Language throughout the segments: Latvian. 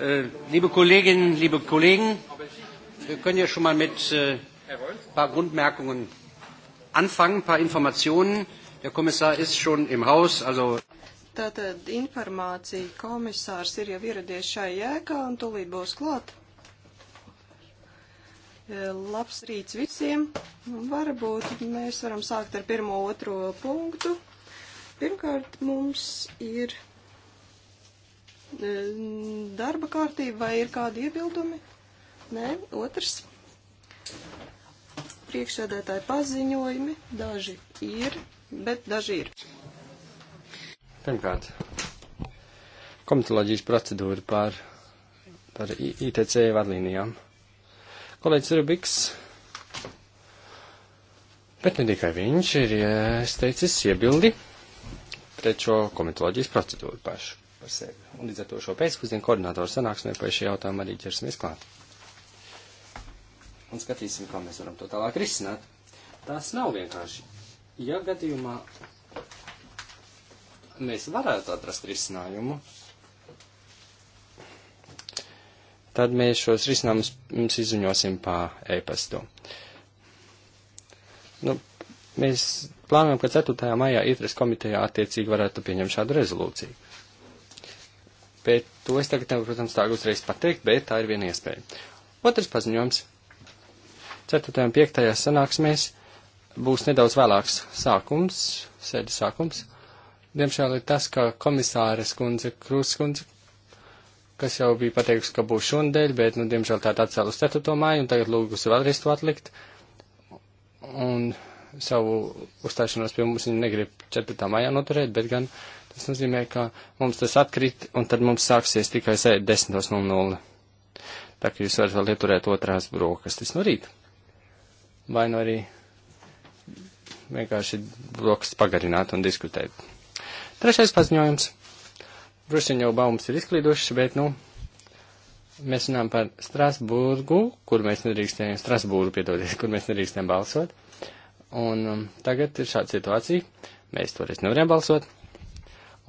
Äh, liebe Kolleginnen, liebe Kollegen, wir können ja schon mal mit ein äh, paar Grundmerkungen anfangen, ein paar Informationen. Der Kommissar ist schon im Haus, also. Tātad informācija komisārs ir jau ieradies šai jēgā un tūlīt būs klāt. Labs rīts visiem. Varbūt mēs varam sākt ar pirmo otro punktu. Pirmkārt, mums ir E, darba kārtība vai ir kādi iebildumi? Nē, otrs. Priekšsēdētāji paziņojumi, daži ir, bet daži ir. Pirmkārt, komitoloģijas procedūra par, par ITC vadlīnijām. Kolēģis Rubiks, bet ne tikai viņš, ir iesteicis e, iebildi pret šo komitoloģijas procedūru pašu par sevi. Un līdz ar to šo pēcpusdienu koordinātoru sanāksmē par šī jautājumu arī ķersimies klāt. Un skatīsim, kā mēs varam to tālāk risināt. Tas nav vienkārši. Ja gadījumā mēs varētu atrast risinājumu, tad mēs šos risinājumus jums izziņosim pa e-pastu. Nu, mēs plānojam, ka 4. maijā ITRES komitejā attiecīgi varētu pieņemt šādu rezolūciju. Bet to es tagad nevaru, protams, tā uzreiz pateikt, bet tā ir viena iespēja. Otrs paziņojums. 4. un 5. sanāksmēs būs nedaudz vēlāks sākums, sēdes sākums. Diemžēl ir tas, ka komisāres kundze, Krūs kundze, kas jau bija pateikusi, ka būs šundēļ, bet, nu, diemžēl tāda atcēla uz 4. māju un tagad lūgusi vēlreiz to atlikt. Un savu uzstāšanos pie mums viņa negrib 4. maijā noturēt, bet gan Tas nozīmē, ka mums tas atkrit, un tad mums sāksies tikai 10.00. Tā kā jūs varat vēl ieturēt otrās brokastis no rīta. Vai nu arī vienkārši brokastis pagarināt un diskutēt. Trešais paziņojums. Brusiņ jau baumas ir izklīdušas, bet, nu, mēs runājam par Strasburgu, kur mēs nedrīkstējam, Strasbūru, piedodies, kur mēs nedrīkstējam balsot. Un um, tagad ir šāda situācija. Mēs toreiz nevarējām balsot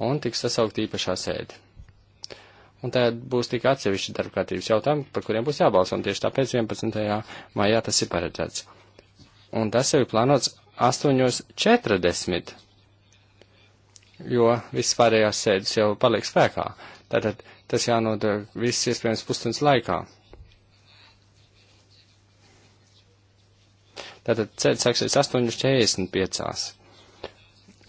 un tiks sasaukt īpašā sēde. Un tā būs tik atsevišķi darbkārtības jautājumi, par kuriem būs jābalso, un tieši tāpēc 11. maijā tas ir paredzēts. Un tas jau ir plānots 8.40, jo viss pārējās sēdes jau paliek spēkā. Tātad tas jānodara viss iespējams pusstundas laikā. Tātad ceļš sāksies 8.45.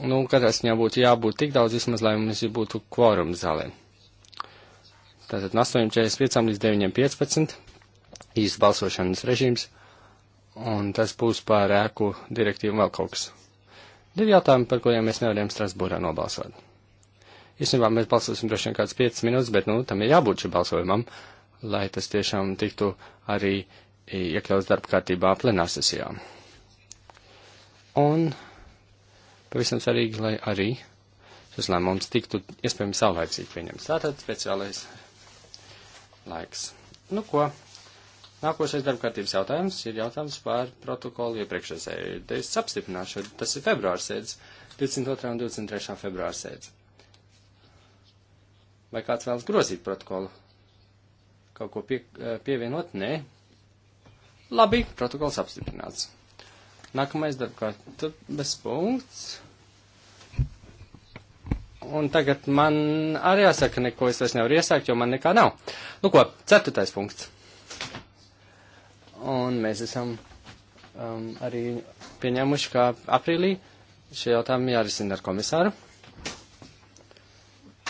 Nu, katrā ziņā būtu jābūt tik daudz, vismaz, lai mums būtu kvorums zālē. Tātad no 8.45 līdz 9.15 īsts balsošanas režīms, un tas būs par ēku direktīvu vēl kaut kas. Divi jautājumi, par kuriem mēs nevarējām Strasbūrā nobalsot. Īstenībā mēs balsosim droši vien kāds 5 minūtes, bet, nu, tam ir jābūt šim balsojumam, lai tas tiešām tiktu arī iekļauts darba kārtībā plenārsesijā. Un pavisam svarīgi, lai arī šis lēmums tiktu iespējami saulaicīgi pieņemts. Tātad speciālais laiks. Nu ko, nākošais darbkārtības jautājums ir jautājums par protokolu iepriekšējai idejas apstiprināšanu. Tas ir februārs sēdz, 22. un 23. februārs sēdz. Vai kāds vēlas grozīt protokolu? Kaut ko pie, eh, pievienot? Nē. Labi, protokols apstiprināts. Nākamais darbkārtības punkts. Un tagad man arī jāsaka, neko es vairs nevaru iesākt, jo man nekā nav. Nu ko, ceturtais punkts. Un mēs esam um, arī pieņēmuši, ka aprīlī šie jautājumi jārisina ar komisāru.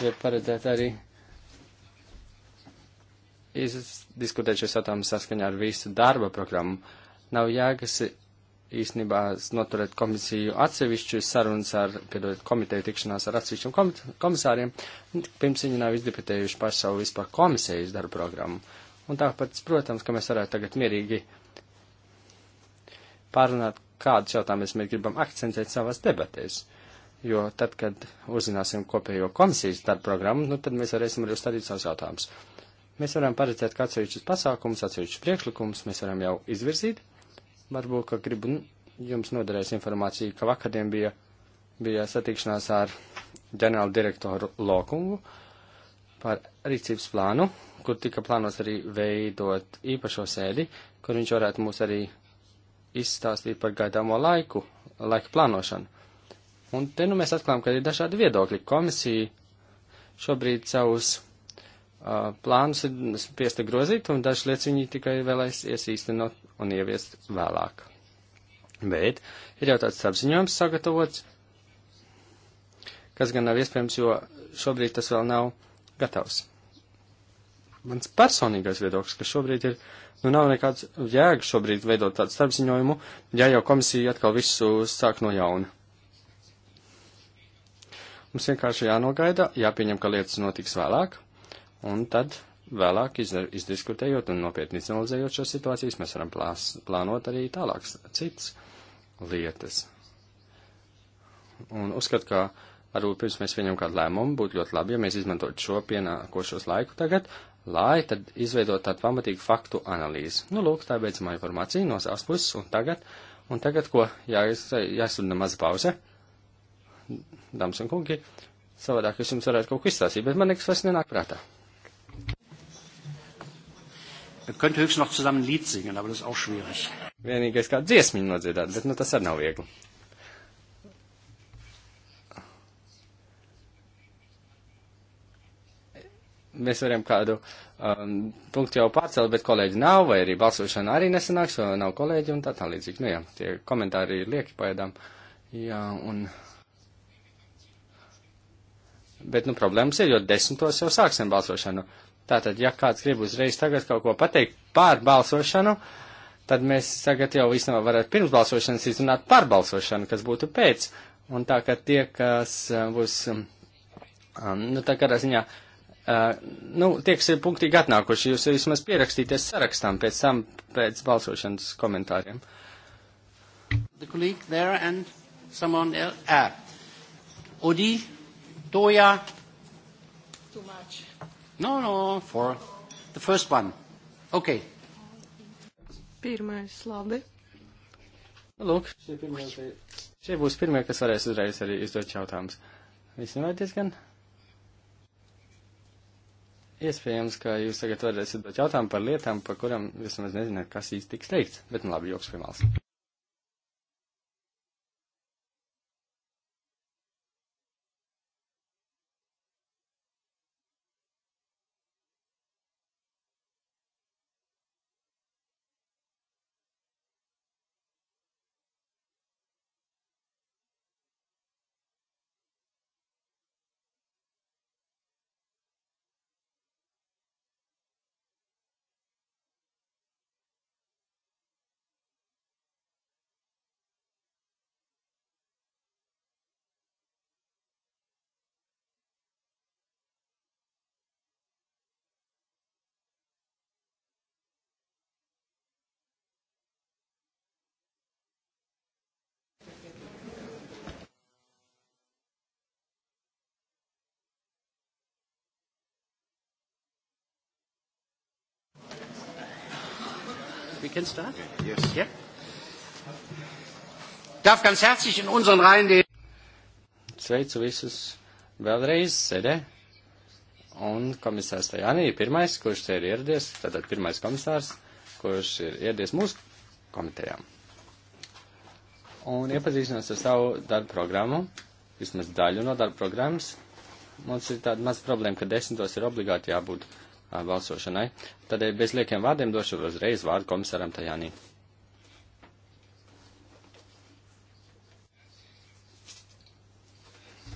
Ir paredzēt arī diskutēt šos jautājumus saskaņā ar visu darba programmu. Nav jēgas īstenībā noturēt komisiju atsevišķu sarunas ar, piedod, komiteju tikšanās ar atsevišķiem komisāriem, pirms viņi nav izdebatējuši par savu vispār komisijas darbu programmu. Un tāpat, protams, ka mēs varētu tagad mierīgi pārunāt, kādus jautājumus mēs gribam akcentēt savās debatēs. Jo tad, kad uzzināsim kopējo komisijas darbu programmu, nu tad mēs varēsim arī uzstādīt savus jautājumus. Mēs varam paredzēt, ka atsevišķus pasākumus, atsevišķus priekšlikumus mēs varam jau izvirzīt, Varbūt, ka gribu jums noderēs informācija, ka vakardien bija, bija satikšanās ar ģenerālu direktoru Lokungu par rīcības plānu, kur tika plānos arī veidot īpašo sēdi, kur viņš varētu mūs arī izstāstīt par gaidāmo laiku, laika plānošanu. Un te nu mēs atklājam, ka ir dažādi viedokļi. Komisija šobrīd savus Uh, plānus ir spiesta grozīt, un dažas lietas viņi tikai vēlēsies īstenot un ieviest vēlāk. Bet ir jau tāds apziņojums sagatavots, kas gan nav iespējams, jo šobrīd tas vēl nav gatavs. Mans personīgais viedoklis, ka šobrīd ir, nu nav nekāds jēga šobrīd veidot tādu starpziņojumu, ja jau komisija atkal visu sāk no jauna. Mums vienkārši jānogaida, jāpieņem, ka lietas notiks vēlāk, Un tad vēlāk izdiskutējot un nopietni izanalizējot šo situācijas, mēs varam plās, plānot arī tālākas citas lietas. Un uzskat, ka arī pirms mēs viņam kādu lēmumu būtu ļoti labi, ja mēs izmantotu šo pienākošos laiku tagad, lai tad izveidot tādu pamatīgu faktu analīzi. Nu, lūk, tā beidzamā informācija no savas puses un tagad, un tagad, ko jāiz, jāizsūda maza pauze, dāmas un kungi, savādāk es jums varētu kaut ko izstāstīt, bet man nekas vairs nenāk prātā. Man er könnte höchstens noch zusammen ein Lied singen, aber das ist auch schwierig. Vienīgais kā dziesmiņu nodziedāt, bet nu tas arī nav viegli. Mēs varam kādu um, punktu jau pārcelt, bet kolēģi nav, vai arī balsošana arī nesanāks, jo nav kolēģi un tā tālīdzīgi. Nu jā, tie komentāri ir lieki paēdām. Jā, un. Bet, nu, problēmas ir, jo desmitos jau sāksim balsošanu. Uh, Tātad, ja kāds grib uzreiz tagad kaut ko pateikt pār balsošanu, tad mēs tagad jau īstenībā varētu pirms balsošanas izrunāt par balsošanu, kas būtu pēc. Un tā, ka tie, kas uh, būs, um, um, nu, tā kādā ziņā, uh, nu, tie, kas ir punktīgi atnākuši, jūs vismaz pierakstīties sarakstām pēc tam, pēc balsošanas komentāriem. The colleague there and someone else. Ah. Uh, Odi, Toja, No, no, for the first one. Okay. Pirmais, labi. Nu, lūk, šie, pirmie, šie būs pirmie, kas varēs uzreiz arī izdot jautājumus. Viss nu nevajag gan? Iespējams, ka jūs tagad varēsiet dot jautājumu par lietām, par kurām vismaz nezināt, kas īsti tiks teikts, bet nu labi, joks pie malas. We can start? Yes. Yeah. Darf ganz herzlich in unseren Reihen den. Sveicu visus vēlreiz sēdē. Un komisārs Tajānī ir pirmais, kurš te ir ieradies, tātad pirmais komisārs, kurš ir ieradies mūsu komitejām. Un iepazīstinās ar savu darbu programmu, vismaz daļu no darba programmas. Mums ir tāda maza problēma, ka desmitos ir obligāti jābūt uh, balsošanai. Tādēļ bez liekiem vārdiem došu uzreiz vārdu komisaram Tajānī.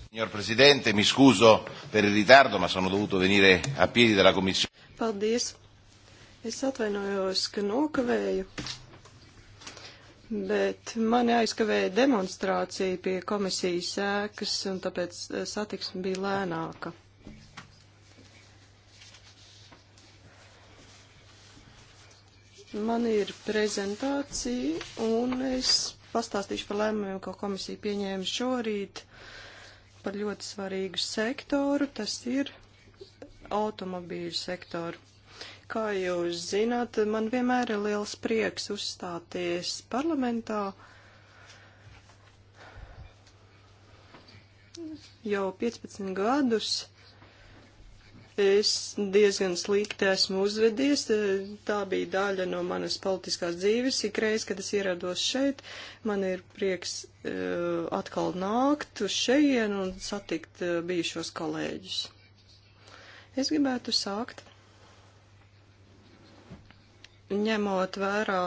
Signor Presidente, mi scuso per il ritardo, ma sono dovuto venire a piedi dalla Commissione. Paldies. Es atvainojos, ka nokavēju, bet mani aizkavēja demonstrācija pie komisijas sēkas, un tāpēc eh, satiksme bija lēnāka. Man ir prezentācija, un es pastāstīšu par lēmumiem, ko komisija pieņēma šorīt par ļoti svarīgu sektoru, tas ir automobīļu sektoru. Kā jūs zināt, man vienmēr ir liels prieks uzstāties parlamentā. Jau 15 gadus Es diezgan slikti esmu uzvedies, tā bija daļa no manas politiskās dzīves. Ikreiz, kad es ierados šeit, man ir prieks eh, atkal nākt uz šejienu un satikt eh, bijušos kolēģus. Es gribētu sākt ņemot vērā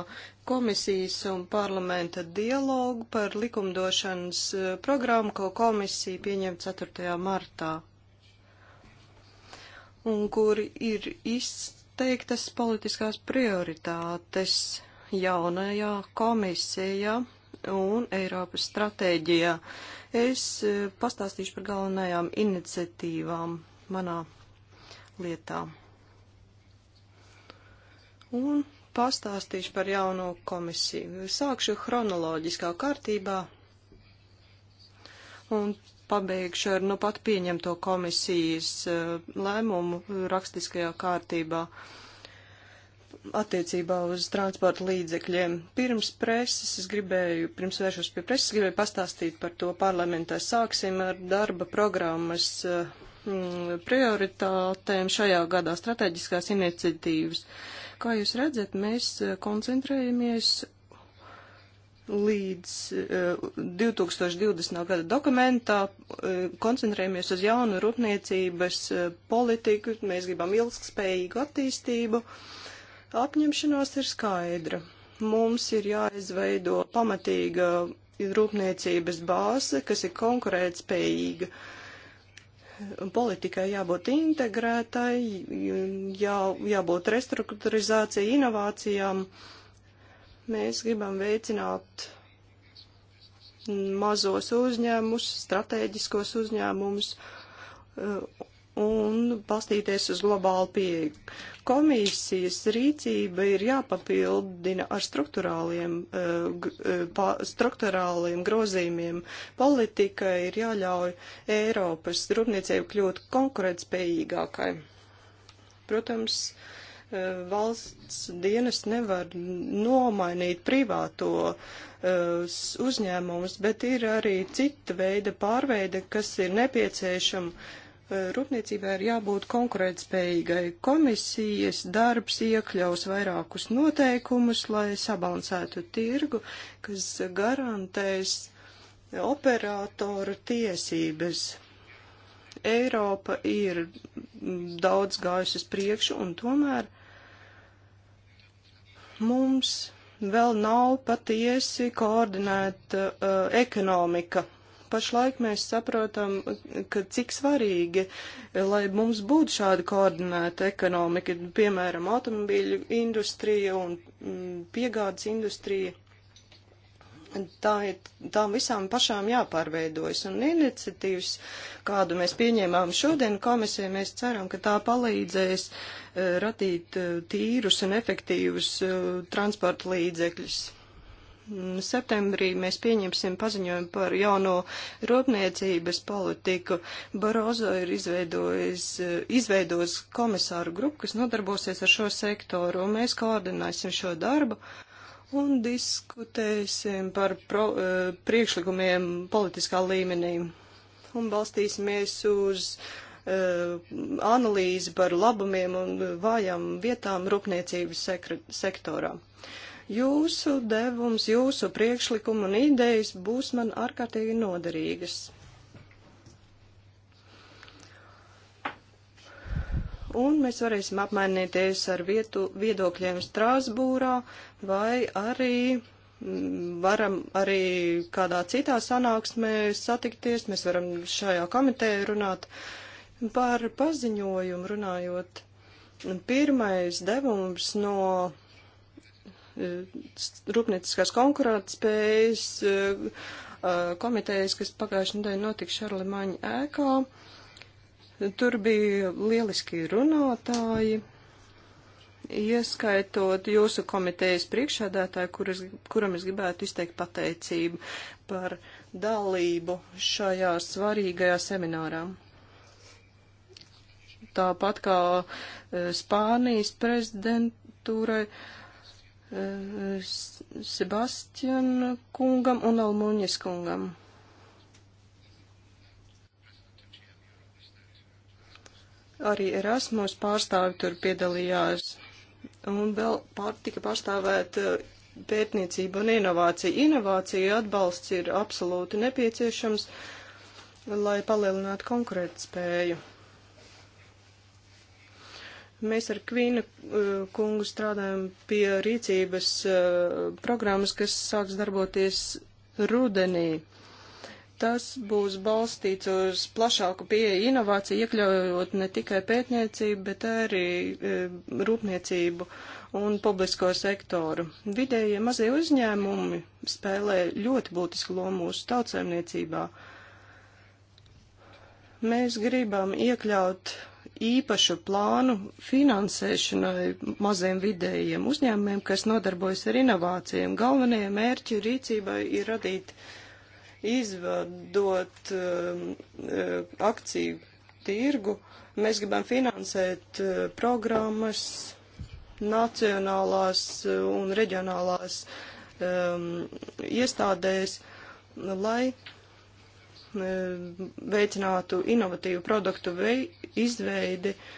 komisijas un parlamenta dialogu par likumdošanas eh, programmu, ko komisija pieņem 4. martā un kur ir izteiktas politiskās prioritātes jaunajā komisijā un Eiropas stratēģijā. Es e, pastāstīšu par galvenajām iniciatīvām manā lietā. Un pastāstīšu par jauno komisiju. Sākšu chronoloģiskā kārtībā. Un pabeigšu ar nu pat pieņemto komisijas eh, lēmumu rakstiskajā kārtībā attiecībā uz transporta līdzekļiem. Pirms preses es gribēju, pirms vēršos pie preses, gribēju pastāstīt par to parlamentā. Sāksim ar darba programmas eh, mm, prioritātēm šajā gadā strateģiskās iniciatīvas. Kā jūs redzat, mēs eh, koncentrējamies līdz 2020. Eh, gada dokumentā eh, koncentrējamies uz jaunu rūpniecības eh, politiku, mēs gribam ilgspējīgu attīstību. Apņemšanās ir skaidra. Mums ir jāizveido pamatīga rūpniecības bāze, kas ir konkurētspējīga. Politikai jābūt integrētai, jā, jābūt restruktūrizācijai, inovācijām. Uh, Mēs gribam veicināt mazos uzņēmumus, strateģiskos uzņēmumus uh, un pastīties uz globālu pieeju. Komisijas rīcība ir jāpapildina ar struktūrāliem, uh, uh, struktūrāliem grozījumiem. Politika ir jāļauj Eiropas rūpniecību kļūt konkurētspējīgākai. Protams, uh, Eh, valsts dienas nevar nomainīt privāto eh, uzņēmumus, bet ir arī cita veida pārveide, kas ir nepieciešama. Eh, rūpniecībai ir jābūt konkurētspējīgai. Komisijas darbs iekļaus vairākus noteikumus, lai sabalansētu tirgu, kas garantēs operātoru tiesības. Eiropa ir daudz gājusi uz priekšu, un tomēr mums vēl nav patiesi koordinēta uh, ekonomika. Pašlaik mēs saprotam, ka cik svarīgi, eh, lai mums būtu šāda koordinēta ekonomika, piemēram, automobīļu industrija un mm, piegādes industrija tā ir, tām visām pašām jāpārveidojas. Un iniciatīvas, kādu mēs pieņēmām šodien komisija, mēs ceram, ka tā palīdzēs eh, radīt eh, tīrus un efektīvus eh, transporta līdzekļus. Mm, septembrī mēs pieņemsim paziņojumu par jauno rūpniecības politiku. Barozo ir izveidojis komisāru grupu, kas nodarbosies ar šo sektoru, un mēs koordinēsim šo darbu. Uh, un diskutēsim par pro, eh, priekšlikumiem politiskā līmenī un balstīsimies uz eh, analīzi par labumiem un vājām vietām rūpniecības sektorā. Jūsu devums, jūsu priekšlikumi un idejas būs man ārkārtīgi noderīgas. un mēs varēsim apmainīties ar vietu, viedokļiem Strāsbūrā vai arī mm, varam arī kādā citā sanāksmē satikties, mēs varam šajā komitejā runāt par paziņojumu runājot. Pirmais devums no e, rūpnieciskās konkurētspējas e, e, komitejas, kas pagājušajā nedēļā notika Šarlimaņa ēkā. Tur bija lieliski runātāji, ieskaitot jūsu komitejas priekšādātāju, kur es, kuram es gribētu izteikt pateicību par dalību šajā svarīgajā seminārā. Tāpat kā eh, Spānijas prezidentūrai eh, Sebastian kungam un Almuņas kungam. Arī Erasmus pārstāvi tur piedalījās. Un vēl pār, tika pārstāvēta uh, pētniecība un inovācija. Inovācija atbalsts ir absolūti nepieciešams, lai palielinātu konkurētspēju. Mēs ar Kvīna uh, kungu strādājam pie rīcības uh, programmas, kas sāks darboties rudenī. Tas būs balstīts uz plašāku pieeju inovāciju, iekļaujot ne tikai pētniecību, bet arī e, rūpniecību un publisko sektoru. Vidējie mazie uzņēmumi spēlē ļoti būtisku lomu mūsu tautsēmniecībā. Mēs gribam iekļaut īpašu plānu finansēšanai maziem vidējiem uzņēmumiem, kas nodarbojas ar inovācijām. Galvenie mērķi rīcībai ir radīt uh, izvadot um, uh, akciju tirgu. Mēs gribam finansēt uh, programmas, nacionālās uh, un reģionālās um, iestādēs, lai veicinātu inovatīvu produktu izveidi uh,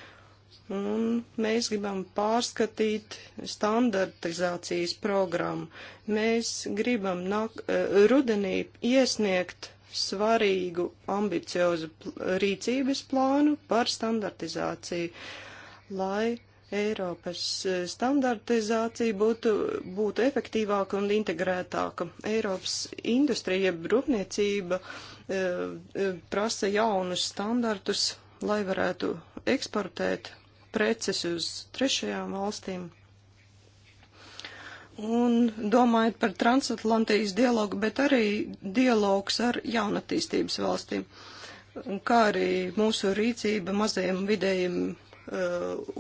un mēs gribam pārskatīt standartizācijas programmu. Mēs gribam nāk, e, rudenī iesniegt svarīgu ambiciozu rīcības plānu par standartizāciju, lai Eiropas e, standartizācija būtu, būtu efektīvāka un integrētāka. Eiropas industrija, rūpniecība e, prasa jaunus standartus, lai varētu eksportēt preces uz trešajām valstīm. Un domājot par transatlantijas dialogu, bet arī dialogs ar jaunatīstības valstīm, kā arī mūsu rīcība mazajiem vidējiem uh,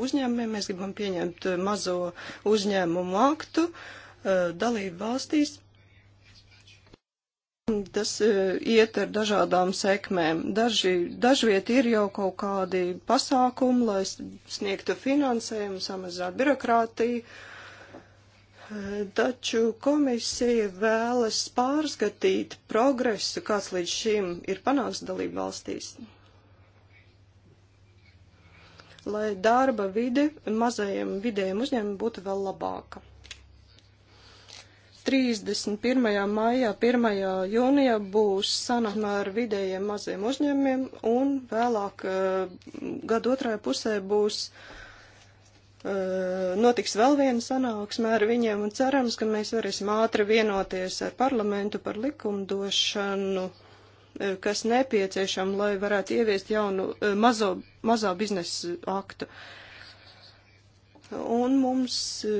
uzņēmumiem. Mēs gribam pieņemt mazo uzņēmumu aktu uh, dalību valstīs Tas e, iet ar dažādām sekmēm. Daži, dažviet ir jau kaut kādi pasākumi, lai sniegtu finansējumu, samazinātu birokrātiju, e, taču komisija vēlas pārskatīt progresu, kāds līdz šim ir panāks dalību valstīs. Lai darba vide mazajiem vidējiem uzņēmumiem būtu vēl labāka. 31. maijā, 1. jūnijā būs sanāksme ar vidējiem maziem uzņēmumiem, un vēlāk eh, gada otrajā pusē būs eh, notiks vēl viena sanāksme ar viņiem, un cerams, ka mēs varēsim ātri vienoties ar parlamentu par likumdošanu, eh, kas nepieciešama, lai varētu ieviest jaunu mazo, mazā biznesa aktu. Uh, Un mums e,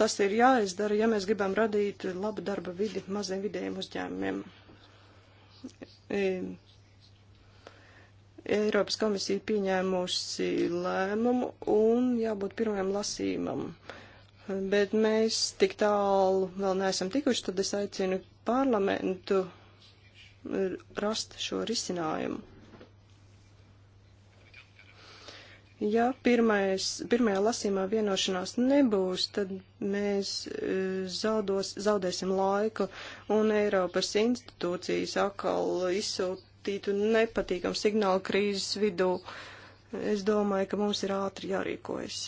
tas ir jāizdara, ja mēs gribam radīt labu darba vidi maziem vidējiem uzņēmumiem. E, Eiropas komisija pieņēmusi lēmumu un jābūt pirmajam lasījumam. Bet mēs tik tālu vēl neesam tikuši, tad es aicinu parlamentu rast šo risinājumu. Ja pirmais, pirmajā lasīmā vienošanās nebūs, tad mēs e, zaudos, zaudēsim laiku un Eiropas institūcijas atkal izsūtītu nepatīkam signālu krīzes vidū. Es domāju, ka mums ir ātri jārīkojas.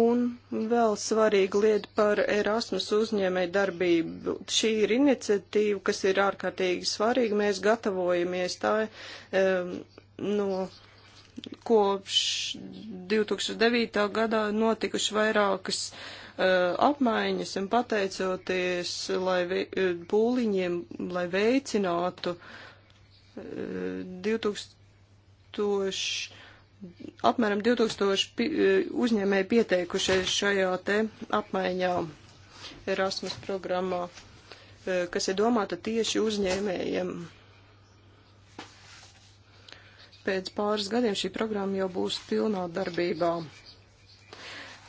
Un vēl svarīga lieta par Erasmus uzņēmēju darbību. Šī ir iniciatīva, kas ir ārkārtīgi svarīga. Mēs gatavojamies tā. Um, no kopš 2009. gadā notikuši vairākas uh, apmaiņas un pateicoties lai vi, eh, pūliņiem, lai veicinātu uh, eh, 2000, apmēram 2000 pi, uh, uzņēmēji pieteikušies šajā te apmaiņā Erasmus programmā, kas ir domāta tieši uzņēmējiem pēc pāris gadiem šī programma jau būs pilnā darbībā.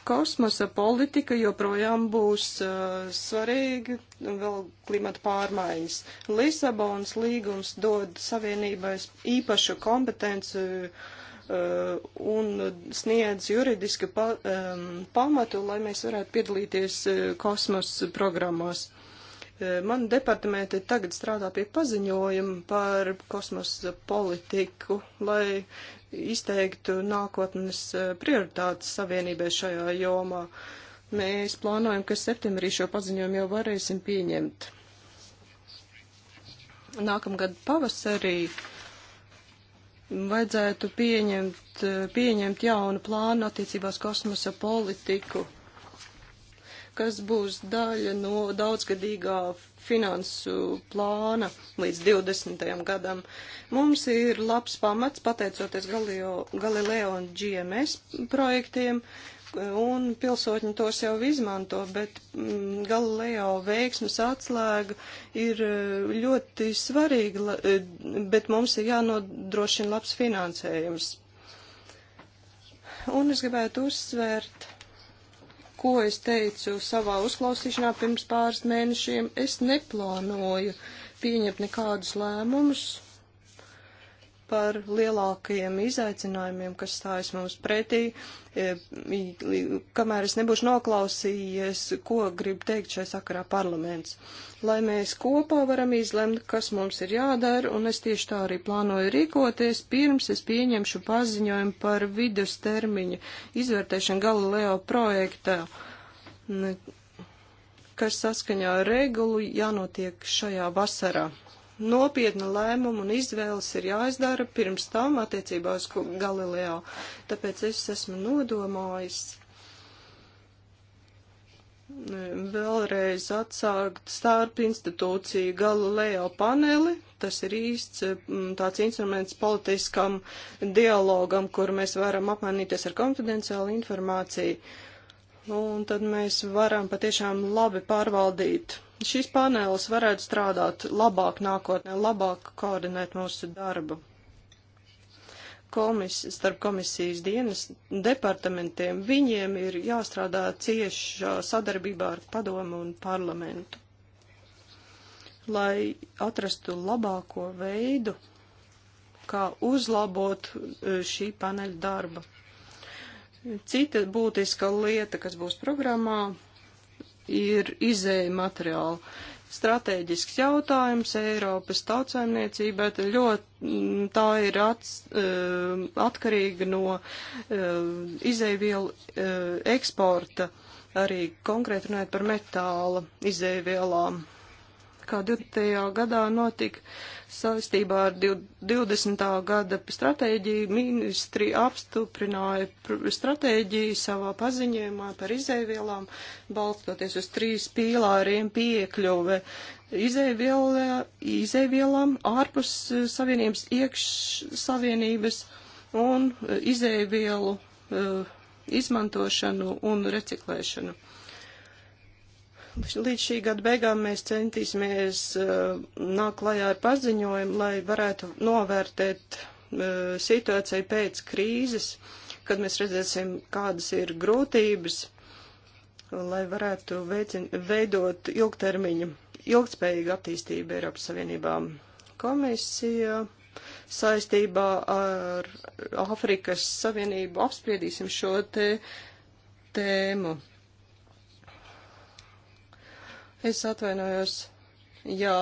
Kosmosa politika joprojām būs uh, svarīga, vēl klimata pārmaiņas. Lisabonas līgums dod savienībai īpašu kompetenci uh, un sniedz juridiski pa, um, pamatu, lai mēs varētu piedalīties uh, kosmosa programmās. E, Man departamenti tagad strādā pie paziņojuma par kosmosa politiku, lai izteiktu nākotnes e, prioritātes savienībai šajā jomā. Mēs plānojam, ka septembrī šo paziņojumu jau varēsim pieņemt. Nākamgad pavasarī vajadzētu pieņemt, e, pieņemt jaunu plānu attiecībās kosmosa politiku kas būs daļa no daudzgadīgā finansu plāna līdz 20. gadam. Mums ir labs pamats, pateicoties Galileo, Galileo un GMS projektiem, un pilsoņi tos jau izmanto, bet mm, Galileo veiksmes atslēga ir eh, ļoti svarīga, eh, bet mums ir jānodrošina labs finansējums. Un es gribētu uzsvērt ko es teicu savā uzklausīšanā pirms pāris mēnešiem, es neplānoju pieņemt nekādus lēmumus par lielākajiem izaicinājumiem, kas stājas mums pretī. E, kamēr es nebūšu noklausījies, ko grib teikt šai sakarā parlaments, lai mēs kopā varam izlemt, kas mums ir jādara, un es tieši tā arī plānoju rīkoties, pirms es pieņemšu paziņojumu par vidus termiņu izvērtēšanu Galileo projektā kas saskaņā ar regulu jānotiek šajā vasarā nopietna lēmuma un izvēles ir jāizdara pirms tam attiecībā uz Galileo. Tāpēc es esmu nodomājis e, vēlreiz atsākt starp institūciju Galileo paneli. Tas ir īsts e, tāds instruments politiskam dialogam, kur mēs varam apmainīties ar konfidenciālu informāciju. Un tad mēs varam patiešām labi pārvaldīt šīs paneles varētu strādāt labāk nākotnē, labāk koordinēt mūsu darbu. Komis, starp komisijas dienas departamentiem viņiem ir jāstrādā ciešā sadarbībā ar padomu un parlamentu, lai atrastu labāko veidu, kā uzlabot e, šī paneļa darba. Cita būtiska lieta, kas būs programmā, ir izēja materiāli. Stratēģisks jautājums Eiropas tautsaimniecībai ļoti mm, tā ir ats, eh, atkarīga no eh, izēvielu eh, eksporta, arī konkrēti runājot par metāla izēvielām. Kā 20. gadā notika Saistībā ar 20. gada stratēģiju ministri apstiprināja stratēģiju savā paziņojumā par izēvielām, balstoties uz trīs pīlāriem piekļuve izēvielām ārpus eh, savienības iekš savienības un eh, izēvielu eh, izmantošanu un reciklēšanu. Uh, Līdz šī gada beigām mēs centīsimies uh, nākt klajā ar paziņojumu, lai varētu novērtēt uh, situāciju pēc krīzes, kad mēs redzēsim, kādas ir grūtības, lai varētu veicin, veidot ilgtermiņu, ilgspējīgu attīstību Eiropas Savienībā. Komisija saistībā ar Afrikas Savienību apspriedīsim šo te tēmu. Es atvainojos, jā,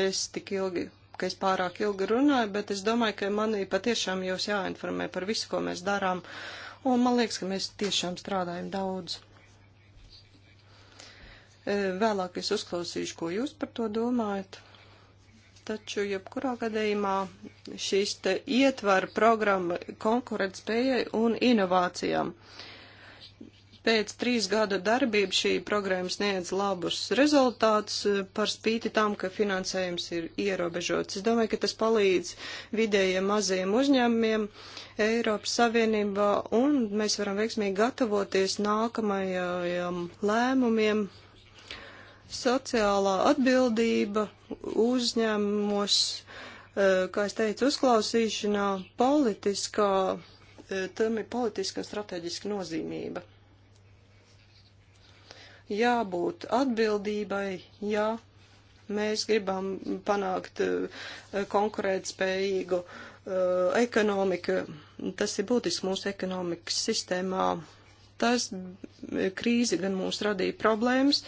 es tik ilgi, ka es pārāk ilgi runāju, bet es domāju, ka manī patiešām jūs jāinformē par visu, ko mēs darām, un man liekas, ka mēs tiešām strādājam daudz. E, vēlāk es uzklausīšu, ko jūs par to domājat taču jebkurā gadījumā šīs te ietver programma konkurētspējai un inovācijām. Uh, Pēc trīs gada darbība šī programma sniedz labus rezultātus eh, par spīti tam, ka finansējums ir ierobežots. Es domāju, ka tas palīdz vidējiem mazajiem uzņēmumiem Eiropas Savienībā un mēs varam veiksmīgi gatavoties nākamajam lēmumiem. Sociālā atbildība uzņēmumos, eh, kā es teicu, uzklausīšanā, politiskā, eh, tam ir politiska un strateģiska nozīmība jābūt atbildībai, ja mēs gribam panākt eh, konkurētspējīgu eh, ekonomiku. Tas ir būtisks mūsu ekonomikas sistēmā. Tas eh, krīze gan mums radīja problēmas,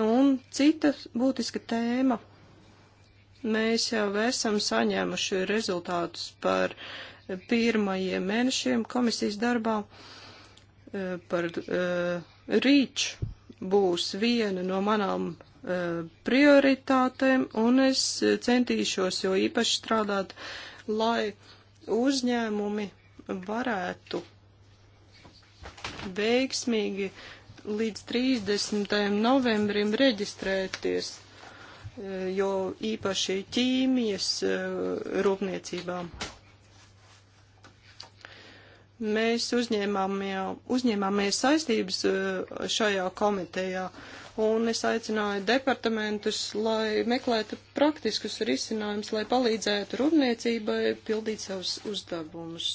un cita būtiska tēma. Mēs jau esam saņēmuši rezultātus par pirmajiem mēnešiem komisijas darbā, par rīču būs viena no manām eh, prioritātēm, un es centīšos jo īpaši strādāt, lai uzņēmumi varētu veiksmīgi līdz 30. novembrim reģistrēties, eh, jo īpaši ķīmijas eh, rūpniecībām. Mēs uzņēmāmies saistības eh, šajā komitejā, un es aicināju departamentus, lai meklētu praktiskus risinājumus, lai palīdzētu rūpniecībai pildīt savus uzdevumus.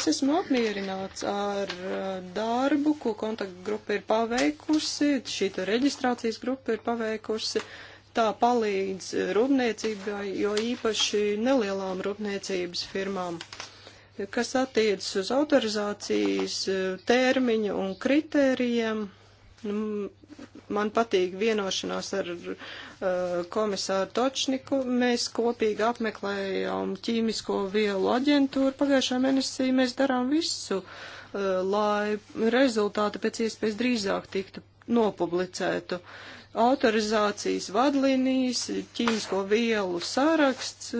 Es esmu apmierināts ar eh, darbu, ko kontaktgrupa ir paveikusi, šī reģistrācijas grupa ir paveikusi. Tā palīdz rūpniecībai, jo īpaši nelielām rūpniecības firmām. Uh, kas attiecas uz autorizācijas eh, termiņu un kritērijiem. Nu, man patīk vienošanās ar eh, komisāru Točniku. Mēs kopīgi apmeklējām ķīmisko vielu aģentūru pagājušā mēnesī. Mēs darām visu, eh, lai rezultāti pēc iespējas drīzāk tiktu nopublicētu. Autorizācijas vadlīnijas, ķīmisko vielu saraksts,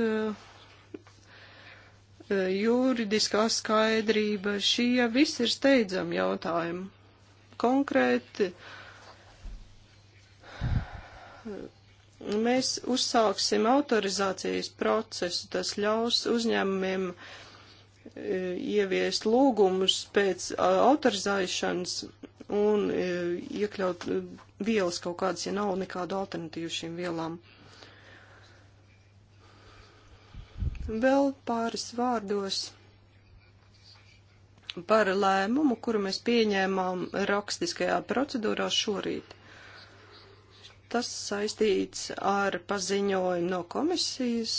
juridiskā skaidrība, šie visi ir steidzami jautājumi. Konkrēti, mēs uzsāksim autorizācijas procesu, tas ļaus uzņēmumiem e, ieviest lūgumus pēc autorizēšanas un e, iekļaut e, vielas kaut kādas, ja nav nekādu alternatīvu šīm vielām. Vēl pāris vārdos par lēmumu, kuru mēs pieņēmām rakstiskajā procedūrā šorīt. Tas saistīts ar paziņojumu no komisijas,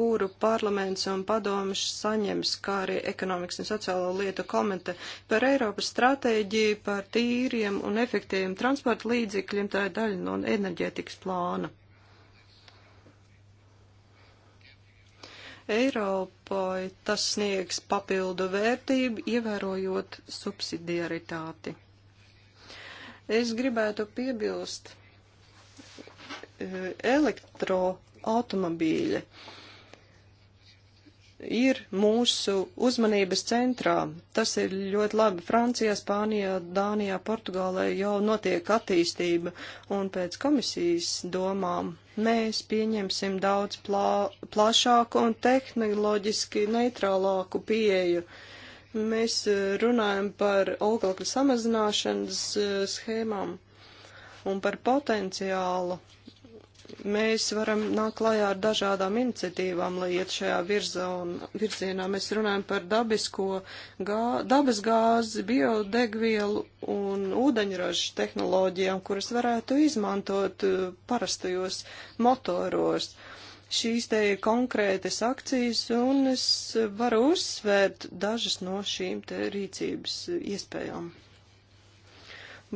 kuru parlaments un padomas saņems, kā arī ekonomikas un sociālo lietu komite par Eiropas stratēģiju par tīriem un efektīviem transporta līdzekļiem, tā ir daļa no enerģētikas plāna. Eiropai tas sniegs papildu vērtību, ievērojot subsidiaritāti. Es gribētu piebilst e, elektroautomobīļa. automobīļa ir mūsu uzmanības centrā. Tas ir ļoti labi Francijā, Spānijā, Dānijā, Portugālē jau notiek attīstība, un pēc komisijas domām mēs pieņemsim daudz plā, plašāku un tehnoloģiski neitrālāku pieeju. Mēs eh, runājam par oglekļa samazināšanas eh, schēmām un par potenciālu mēs varam nākt klajā ar dažādām iniciatīvām, lai iet šajā virza un virzienā. Mēs runājam par dabisko gā, dabas gāzi, biodegvielu un ūdeņražu tehnoloģijām, kuras varētu izmantot uh, parastajos motoros. Šīs te ir konkrētas akcijas, un es varu uzsvērt dažas no šīm te rīcības iespējām.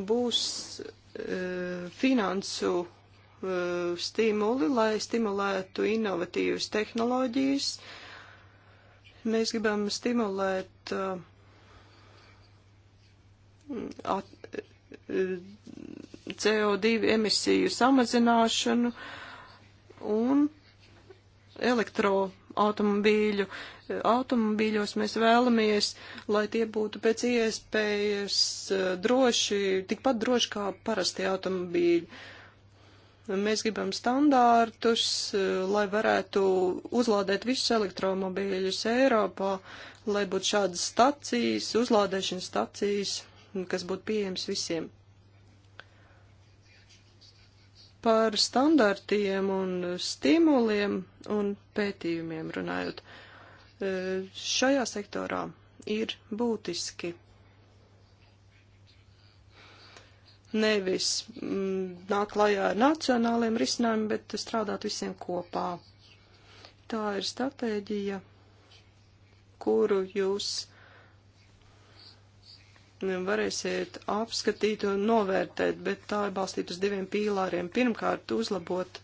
Būs e, finansu Uh, stimuli, lai stimulētu inovatīvas tehnoloģijas. Mēs gribam stimulēt uh, at, uh, CO2 emisiju samazināšanu un elektroautomobīļu. Automobīļos mēs vēlamies, lai tie būtu pēc iespējas droši, tikpat droši kā parasti automobīļi. Mēs gribam standārtus, eh, lai varētu uzlādēt visus elektromobīļus Eiropā, lai būtu šādas stacijas, uzlādēšanas stacijas, kas būtu pieejams visiem. Par standartiem un stimuliem un pētījumiem runājot, eh, šajā sektorā ir būtiski nevis mm, nāk klajā ar nacionāliem risinājumiem, bet strādāt visiem kopā. Tā ir stratēģija, kuru jūs varēsiet apskatīt un novērtēt, bet tā ir balstīta uz diviem pīlāriem. Pirmkārt, uzlabot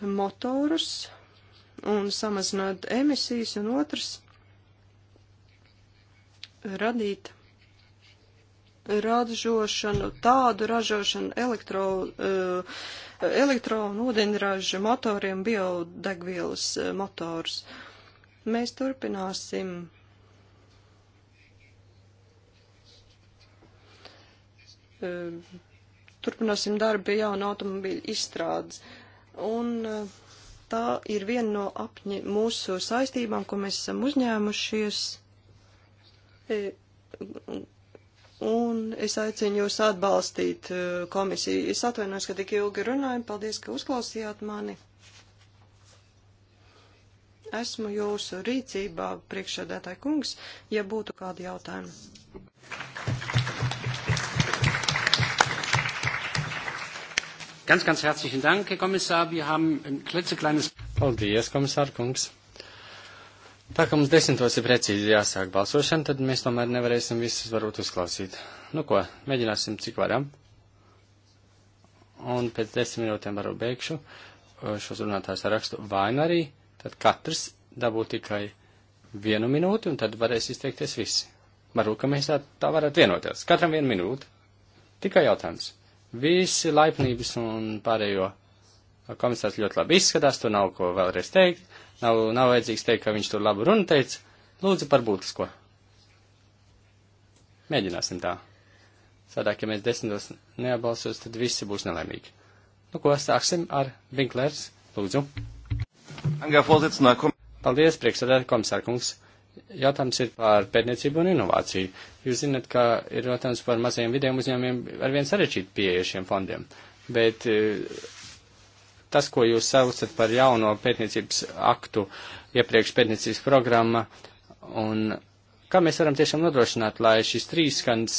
motorus un samazināt emisijas, un otrs, radīt ražošanu, tādu ražošanu elektro, eh, elektro un ūdeņraža motoriem biodegvielas eh, motors. Mēs turpināsim eh, turpināsim darbu pie jauna automobīļa izstrādes. Un tā ir viena no apņi mūsu saistībām, ko mēs esam uzņēmušies Un es aicinu jūs atbalstīt eh, komisiju. Es atvainojos, ka tik ilgi runāju. Paldies, ka uzklausījāt mani. Esmu jūsu rīcībā, priekšsēdētāji kungs, ja būtu kādi jautājumi. Ganz, ganz herzlichen Dank, Herr Kommissar. Wir haben ein klitzekleines. Paldies, Kommissar Kungs. Tā kā mums desmitos ir precīzi jāsāk balsošana, tad mēs tomēr nevarēsim visus varbūt uzklausīt. Nu ko, mēģināsim cik varam. Un pēc desmit minūtēm varu beigšu eh, šos runātājus sarakstu. Vai nu arī tad katrs dabū tikai vienu minūti un tad varēs izteikties visi. Varbūt, ka mēs tā, tā varētu vienoties. Katram vienu minūti. Tikai jautājums. Visi laipnības un pārējo komisārs ļoti labi izskatās, tur nav ko vēlreiz teikt Nav, nav vajadzīgs teikt, ka viņš tur labu runu teica. Lūdzu par būtisko. Mēģināsim tā. Sādāk, ja mēs desmitos neatbalstos, tad visi būs nelaimīgi. Nu, ko sāksim ar Vinklers. Lūdzu. Paldies, priekšsēdētāji komisārkungs. Jautājums ir par pētniecību un inovāciju. Jūs zināt, ka ir jautājums par mazajiem vidiem uzņēmumiem ar vien sarežģītu pieeja šiem fondiem, bet eh, tas, ko jūs saucat par jauno pētniecības aktu, iepriekš pētniecības programma, un kā mēs varam tiešām nodrošināt, lai šis trīskans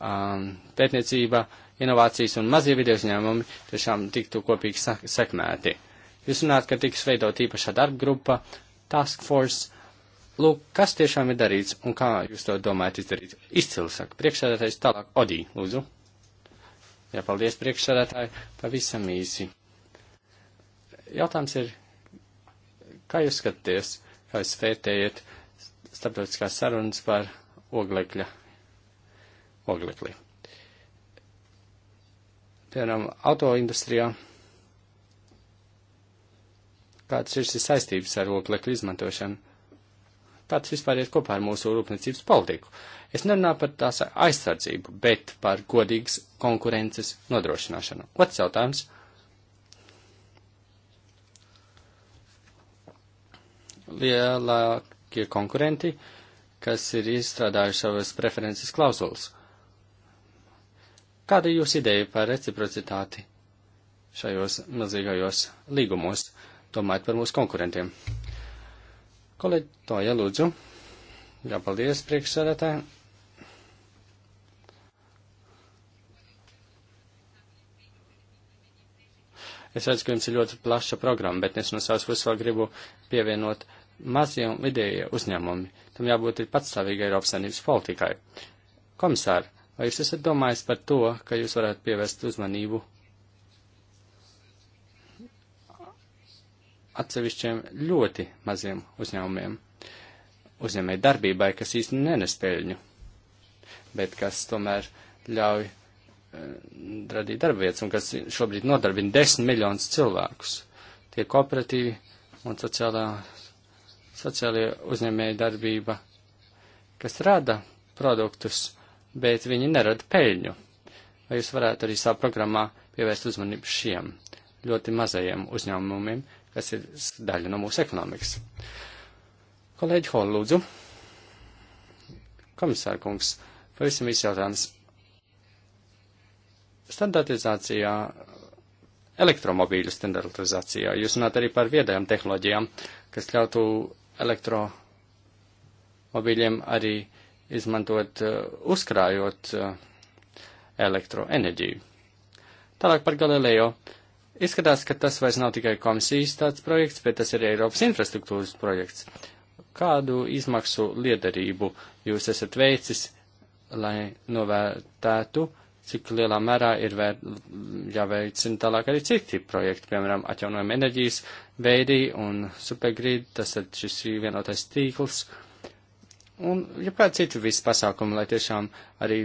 um, pētniecība, inovācijas un mazie video uzņēmumi tiešām tiktu kopīgi sekmēti. Jūs runājat, ka tiks veidot īpašā darba grupa, task force. Lūk, kas tiešām ir darīts un kā jūs to domājat izdarīt? Izcili saka, priekšsēdētājs tālāk, Odī, lūdzu. Jā, paldies priekšsēdētāji, pavisam īsi. Jautājums ir, kā jūs skatāties, kā jūs vērtējat starptautiskās sarunas par oglekļa, oglekli? Piemēram, autoindustrijā kādas ir šīs saistības ar oglekļu izmantošanu. Tāds vispār iet kopā ar mūsu rūpniecības politiku. Es nerunāju par tās aizsardzību, bet par godīgas konkurences nodrošināšanu. Otrs jautājums lielākie konkurenti, kas ir izstrādājuši savas preferences klauzulas. Kāda ir jūsu ideja par reciprocitāti šajos milzīgajos līgumos, domājot par mūsu konkurentiem? Kolēģi, to jālūdzu. Jā, paldies, priekšsēdētāji. Es redzu, ka jums ir ļoti plaša programma, bet es no savas puses vēl gribu pievienot mazie un vidējie uzņēmumi. Tam jābūt ir patstāvīgai Eiropas saimnības politikai. Komisār, vai jūs esat domājis par to, ka jūs varētu pievērst uzmanību atsevišķiem ļoti maziem uzņēmumiem, uzņēmē darbībai, kas īsti nenes peļņu, bet kas tomēr ļauj eh, radīt darbvietas un kas šobrīd nodarbina desmit miljonus cilvēkus. Tie kooperatīvi un sociālā sociālie uzņēmēji darbība, kas rada produktus, bet viņi nerada peļņu. Vai jūs varētu arī savā programmā pievērst uzmanību šiem ļoti mazajiem uzņēmumiem, kas ir daļa no mūsu ekonomikas? Kolēģi Hol, lūdzu. Komisārkungs, pavisam īsi jautājums. Standartizācijā elektromobīļu standartizācijā. Jūs runājat arī par viedajām tehnoloģijām, kas ļautu elektromobīļiem arī izmantot, eh, uzkrājot eh, elektroenerģiju. Tālāk par Galileo. Izskatās, ka tas vairs nav tikai komisijas tāds projekts, bet tas ir Eiropas infrastruktūras projekts. Kādu izmaksu liederību jūs esat veicis, lai novērtētu cik lielā mērā ir vēr, jāveicina tālāk arī citi projekti, piemēram, atjaunojama enerģijas veidī un supergrid, tas ir šis vienotais tīkls. Un, ja kādi citi visi pasākumi, lai tiešām arī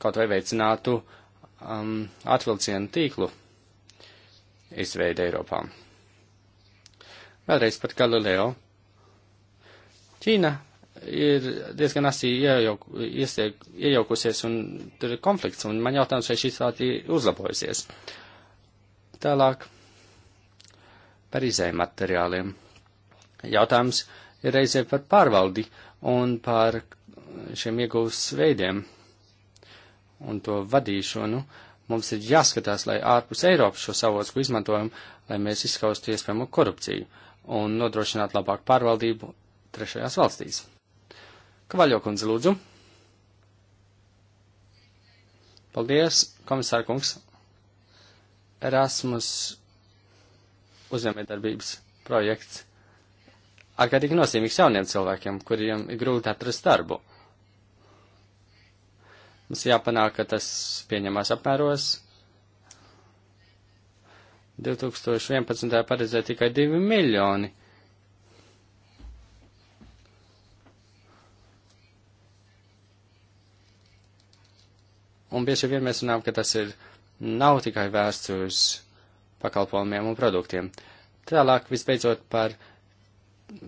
kaut vai veicinātu um, atvilcienu tīklu izveidu Eiropā. Vēlreiz par Galileo. Ķīna ir diezgan asī iejauk, iesiek, iejaukusies un tur ir konflikts, un man jautājums, vai šī situācija uzlabojusies. Tālāk par izējiem materiāliem. Jautājums ir reizē par pārvaldi un par šiem ieguvas veidiem un to vadīšanu. Mums ir jāskatās, lai ārpus Eiropas šo savots, ko izmantojam, lai mēs izskaustu iespējamo korupciju un nodrošinātu labāku pārvaldību trešajās valstīs. Kvaļokundze, lūdzu. Paldies, komisāra kungs. Erasmus uzņēmējdarbības projekts. Ārkārtīgi nozīmīgs jauniem cilvēkiem, kuriem ir grūti atrast darbu. Mums jāpanāk, ka tas pieņemās apmēros. 2011. paredzēja tikai 2 miljoni Un bieži vien mēs runājam, ka tas ir nav tikai vērsts uz pakalpojumiem un produktiem. Tālāk, visbeidzot, par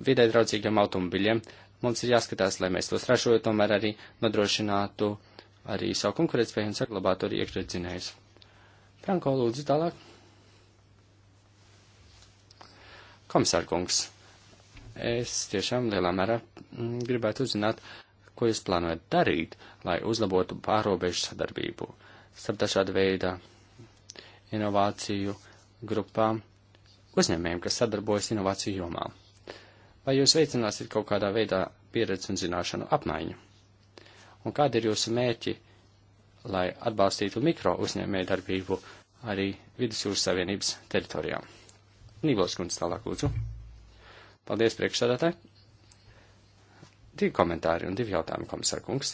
vidē draudzīgiem automobiļiem. Mums ir jāskatās, lai mēs tos ražotu, tomēr arī nodrošinātu arī savu konkurētspēju un saglabātu arī iekšredzinējus. Franko, lūdzu, tālāk. Komisārkungs, es tiešām lielā mērā mm, gribētu uzzināt, uh, Ko jūs plānojat darīt, lai uzlabotu pārobežu sadarbību starp dažāda veida inovāciju grupām uzņēmējiem, kas sadarbojas inovāciju jomā? Vai jūs veicināsiet kaut kādā veidā pieredzi un zināšanu apmaiņu? Un kādi ir jūsu mērķi, lai atbalstītu mikro uzņēmēju darbību arī Vidusjūras Savienības teritorijā? Nīvos kundze tālāk lūdzu. Paldies priekšsādātāji! Divi komentāri un divi jautājumi, komisārkungs.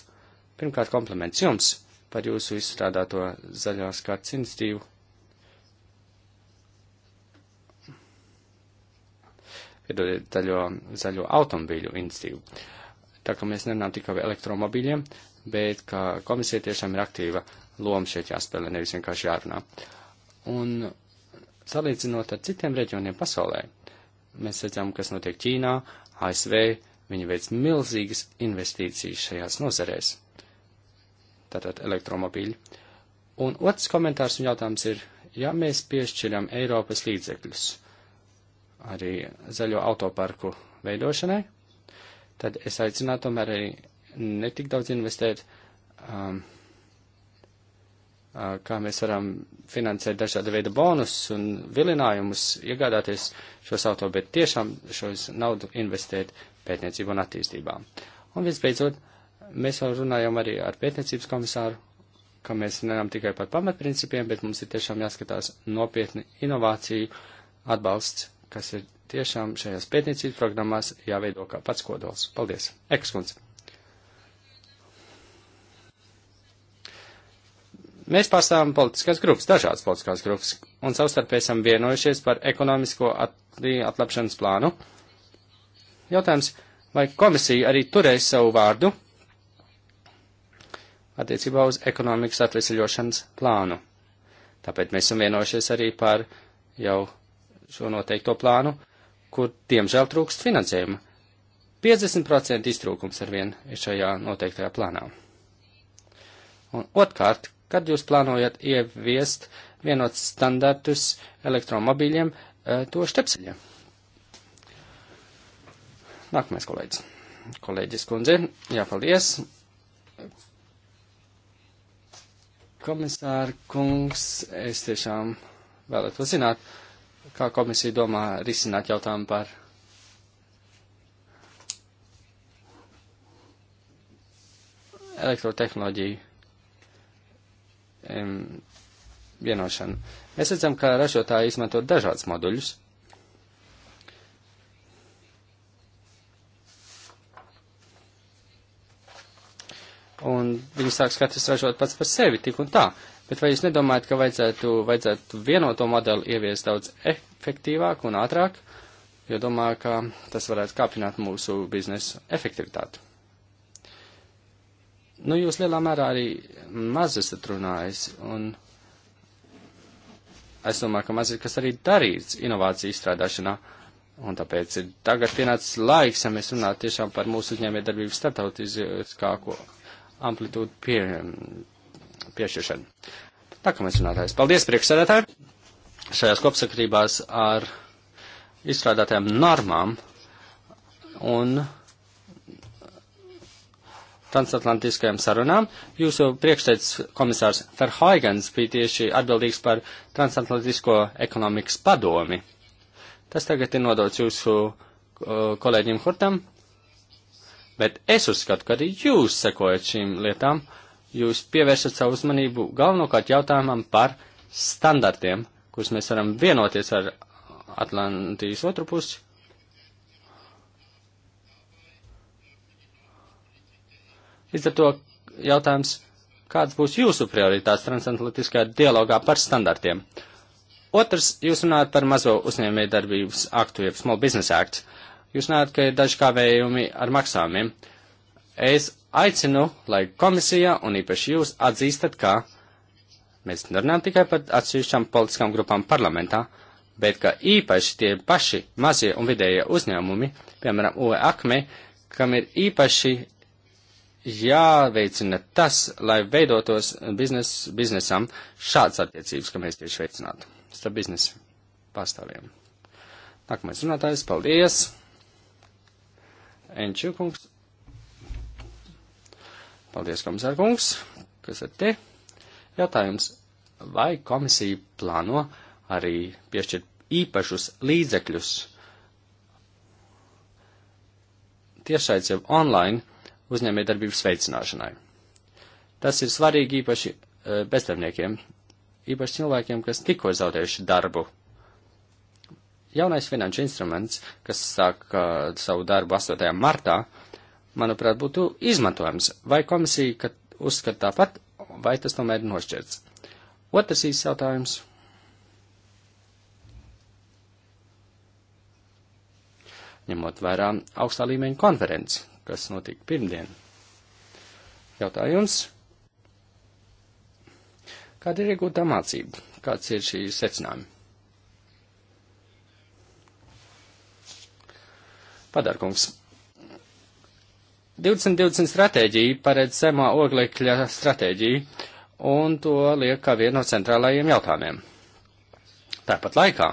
Pirmkārt, kompliments jums par jūsu izstrādāto zaļās kārtas iniciatīvu. Piedodiet, zaļo, zaļo automobīļu iniciatīvu. Tā kā mēs nerunājam tikai par elektromobīļiem, bet ka komisija tiešām ir aktīva loma šeit jāspēlē, nevis vienkārši jārunā. Un salīdzinot ar citiem reģioniem pasaulē, mēs redzam, kas notiek Ķīnā, ASV, Viņi veic milzīgas investīcijas šajās nozarēs. Tātad elektromobīļi. Un otrs komentārs un jautājums ir, ja mēs piešķiram Eiropas līdzekļus arī zaļo autoparku veidošanai, tad es aicinātu tomēr arī netik daudz investēt, um, uh, kā mēs varam finansēt dažāda veida bonus un vilinājumus, iegādāties šos auto, bet tiešām šos naudu investēt pētniecību un attīstībām. Un visbeidzot, mēs jau runājam arī ar pētniecības komisāru, ka mēs runājam tikai par pamatprincipiem, bet mums ir tiešām jāskatās nopietni inovāciju atbalsts, kas ir tiešām šajās pētniecības programmās jāveido kā pats kodols. Paldies! Ekskunds! Mēs pārstāvam politiskās grupas, dažādas politiskās grupas, un savstarpēji esam vienojušies par ekonomisko atlapšanas plānu, Jautājums, vai komisija arī turēs savu vārdu attiecībā uz ekonomikas atvesaļošanas plānu. Tāpēc mēs esam vienojušies arī par jau šo noteikto plānu, kur, diemžēl, trūkst finansējuma. 50% iztrūkums ar vien ir šajā noteiktajā plānā. Un otrkārt, kad jūs plānojat ieviest vienotus standartus elektromobīļiem, eh, to štepseļiem? Nākamais kolēģis. Kolēģis kundze, jāpaldies. Komisāra kungs, es tiešām vēlētos zināt, kā komisija domā risināt jautājumu par elektrotehnoloģiju um, vienošanu. Mēs redzam, ka ražotāji izmanto dažādas moduļus un viņi sāks katrs ražot pats par sevi tik un tā. Bet vai jūs nedomājat, ka vajadzētu, vajadzētu vienoto modeli ieviest daudz efektīvāk un ātrāk, jo domāju, ka tas varētu kāpināt mūsu biznesa efektivitāti? Nu, jūs lielā mērā arī maz esat runājis, un es domāju, ka maz ir kas arī darīts inovāciju izstrādāšanā. Un tāpēc ir tagad pienācis laiks, ja mēs runātu tiešām par mūsu uzņēmē darbību starptautiskāko amplitūdu pie, piešķiršanu. Nākamais runātājs. Paldies, priekšsēdētāji! Šajās kopsakrībās ar izstrādātajām normām un transatlantiskajām sarunām. Jūsu priekšteicis komisārs Ferhoigens bija tieši atbildīgs par transatlantisko ekonomikas padomi. Tas tagad ir nodots jūsu uh, kolēģim Hurtam, Bet es uzskatu, ka arī jūs sekojat šīm lietām, jūs pievēršat savu uzmanību galvenokārt jautājumam par standartiem, kurus mēs varam vienoties ar Atlantijas otru pusi. Līdz ar to jautājums, kāds būs jūsu prioritāts transatlantiskajā dialogā par standartiem? Otrs, jūs runājat par mazo uzņēmēju darbības aktu, jeb Small Business Act. Uh, Jūs nākat, ka ir daži kavējumi ar maksājumiem. Es aicinu, lai komisija un īpaši jūs atzīstat, ka mēs nerunājam tikai par atsevišķām politiskām grupām parlamentā, bet ka īpaši tie paši mazie un vidējie uzņēmumi, piemēram, UEAKME, kam ir īpaši jāveicina tas, lai veidotos biznes, biznesam šāds attiecības, ka mēs tieši veicinātu starp biznesa pārstāvjiem. Nākamais runātājs, paldies! Enču kungs. Paldies, komisār kungs, kas ir te. Jautājums, vai komisija plāno arī piešķirt īpašus līdzekļus tiešais jau online uzņēmējdarbības veicināšanai? Tas ir svarīgi īpaši eh, bezdarbniekiem, īpaši cilvēkiem, kas tikko zaudējuši darbu Jaunais finanšu instruments, kas sāk uh, savu darbu 8. martā, manuprāt, būtu izmantojams. Vai komisija uzskata tāpat, vai tas tomēr ir nošķirts? Otrs īsts jautājums. Ņemot vērā augstā līmeņa konferenci, kas notika pirmdien. Jautājums. Kāda ir iegūtā mācība? Kāds ir šī secinājuma? Padarkungs. 2020 stratēģija paredz zemā oglekļa stratēģiju, un to liek kā vienu no centrālajiem jautājumiem. Tāpat laikā,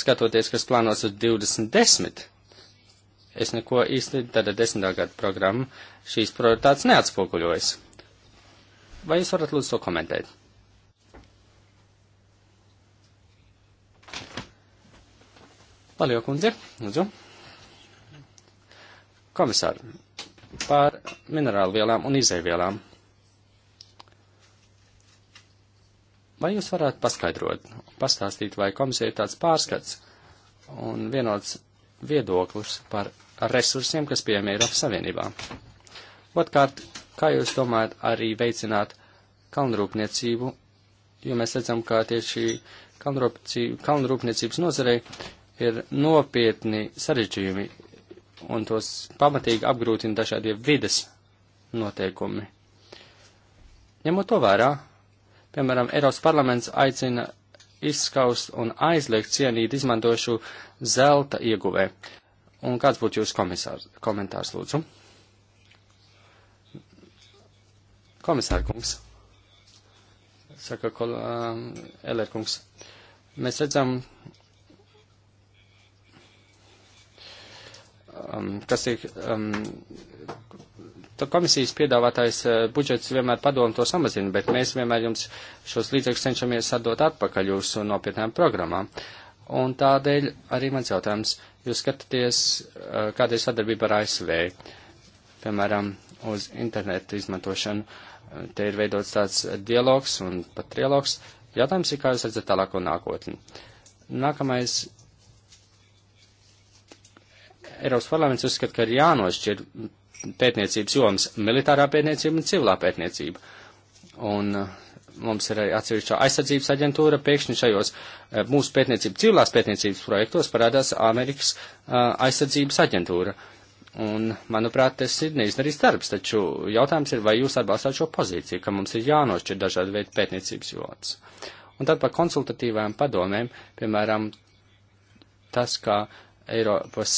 skatoties, kas plānos uz 2010, es neko īsti tāda desmitā gada programma šīs prioritātes neatspoguļojas. Vai jūs varat lūdzu to komentēt? Paldies, kundze. Lūdzu. Komisār, par minerālu vielām un izēvielām. Vai jūs varētu paskaidrot, pastāstīt, vai komisija ir tāds pārskats un vienots viedoklis par resursiem, kas pieejami Eiropas Savienībā? Otkārt, kā jūs domājat arī veicināt kalnrūpniecību, jo mēs redzam, ka tieši kalnrūpniecības nozarei ir nopietni sarežģījumi un tos pamatīgi apgrūtina dažādie vides noteikumi. Ņemot to vērā, piemēram, Eiropas parlaments aicina izskaust un aizliegt cienīt izmantošu zelta ieguvē. Un kāds būtu jūsu komisārs, komentārs, lūdzu? Komisārkungs, saka kol, uh, um, Elerkungs, mēs redzam, um, kas tiek. Um, komisijas piedāvātais uh, budžets vienmēr padomu to samazina, bet mēs vienmēr jums šos līdzekļus cenšamies atdot atpakaļ jūsu nopietnām programmām. Un tādēļ arī mans jautājums. Jūs skatāties, uh, kāda ir sadarbība ar ASV, piemēram, uz internetu izmantošanu. Uh, te ir veidots tāds dialogs un pat trialogs. Jautājums ir, kā jūs redzat tālāko nākotni. Nākamais Eiropas parlaments uzskata, ka ir jānošķir pētniecības jomas - militārā pētniecība un civilā pētniecība. Un uh, mums ir atsevišķā aizsardzības aģentūra, pēkšņi šajos uh, mūsu pētniecības, civilās pētniecības projektos parādās Amerikas uh, aizsardzības aģentūra. Un, manuprāt, tas ir neizdarīts darbs, taču jautājums ir, vai jūs atbalstāt šo pozīciju, ka mums ir jānošķir dažādi veidi pētniecības jodas. Un tad par konsultatīvajām padomēm, piemēram, tas, kā Eiropas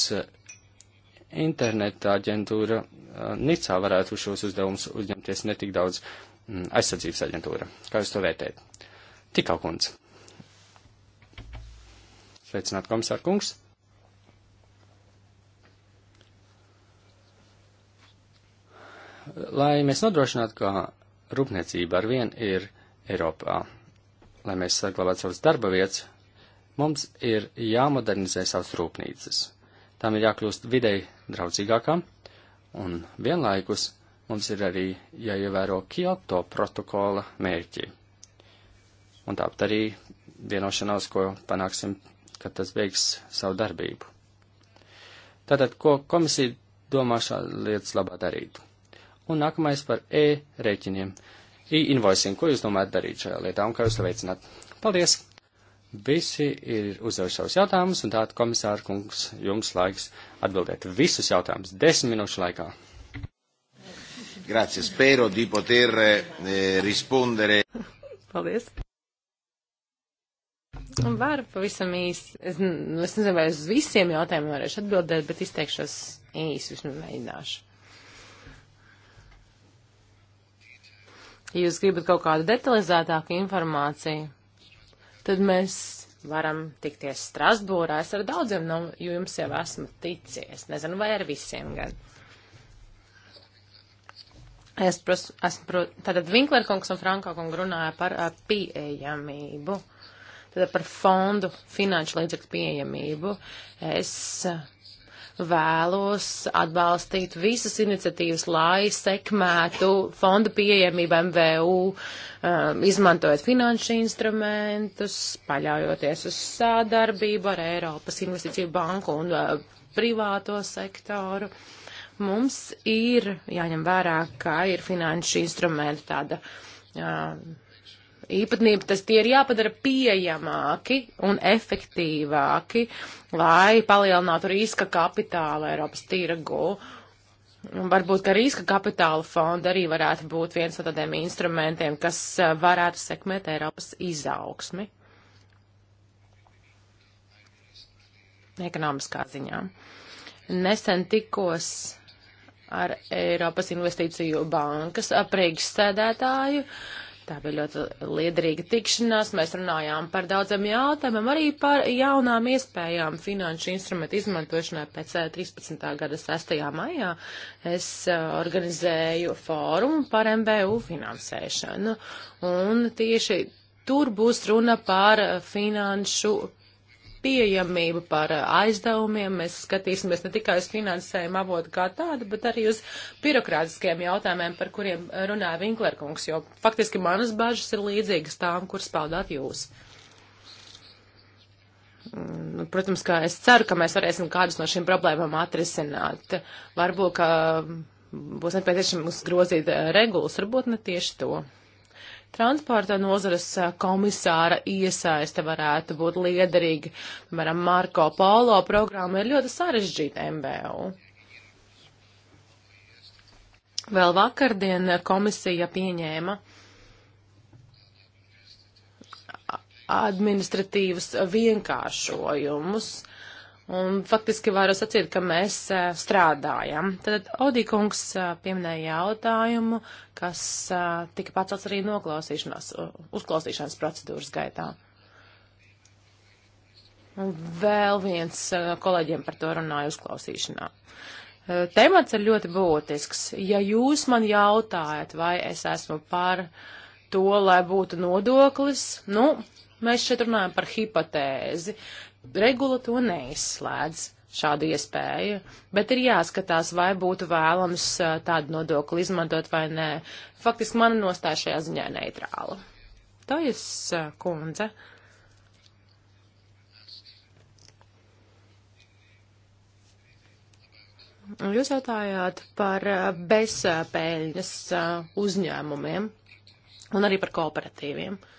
interneta aģentūra eh, Nicā varētu šos uzdevumus uzņemties netik daudz mm, aizsardzības aģentūra. Kā jūs to vērtējat? Tikā kundz. Sveicināt komisāru kungs. Lai mēs nodrošinātu, ka rūpniecība ar vien ir Eiropā, lai mēs saglabātu savas darba vietas, mums ir jāmodernizē savas rūpnīcas tām ir jākļūst videi draudzīgākām, un vienlaikus mums ir arī jāievēro Kyoto protokola mērķi. Un tāpat arī vienošanās, ko panāksim, kad tas beigs savu darbību. Tātad, ko komisija domā šādas lietas labā darīt? Un nākamais par e-rēķiniem. E-invoicing, ko jūs domājat darīt šajā lietā un kā jūs to veicināt? Paldies! Visi ir uzdevuši savus jautājumus, un tātad komisāra kungs jums laiks atbildēt visus jautājumus desmit minūšu laikā. Grazie, spero di poter eh, rispondere. Paldies. Un varu pavisam īsi, es, nu, es nezinu, vai uz visiem jautājumiem varēšu atbildēt, bet izteikšos īsi, vismaz mēģināšu. Ja jūs gribat kaut kādu detalizētāku informāciju, tad mēs varam tikties Strasbūrā. Es ar daudziem no nu, jums jau esmu ticies, nezinu, vai ar visiem gan. Es, pros, esmu, pro, tātad Vinklerkungs un Frankokungs runāja par a, pieejamību, tātad par fondu finanšu līdzekļu pieejamību. Es a, vēlos atbalstīt visas iniciatīvas, lai sekmētu fonda pieejamību MVU, um, izmantojot finanšu instrumentus, paļaujoties uz sādarbību ar Eiropas Investīciju banku un uh, privāto sektoru. Mums ir jāņem vērā, ka ir finanšu instrumenti tāda. Uh, īpatnība, tas tie ir jāpadara pieejamāki un efektīvāki, lai palielinātu riska kapitāla Eiropas tirgu. Varbūt, ka riska kapitāla fonda arī varētu būt viens no tādiem instrumentiem, kas e, varētu sekmēt Eiropas izaugsmi. Ekonomiskā ziņā. Nesen tikos ar Eiropas Investīciju bankas priekšsēdētāju. Uh, Tā bija ļoti liederīga tikšanās. Mēs runājām par daudziem jautājumiem, arī par jaunām iespējām finanšu instrumentu izmantošanai pēc 13. Eh, gada 6. maijā. Es eh, organizēju fórumu par MBU finansēšanu. Un tieši tur būs runa par eh, finanšu pieejamību, par aizdevumiem. Mēs skatīsimies ne tikai uz finansējumu avotu kā tādu, bet arī uz birokrātiskiem jautājumiem, par kuriem runāja Vinklerkungs, jo faktiski manas bažas ir līdzīgas tām, kuras paudāt jūs. Nu, protams, ka es ceru, ka mēs varēsim kādus no šīm problēmām atrisināt. Varbūt, ka būs nepieciešams grozīt eh, regulas, varbūt ne tieši to. Transporta nozares komisāra iesaiste varētu būt liederīga. Piemēram, Marko Polo programma ir ļoti sarežģīta MBU. Vēl vakardien komisija pieņēma administratīvas vienkāršojumus Un faktiski varu sacīt, ka mēs strādājam. Tad Odīkungs pieminēja jautājumu, kas tika pacelts arī noklausīšanās, uzklausīšanas procedūras gaitā. Un vēl viens kolēģiem par to runāja uzklausīšanā. Temats ir ļoti būtisks. Ja jūs man jautājat, vai es esmu par to, lai būtu nodoklis, nu, mēs šeit runājam par hipotēzi regula to neizslēdz šādu iespēju, bet ir jāskatās, vai būtu vēlams uh, tādu nodokli izmantot vai nē. Faktiski mana nostāja šajā ziņā ir neitrāla. Tā jūs, uh, kundze. Jūs jautājāt par uh, bezpēļņas uzņēmumiem un arī par kooperatīviem. Uh,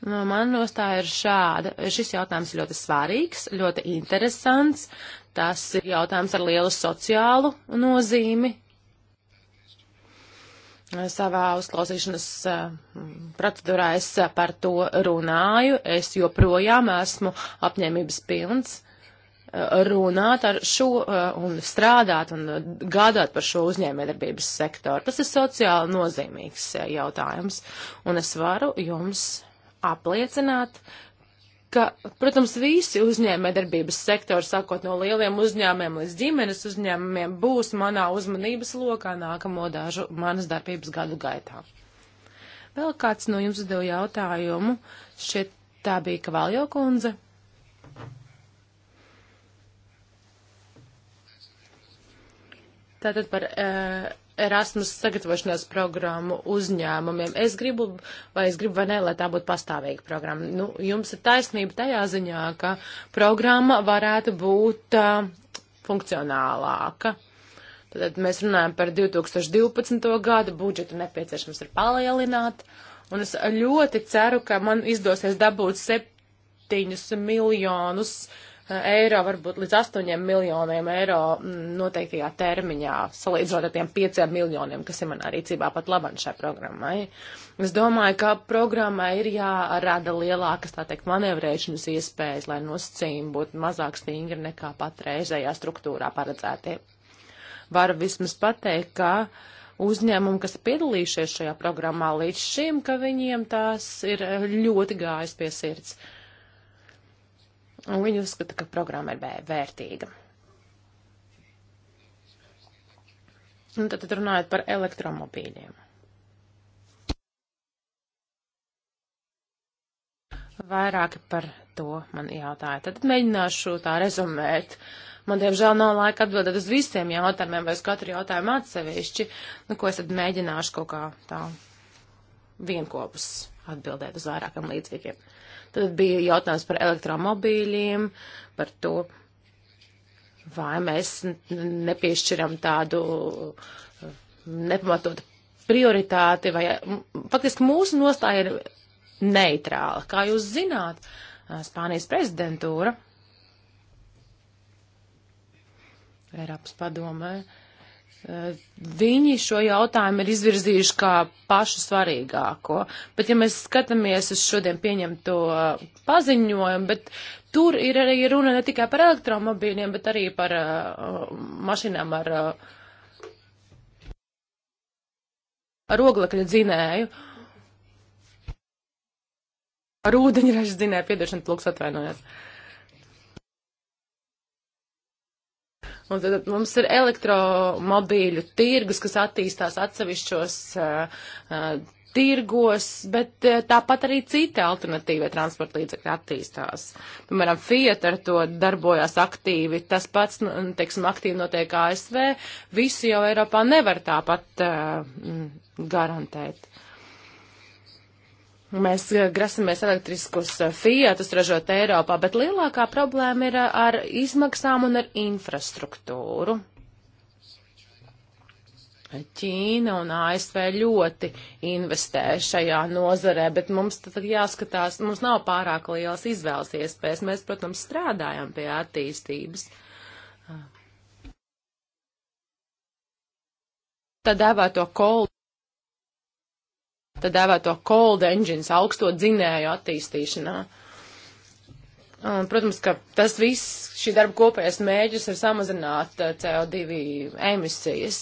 No nu, man nostāja ir šāda. Šis jautājums ļoti svarīgs, ļoti interesants. Tas ir jautājums ar lielu sociālu nozīmi. Savā uzklausīšanas eh, procedūrā es par to runāju. Es joprojām esmu apņēmības pilns eh, runāt ar šo eh, un strādāt un gādāt par šo uzņēmējdarbības sektoru. Tas ir sociāli nozīmīgs jautājums. Un es varu jums apliecināt, ka, protams, visi uzņēmējdarbības sektori, sākot no lieliem uzņēmumiem līdz ģimenes uzņēmumiem, būs manā uzmanības lokā nākamo dažu manas darbības gadu gaitā. Vēl kāds no jums uzdeva jautājumu, šķiet tā bija Kavaljo kundze. Tātad par uh, Erasmus sagatavošanās programmu uzņēmumiem. Es gribu, vai es gribu vai nē, lai tā būtu pastāvīga programma. Nu, jums ir taisnība tajā ziņā, ka programma varētu būt uh, funkcionālāka. Tad mēs runājam par 2012. gadu, budžetu nepieciešams ir palielināt, un es ļoti ceru, ka man izdosies dabūt 7 miljonus uh, eiro, varbūt līdz 8 miljoniem eiro mm, noteiktajā termiņā, salīdzinot ar tiem 5 miljoniem, kas ir manā rīcībā pat labam šai programmai. Es domāju, ka programmai ir jārada lielākas, tā teikt, manevrēšanas iespējas, lai nosacījumi būtu mazāk stingri nekā patreizējā struktūrā paredzētie. Varu vismaz pateikt, ka uh, uzņēmumu, kas piedalījušies šajā programmā līdz šim, ka viņiem tās ir ļoti gājis pie sirds. Uh, Un viņi uzskata, ka programma ir vērtīga. Un tad, tad runājot par elektromobīļiem. Vairāki par to man jautāja. Tad mēģināšu tā rezumēt. Man, diemžēl, nav laika atbildēt uz visiem jautājumiem vai uz katru jautājumu atsevišķi. Nu, ko es tad mēģināšu kaut kā tā vienkopus atbildēt uz vairākiem līdzekļiem. Tad bija jautājums par elektromobīļiem, par to, vai mēs nepiešķiram tādu uh, nepamatotu prioritāti, vai faktiski mūsu nostāja ir neitrāla. Kā jūs zināt, Spānijas prezidentūra Eiropas padomē Eh, viņi šo jautājumu ir izvirzījuši kā pašu svarīgāko, bet ja mēs skatāmies uz šodien pieņemto eh, paziņojumu, bet tur ir arī runa ne tikai par elektromobīļiem, bet arī par uh, mašīnām ar, uh, ar oglekļa dzinēju. Ar ūdeņraža dzinēju, piedošana plūks atvainojās. Uh, Un tad mums ir elektromobīļu tirgus, kas attīstās atsevišķos uh, uh, tirgos, bet eh, tāpat arī citi alternatīvie transporta līdzekļi attīstās. Piemēram, Fiat ar to darbojās aktīvi, tas pats, nu, teiksim, aktīvi notiek ASV, visu jau Eiropā nevar tāpat uh, garantēt. Uh, Mēs eh, grasamies elektriskus eh, Fiatus ražot Eiropā, bet lielākā problēma ir eh, ar izmaksām un ar infrastruktūru. Ķīna un ASV ļoti investē šajā nozarē, bet mums tad jāskatās, mums nav pārāk lielas izvēles iespējas. Mēs, protams, strādājam pie attīstības. Tā dēvēto kolu tad dēvēto cold engines, augsto dzinēju attīstīšanā. Un, protams, ka tas viss, šī darba kopējais mēģis ir samazināt eh, CO2 emisijas.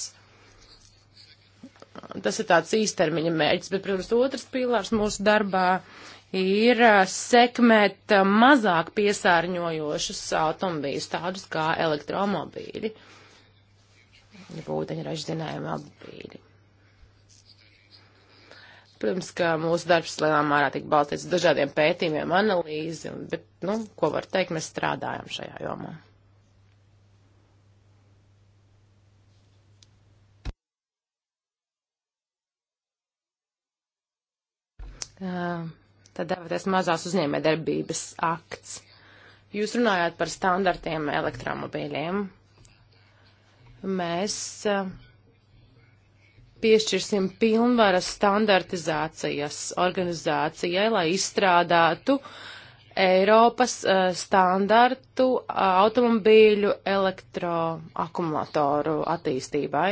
Tas ir tāds īstermiņa mēģis, bet, protams, otrs pīlārs mūsu darbā ir eh, sekmēt eh, mazāk piesārņojošus automobīļus, tādus kā elektromobīļi, ūdeņraža zinājuma apbīļi. Protams, ka mūsu darbs lielā mērā tika balstīts dažādiem pētījumiem, analīzi, bet, nu, ko var teikt, mēs strādājam šajā jomā. Tad devoties mazās uzņēmē darbības akts. Jūs runājāt par standartiem elektromobīļiem. Mēs uh, piešķirsim pilnvaras standartizācijas organizācijai, lai izstrādātu Eiropas uh, standartu uh, automobīļu elektroakumulatoru attīstībai.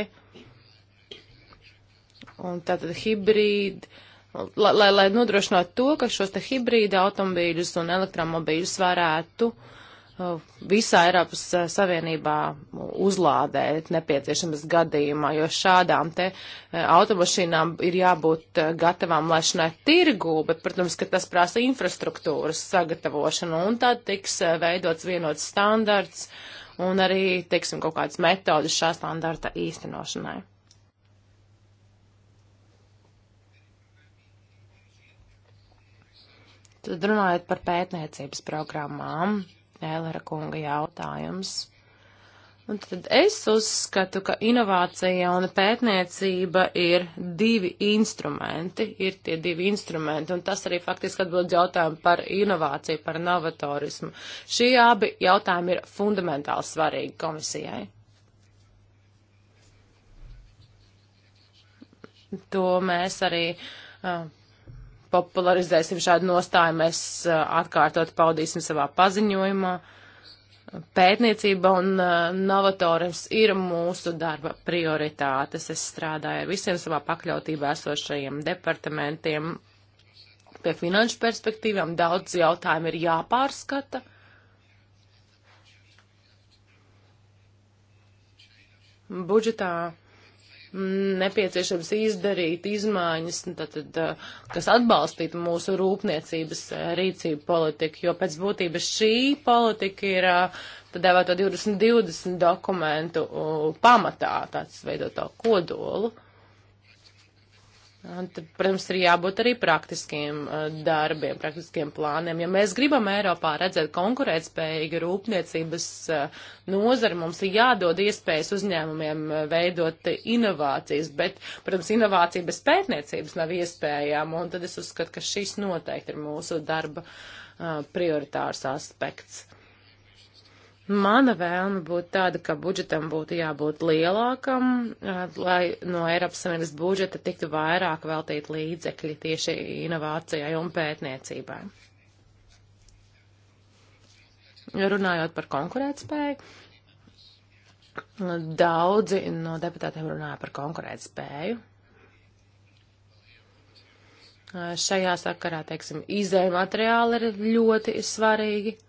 Un tātad hibrīdi, lai, lai, lai nodrošinātu to, ka šos te hibrīda automobīļus un elektromobīļus varētu uh, visā Eiropas eh, Savienībā uzlādēt nepieciešamas gadījumā, jo šādām te eh, automašīnām ir jābūt eh, gatavām laišanai tirgū, bet, protams, ka tas prasa infrastruktūras sagatavošanu, un tad tiks veidots vienots standarts un arī, teiksim, kaut kādas metodas šā standarta īstenošanai. Tad runājot par pētniecības programmām. Ēlera kunga jautājums. Un tad es uzskatu, ka inovācija un pētniecība ir divi instrumenti, ir tie divi instrumenti, un tas arī faktiski atbild jautājumu par inovāciju, par novatorismu. Šie abi jautājumi ir fundamentāli svarīgi komisijai. To mēs arī uh, popularizēsim šādu nostāju, mēs atkārtot paudīsim savā paziņojumā. Pētniecība un novatorisms ir mūsu darba prioritātes. Es strādāju ar visiem savā pakļautībā esošajiem departamentiem pie finanšu perspektīvām. Daudz jautājumu ir jāpārskata. Budžetā nepieciešams izdarīt izmaiņas, tātad, nu, kas atbalstītu mūsu rūpniecības rīcību politiku, jo pēc būtības šī politika ir tad dēvēto 2020 dokumentu pamatā, tāds veidot to kodolu. Protams, ir jābūt arī praktiskiem eh, darbiem, praktiskiem plāniem. Ja mēs gribam Eiropā redzēt konkurētspējīgu rūpniecības eh, nozari, mums ir jādod iespējas uzņēmumiem eh, veidot inovācijas, bet, protams, inovācija bez pētniecības nav iespējama, un tad es uzskatu, ka šis noteikti ir mūsu darba prioritārs aspekts. Mana vēlme būtu tāda, ka budžetam būtu jābūt lielākam, lai no Eiropas Savienības budžeta tiktu vairāk veltīt līdzekļi tieši inovācijai un pētniecībai. Runājot par konkurētspēju, daudzi no deputātiem runāja par konkurētspēju. Šajā sakarā, teiksim, izēju materiāli ir ļoti svarīgi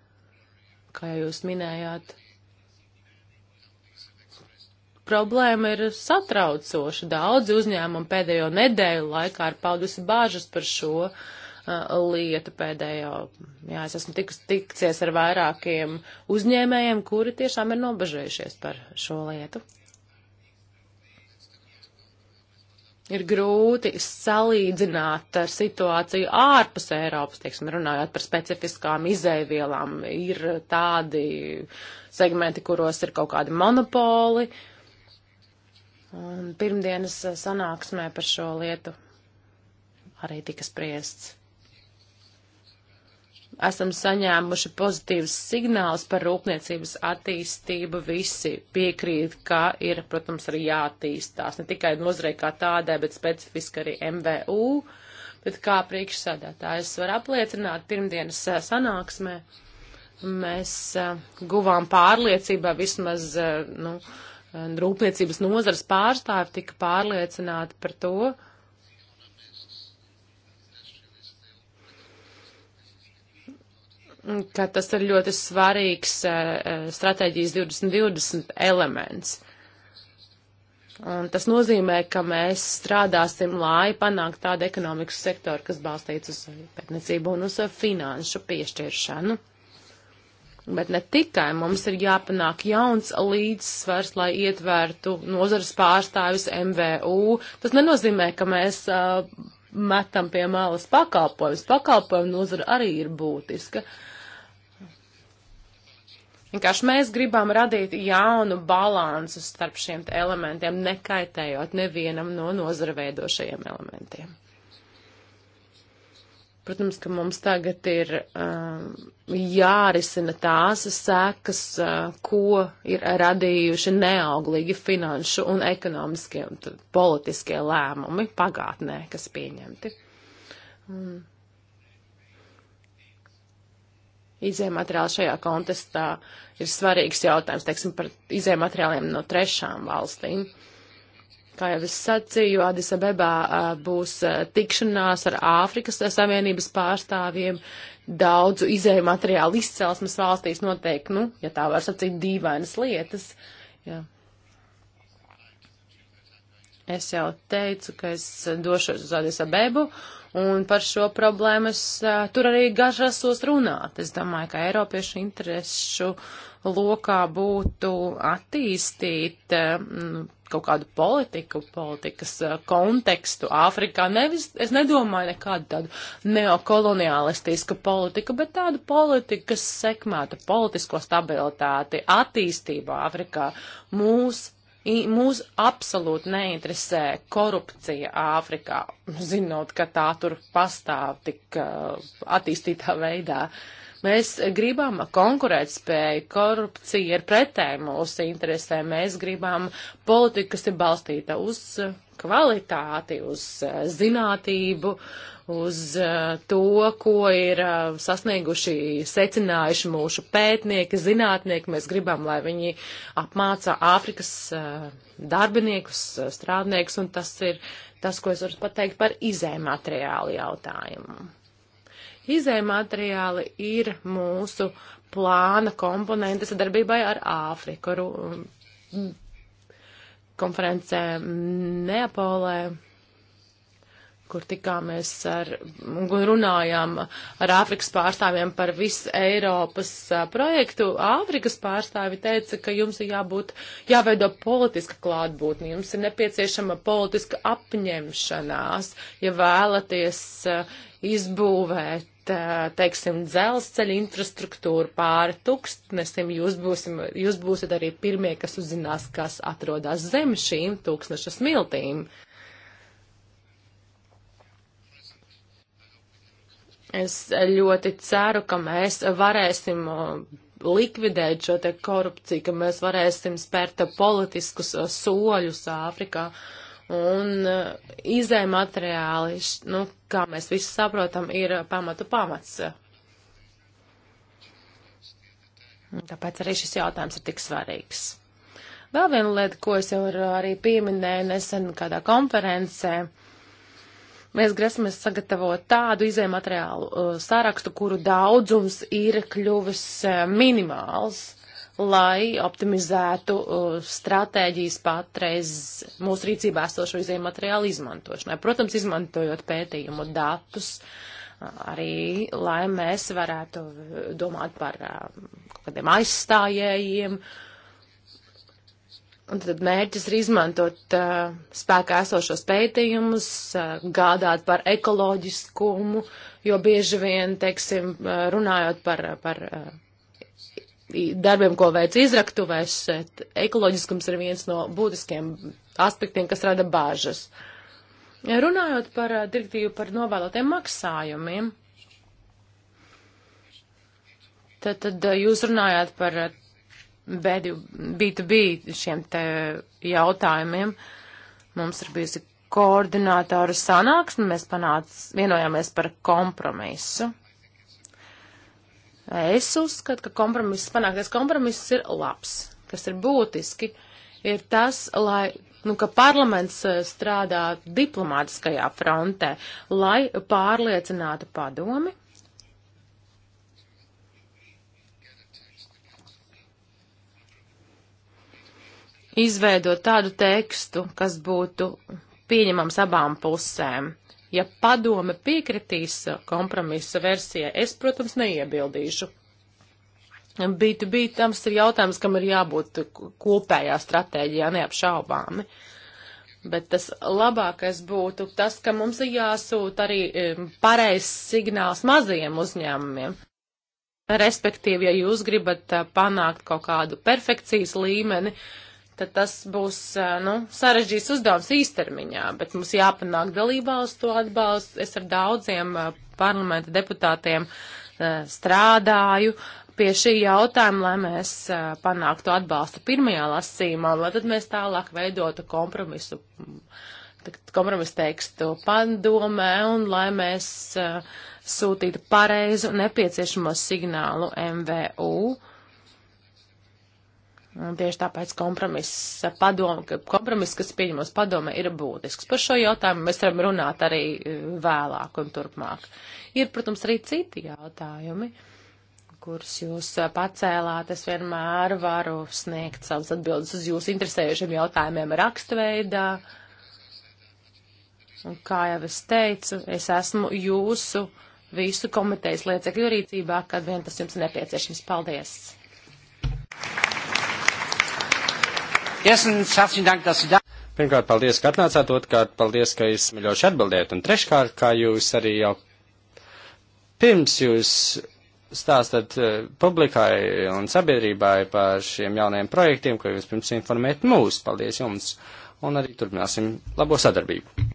kā jūs minējāt, problēma ir satraucoša. Daudzi uzņēmumi pēdējo nedēļu laikā ir paudusi bāžas par šo uh, lietu pēdējo. Jā, es esmu tikus, tikcies ar vairākiem uzņēmējiem, kuri tiešām ir nobežējušies par šo lietu. ir grūti salīdzināt ar situāciju ārpus Eiropas, teiksim, runājot par specifiskām izēvielām. Ir tādi segmenti, kuros ir kaut kādi monopoli. Un pirmdienas sanāksmē par šo lietu arī tika spriests esam saņēmuši pozitīvus signālus par rūpniecības attīstību. Visi piekrīt, ka ir, protams, arī jātīstās ne tikai nozarei kā tādai, bet specifiski arī MVU. Bet kā priekšsādātājs var apliecināt pirmdienas eh, sanāksmē, mēs eh, guvām pārliecībā vismaz, eh, nu, rūpniecības nozars pārstāvi tika pārliecināti par to, ka tas ir ļoti svarīgs eh, eh, stratēģijas 2020 elements. Un tas nozīmē, ka mēs strādāsim, lai panāktu tādu ekonomikas sektoru, kas balstīts uz pētniecību un uz eh, finanšu piešķiršanu. Bet ne tikai mums ir jāpanāk jauns līdzsvars, lai ietvērtu nozares pārstāvis MVU. Tas nenozīmē, ka mēs uh, metam pie malas pakalpojumus. Pakalpojumu nozara arī ir būtiska. Uh, Vienkārši mēs gribam radīt jaunu balansu starp šiem elementiem, nekaitējot nevienam no nozarveidošajiem elementiem. Protams, ka mums tagad ir um, jārisina tās sekas, uh, ko ir radījuši neauglīgi finanšu un ekonomiskie un politiskie lēmumi pagātnē, kas pieņemti. Un izējumateriāli šajā kontestā ir svarīgs jautājums, teiksim, par izējumateriāliem no trešām valstīm. Kā jau es sacīju, Adisabebā būs tikšanās ar Āfrikas Savienības pārstāvjiem daudzu izējumateriālu izcelsmes valstīs noteikti, nu, ja tā var sacīt, dīvainas lietas. Jā. Es jau teicu, ka es došos uz Adisabebu. Uh, Un par šo problēmu es tur arī gažasos runāt. Es domāju, ka Eiropiešu interesu lokā būtu attīstīt kaut kādu politiku, politikas kontekstu Āfrikā. Nevis, es nedomāju nekādu tādu neokolonialistisku politiku, bet tādu politiku, kas sekmētu politisko stabilitāti, attīstību Āfrikā, mūs mūs absolūti neinteresē korupcija Āfrikā, zinot, ka tā tur pastāv tik uh, attīstītā veidā. Mēs gribam konkurēt spēju, korupcija ir pretēji mūsu interesē, mēs gribam politiku, kas ir balstīta uz kvalitāti, uz uh, zinātību, uh, uz uh, to, ko ir uh, sasnieguši, secinājuši mūsu pētnieki, zinātnieki. Mēs gribam, lai viņi apmāca Āfrikas uh, darbiniekus, strādniekus, un tas ir tas, ko es varu pateikt par izējumateriālu jautājumu. Izējumateriāli ir mūsu plāna komponente sadarbībai ar Āfriku. Konferencē Neapolē kur tikāmies ar, runājām ar Āfrikas pārstāvjiem par visu Eiropas projektu. Āfrikas pārstāvi teica, ka jums ir jābūt, jāveido politiska klātbūtne, jums ir nepieciešama politiska apņemšanās, ja vēlaties izbūvēt teiksim, dzelzceļa infrastruktūru pāri tūkstnesim, jūs, būsim, jūs būsiet arī pirmie, kas uzzinās, kas atrodas zem šīm tūkstneša smiltīm. Uh, Es ļoti ceru, ka mēs varēsim uh, likvidēt šo te korupciju, ka mēs varēsim spērt politiskus uh, soļus Āfrikā un uh, izē materiāli, nu, kā mēs visi saprotam, ir pamatu pamats. Tāpēc arī šis jautājums ir tik svarīgs. Vēl viena lieta, ko es jau arī pieminēju nesen kādā konferencē, uh, Mēs grasamies sagatavot tādu izējumateriālu uh, sarakstu, kuru daudzums ir kļuvis uh, minimāls, lai optimizētu uh, stratēģijas patreiz mūsu rīcībā esošo izējumateriālu izmantošanai. Protams, izmantojot pētījumu datus, uh, arī lai mēs varētu uh, domāt par uh, kādiem aizstājējiem, uh, Un tad mērķis ir izmantot uh, spēkā esošos pētījumus, uh, gādāt par ekoloģiskumu, jo bieži vien, teiksim, uh, runājot par, par uh, darbiem, ko veic izraktuvēs, ekoloģiskums ir viens no būtiskiem aspektiem, kas rada bāžas. Runājot par uh, direktīvu par novēlotiem maksājumiem, tad, tad uh, jūs runājāt par uh, B2B šiem te jautājumiem. Mums ir bijusi koordinātora sanāksme, mēs panāc, vienojāmies par kompromisu. Es uzskatu, ka kompromiss, panāktais kompromiss ir labs, kas ir būtiski, ir tas, lai, nu, ka parlaments eh, strādā diplomātiskajā frontē, lai pārliecinātu padomi izveidot tādu tekstu, kas būtu pieņemams abām pusēm. Ja padome piekritīs kompromisa versijai, es, protams, neiebildīšu. B2B tams ir jautājums, kam ir jābūt kopējā stratēģijā neapšaubāmi. Bet tas labākais būtu tas, ka mums ir jāsūt arī pareizs signāls mazajiem uzņēmumiem. Respektīvi, ja jūs gribat eh, panākt kaut kādu perfekcijas līmeni, uh, tad tas būs nu, sarežģīts uzdevums īstermiņā, bet mums jāpanāk dalībvalstu atbalsts. Es ar daudziem parlamenta deputātiem strādāju pie šī jautājuma, lai mēs panāktu atbalstu pirmajā lasīmā, lai tad mēs tālāk veidotu kompromisu, kompromisu tekstu padomē un lai mēs sūtītu pareizu nepieciešamo signālu MVU Un tieši tāpēc kompromiss, padoma, kompromiss, kas pieņemos padome, ir būtisks. Par šo jautājumu mēs varam runāt arī e, vēlāk un turpmāk. Ir, protams, arī citi jautājumi, kurus jūs e, pacēlāt. Es vienmēr varu sniegt savus atbildes uz jūsu interesējušiem jautājumiem rakstveidā. Un kā jau es teicu, es esmu jūsu visu komitejas liecekļu rīcībā, kad vien tas jums nepieciešams. Paldies! Thank you. Erstens, herzlichen Dank, dass Sie da. Pirmkārt, paldies, ka atnācāt, otrkārt, paldies, ka izsmeļoši atbildēt, un treškārt, kā jūs arī jau pirms jūs stāstat eh, publikai un sabiedrībai par šiem jaunajiem projektiem, ko jūs pirms informēt mūs. Paldies jums, un arī turpināsim labo sadarbību.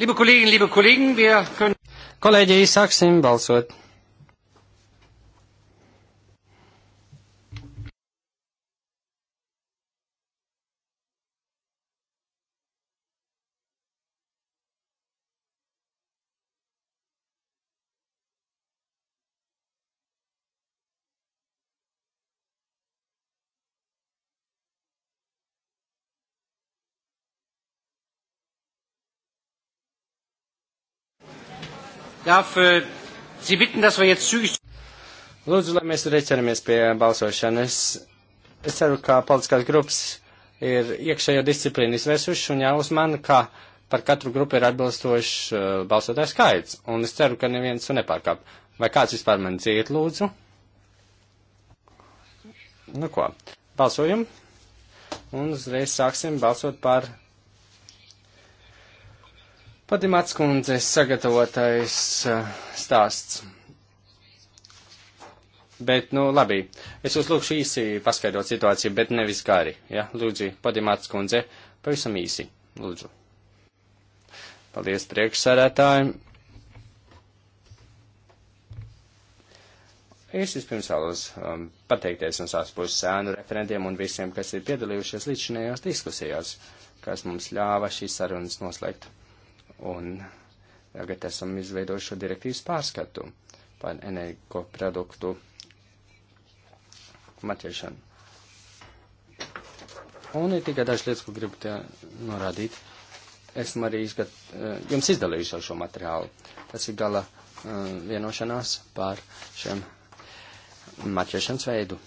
Liebe Kolleginnen, liebe Kollegen, wir können. Kolēģi, sāksim balsot. darf äh, Sie bitten, dass wir jetzt zügig. Lūdzu, lai mēs arī ķeramies pie balsošanas. Es ceru, ka politiskās grupas ir iekšējo disciplīnu izvērsuši un jāuzmana, ka par katru grupu ir atbilstošs uh, balsotāju skaits. Un es ceru, ka neviens to nepārkāp. Vai kāds vispār man dzied, lūdzu? Nu ko, balsojam. Un uzreiz sāksim balsot par Padimats kundzes sagatavotais eh, stāsts. Bet, nu, labi, es jūs lūkšu īsi paskaidrot situāciju, bet nevis gari, ja? Lūdzu, padimāts kundze, pavisam īsi, lūdzu. Paldies priekšsarētājiem. Es vispirms vēlos um, pateikties no savas puses sēnu referentiem un visiem, kas ir piedalījušies līdz šajās diskusijās, kas mums ļāva šīs sarunas noslēgt. Un tagad esam izveidojuši šo direktīvas pārskatu par energo produktu matiešanu. Un ir tikai dažas lietas, ko gribu te norādīt. Esmu arī izgat, eh, jums izdalījuši šo materiālu. Tas ir gala eh, vienošanās par šiem marķēšanas veidu.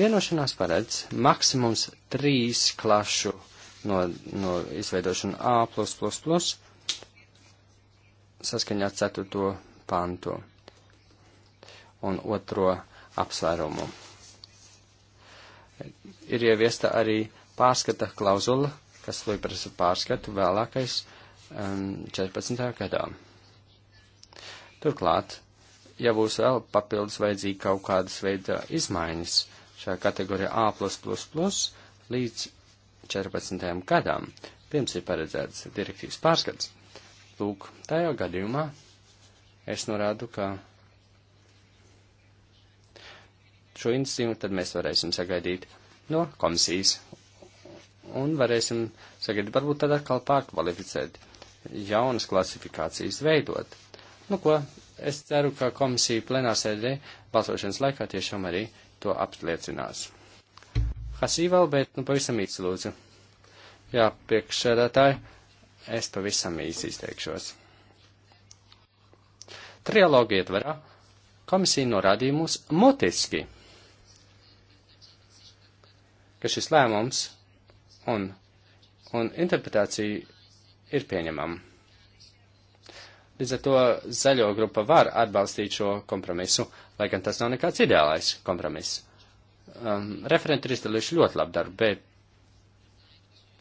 Vienošanās paredz maksimums trīs klašu no, no izveidošanu A++ saskaņā 4. pantu un 2. apsvērumu. Ir ieviesta arī pārskata klauzula, kas lieprasa pārskatu vēlākais um, 14. gadā. Turklāt, ja būs vēl papildus vajadzīgi kaut kādas veida izmaiņas šajā kategorijā A++ līdz 14. gadam, pirms ir paredzēts direktīvas pārskats. Lūk, tajā gadījumā es norādu, ka šo iniciatīvu tad mēs varēsim sagaidīt no komisijas un varēsim sagaidīt varbūt tad atkal pārkvalificēt jaunas klasifikācijas veidot. Nu ko, es ceru, ka komisija plenāsēdē balsošanas laikā tiešām arī to apliecinās. Asīvēl, bet nu pavisam īsi lūdzu. Jā, priekšsēdētāji, es pavisam īsi izteikšos. Trialogu ietvarā komisija norādīja mums mutiski, ka šis lēmums un, un interpretācija ir pieņemama. Līdz ar to zaļo grupa var atbalstīt šo kompromisu, lai gan tas nav nekāds ideālais kompromiss. Um, referenti ir izdarījuši ļoti labu darbu, bet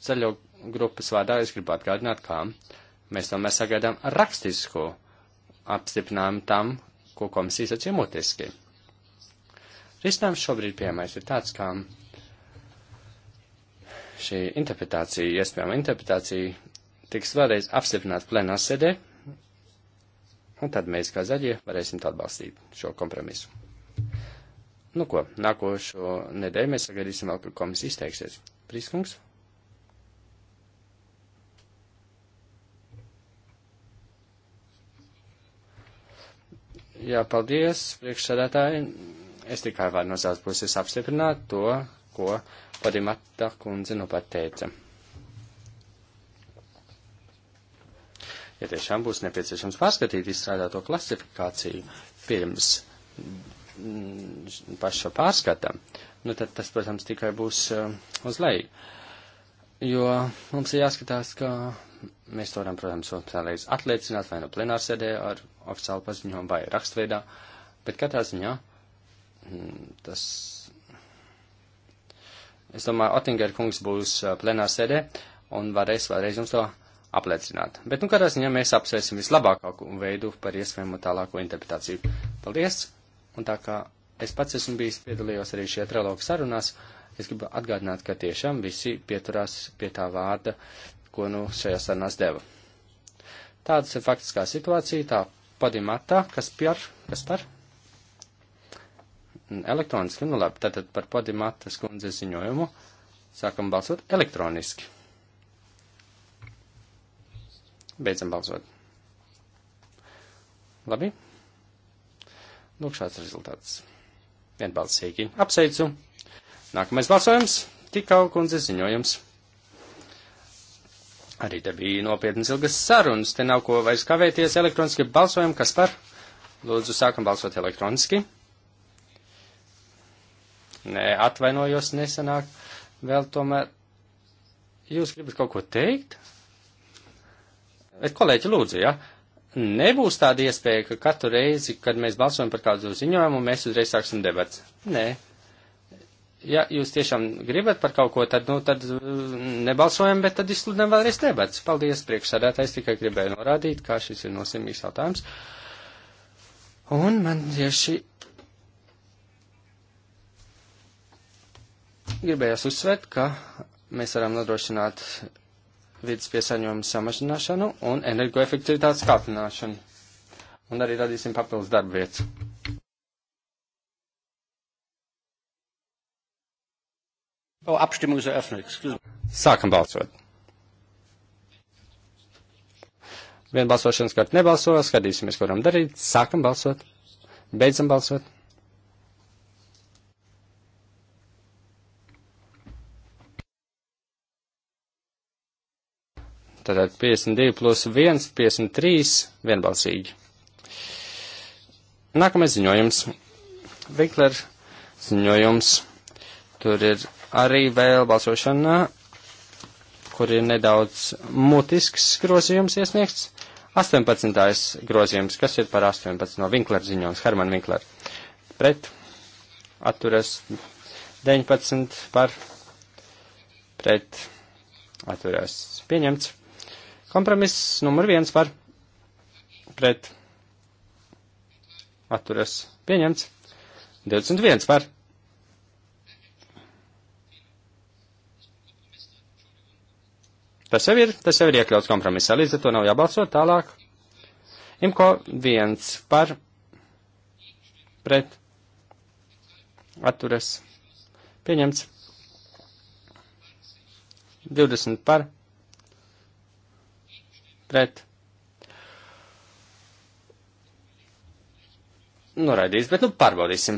ceļo grupas vārdā es gribu atgādināt, kā mēs tomēr sagaidām rakstisku apstiprinājumu tam, ko komisija sacīja mutiski. Risinājums šobrīd piemērs ir tāds, ka šī interpretācija, iespējama interpretācija, tiks vēlreiz apstiprināta plenārsēdē, un tad mēs kā zaļie varēsim atbalstīt šo kompromisu. Nu ko, nākošo nedēļu mēs sagaidīsim vēl, kad komisija izteiksies. Prīskungs? Jā, paldies, priekšsēdētāji. Es tikai varu no savas puses apstiprināt to, ko Padimata kundze nu pat teica. Ja tiešām būs nepieciešams pārskatīt izstrādāto klasifikāciju pirms Mm, paša pārskata, nu tad tas, protams, tikai būs eh, uz leju. Jo mums ir jāskatās, ka mēs to varam, protams, oficiālreiz atliecināt vai nu no plenārsēdē ar oficiālu paziņojumu vai rakstveidā, bet katrā ziņā mm, tas. Es domāju, Otinger kungs būs eh, plenārsēdē un varēs vēlreiz jums to apliecināt. Bet, nu, katrā ziņā mēs apsvērsim vislabāko veidu par iespējamo tālāko interpretāciju. Paldies! Un tā kā es pats esmu bijis piedalījos arī šajā trilogu sarunās, es gribu atgādināt, ka tiešām visi pieturās pie tā vārda, ko nu šajā sarunās deva. Tāds ir faktiskā situācija, tā podimata, kas par, kas par? Elektroniski, nu labi, tātad par podimatas kundzes ziņojumu sākam balsot elektroniski. Beidzam balsot. Labi, Lūk, nu, šāds rezultāts. Vienbalsīgi apsveicu. Nākamais balsojums - tikau kundze ziņojums. Arī te bija nopietnas ilgas sarunas, te nav ko vairs kavēties elektroniski balsojumu, kas par. Lūdzu, sākam balsot elektroniski. Nē, atvainojos, nesanāk. Vēl tomēr. Jūs gribat kaut ko teikt? Bet, kolēģi, lūdzu, ja? nebūs tāda iespēja, ka katru reizi, kad mēs balsojam par kādu ziņojumu, mēs uzreiz sāksim debats. Nē. Ja jūs tiešām gribat par kaut ko, tad, nu, tad mm, nebalsojam, bet tad izsludinam vēlreiz debats. Paldies, priekšsādātājs tikai gribēju norādīt, kā šis ir nosimīgs jautājums. Un man tieši gribējās uzsvērt, ka mēs varam nodrošināt vidas piesaņojumu samazināšanu un energoefektivitātes kāpināšanu. Un arī radīsim papildus darba vietas. Oh, Abstimmung ist eröffnet. Sākam balsot. Vienu balsošanas kārtu nebalso, skatīsimies, ko varam darīt. Sākam balsot. Beidzam balsot. Tātad 52 plus 1, 53 vienbalsīgi. Nākamais ziņojums. Vikler ziņojums. Tur ir arī vēl balsošana, kur ir nedaudz mutisks grozījums iesniegts. 18. grozījums, kas ir par 18 no Vinklera ziņojums, Herman Vinkler. Pret atturas 19 par pret atturās pieņemts. Kompromiss numur viens par pret atturas pieņemts. 21 par Tas jau ir, tas jau ir iekļauts kompromisā, līdz ar to nav jābalso tālāk. Imko viens par pret atturas pieņemts. 20 par pret pret. Noraidīs, bet nu pārbaudīsim.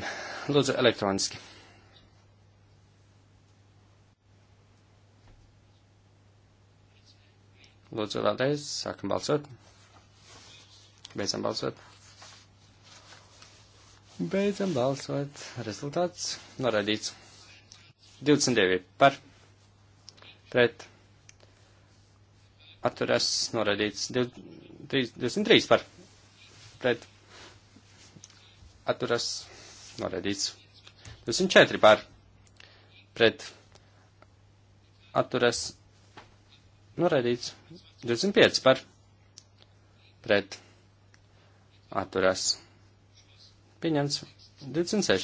Lūdzu, elektroniski. Lūdzu, vēlreiz sākam balsot. Beidzam balsot. Beidzam balsot. Rezultāts noraidīts. 29 par pret atturās noraidīts 23 par pret atturās noraidīts 24 par pret atturās noraidīts 25 par pret atturās pieņemts 26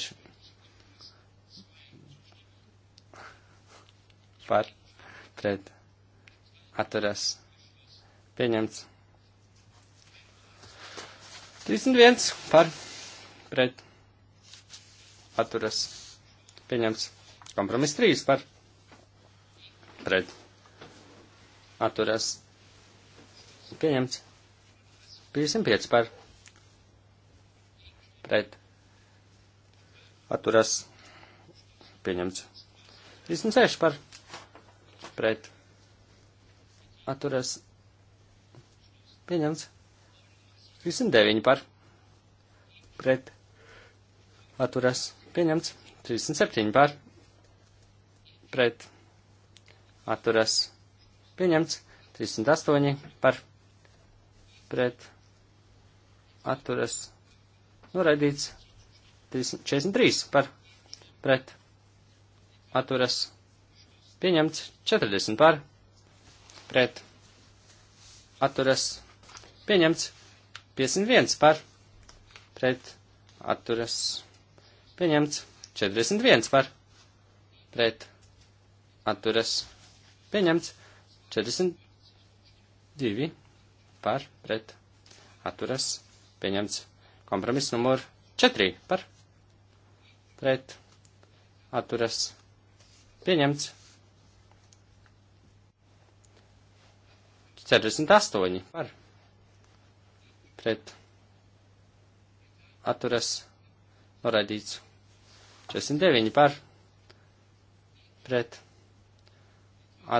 par pret atturās Pieņemts. 31 par pret atturas. Pieņemts. Kompromiss 3 par pret atturas. Pieņemts. 55 par pret atturas. Pieņemts. 36 par pret atturas. Pieņemts. 309 par. Pret. Atturas. Pieņemts. 37 par. Pret. Atturas. Pieņemts. 38 par. Pret. Atturas. Noraidīts. 43 par. Pret. Atturas. Pieņemts. 40 par. Pret. Atturas Pieņemts. 51 par. Pret. Atturas. Pieņemts. 41 par. Pret. Atturas. Pieņemts. 42 par. Pret. Atturas. Pieņemts. Kompromiss numur 4 par. Pret. Atturas. Pieņemts. 48 par pret atturas noraidīts. 49 par pret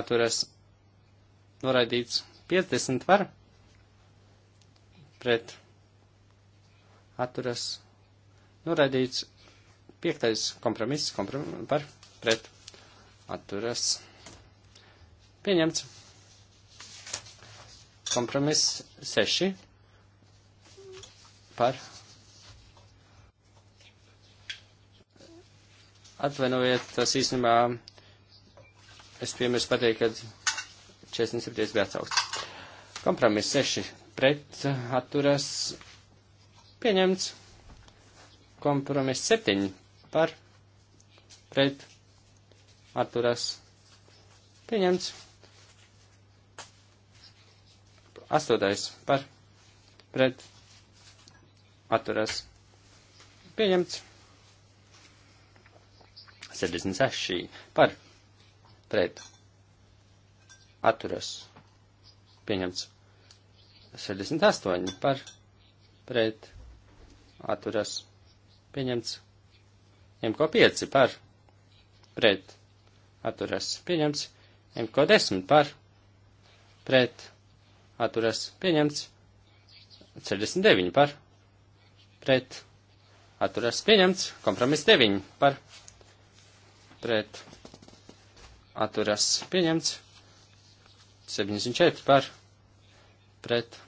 atturas noraidīts. 50 par pret atturas noraidīts. 5. kompromiss komprom par pret atturas pieņemts. Kompromiss 6 par. Atvainojiet, tas īstenībā es piemērs pateicu, ka 47 bija atsaukts. Kompromiss 6 pret atturas pieņemts. Kompromiss 7 par pret atturas pieņemts. Astotais par pret atturās pieņemts. 76 par pret atturās pieņemts. 68 par pret atturās pieņemts. MK 5 par pret atturās pieņemts. MK 10 par pret atturās pieņemts. 69 par pret atturās pieņemts, kompromiss 9 par pret atturās pieņemts, 74 par pret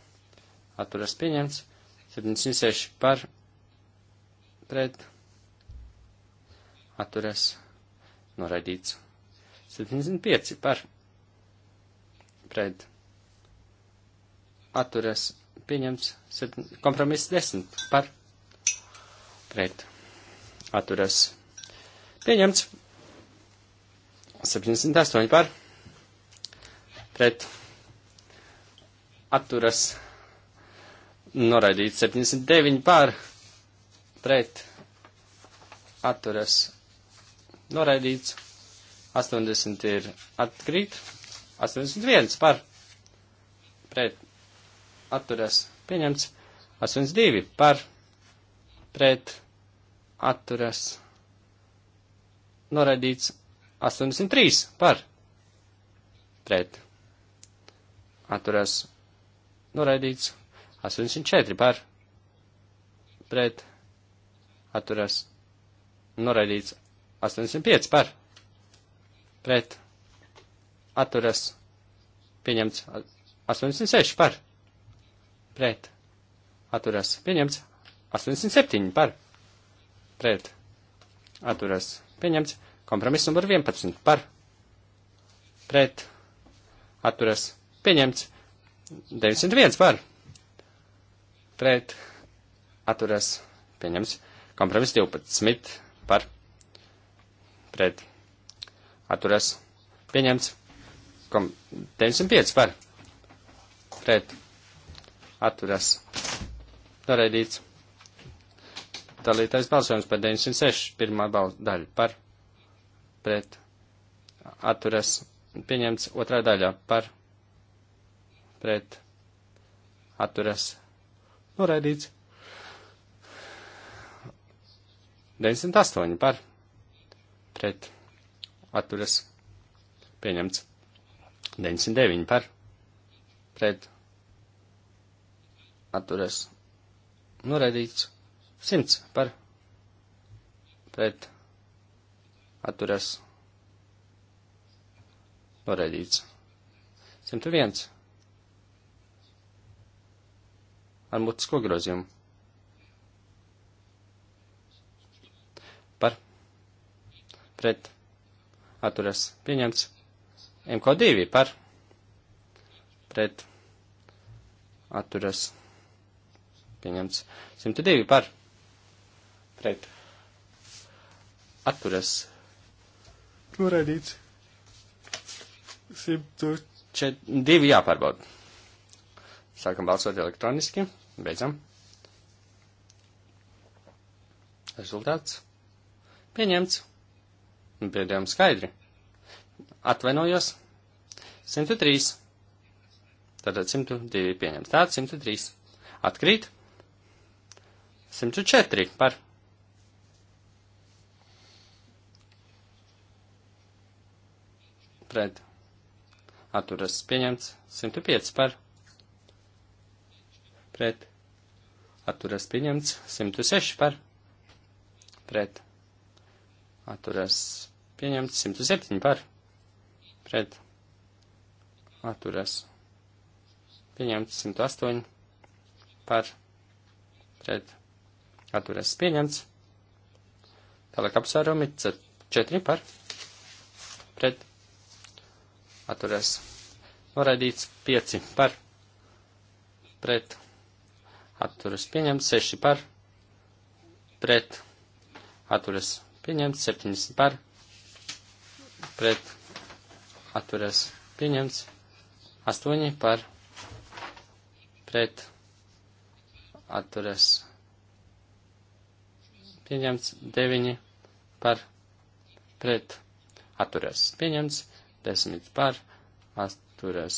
atturās pieņemts, 76 par pret atturās noraidīts, 75 par pret atturās pieņemts, kompromiss 10 par pret pret atturas pieņemts. 78 par pret atturas noraidīts 79 par pret atturas noraidīts 80 ir atkrīt 81 par pret atturas pieņemts 82 par pret atturas noraidīts 83 par pret atturas noraidīts 84 par pret atturas noraidīts 85 par pret atturas pieņemts 86 par pret atturas pieņemts 87 par pret pret atturās pieņemts. Kompromiss numur 11 par pret atturās pieņemts. 901 par pret atturās pieņemts. Kompromiss 12 par pret atturās pieņemts. Kom 905 par pret atturās noraidīts dalītais balsojums par 906 pirmā daļa par pret atturas pieņemts otrā daļā par pret atturas noraidīts 908 par pret atturas pieņemts 909 par pret atturas noraidīts 100 par pret atturas noraidīts. 101 ar mutisko grozījumu par pret atturas pieņemts. MK2 par pret atturas pieņemts. 102 par pret pret atturas noraidīts. 102 jāpārbauda. Sākam balsot elektroniski, beidzam. Rezultāts pieņemts. Pēdējām skaidri. Atvainojos. 103. Tātad 102 pieņemts. Tāds 103. Atkrīt. 104 par pret, atturas pieņemts, 105 par, pret, atturas pieņemts, 106 par, pret, atturas pieņemts, 107 par, pret, atturas pieņemts, 108 par, pret, atturas pieņemts, tālāk apsvērumi 4 par, pret, atturēs. Noraidīts 5 par, pret, atturas pieņemts 6 par, pret, atturas pieņemts 7 par, pret, atturas pieņemts 8 par, pret, atturas pieņemts 9 par, pret, atturas pieņemts 9 10 par, atturas,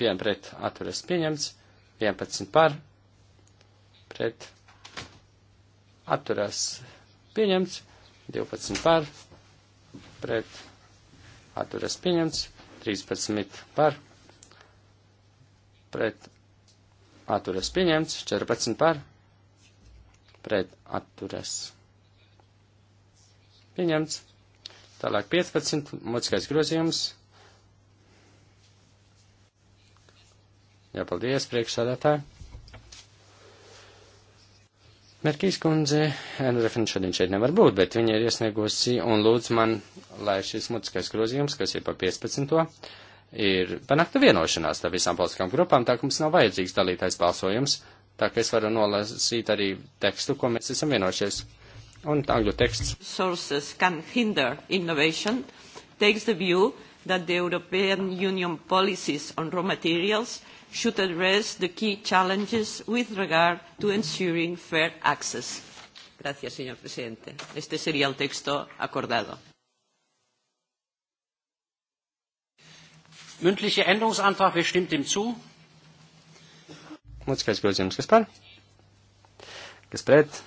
pieņem pret, atturas pieņemts, 11 par, pret, atturas pieņemts, 12 par, pret, atturas pieņemts, 13 par, pret, atturas pieņemts, 14 par, pret, atturas pieņemts. Tālāk 15, mutiskais grozījums Jā, paldies, priekšsādātāji. Merkīs kundze, nu, referents šodien šeit nevar būt, bet viņa ir iesniegusi un lūdz man, lai šis mutiskais grozījums, kas ir pa 15. ir panākta vienošanās tā visām politiskām grupām, tā ka mums nav vajadzīgs dalītais balsojums, tā ka es varu nolasīt arī tekstu, ko mēs esam vienojušies. Un angļu teksts. Sources can hinder innovation, takes the view that the European Union policies on raw materials should address the key challenges with regard to ensuring fair access. Gracias, señor presidente. Este sería el texto acordado. Mündliche Änderungsantrag, wer stimmt dem zu? Mutiskais grozījums, kas par? Kas pret?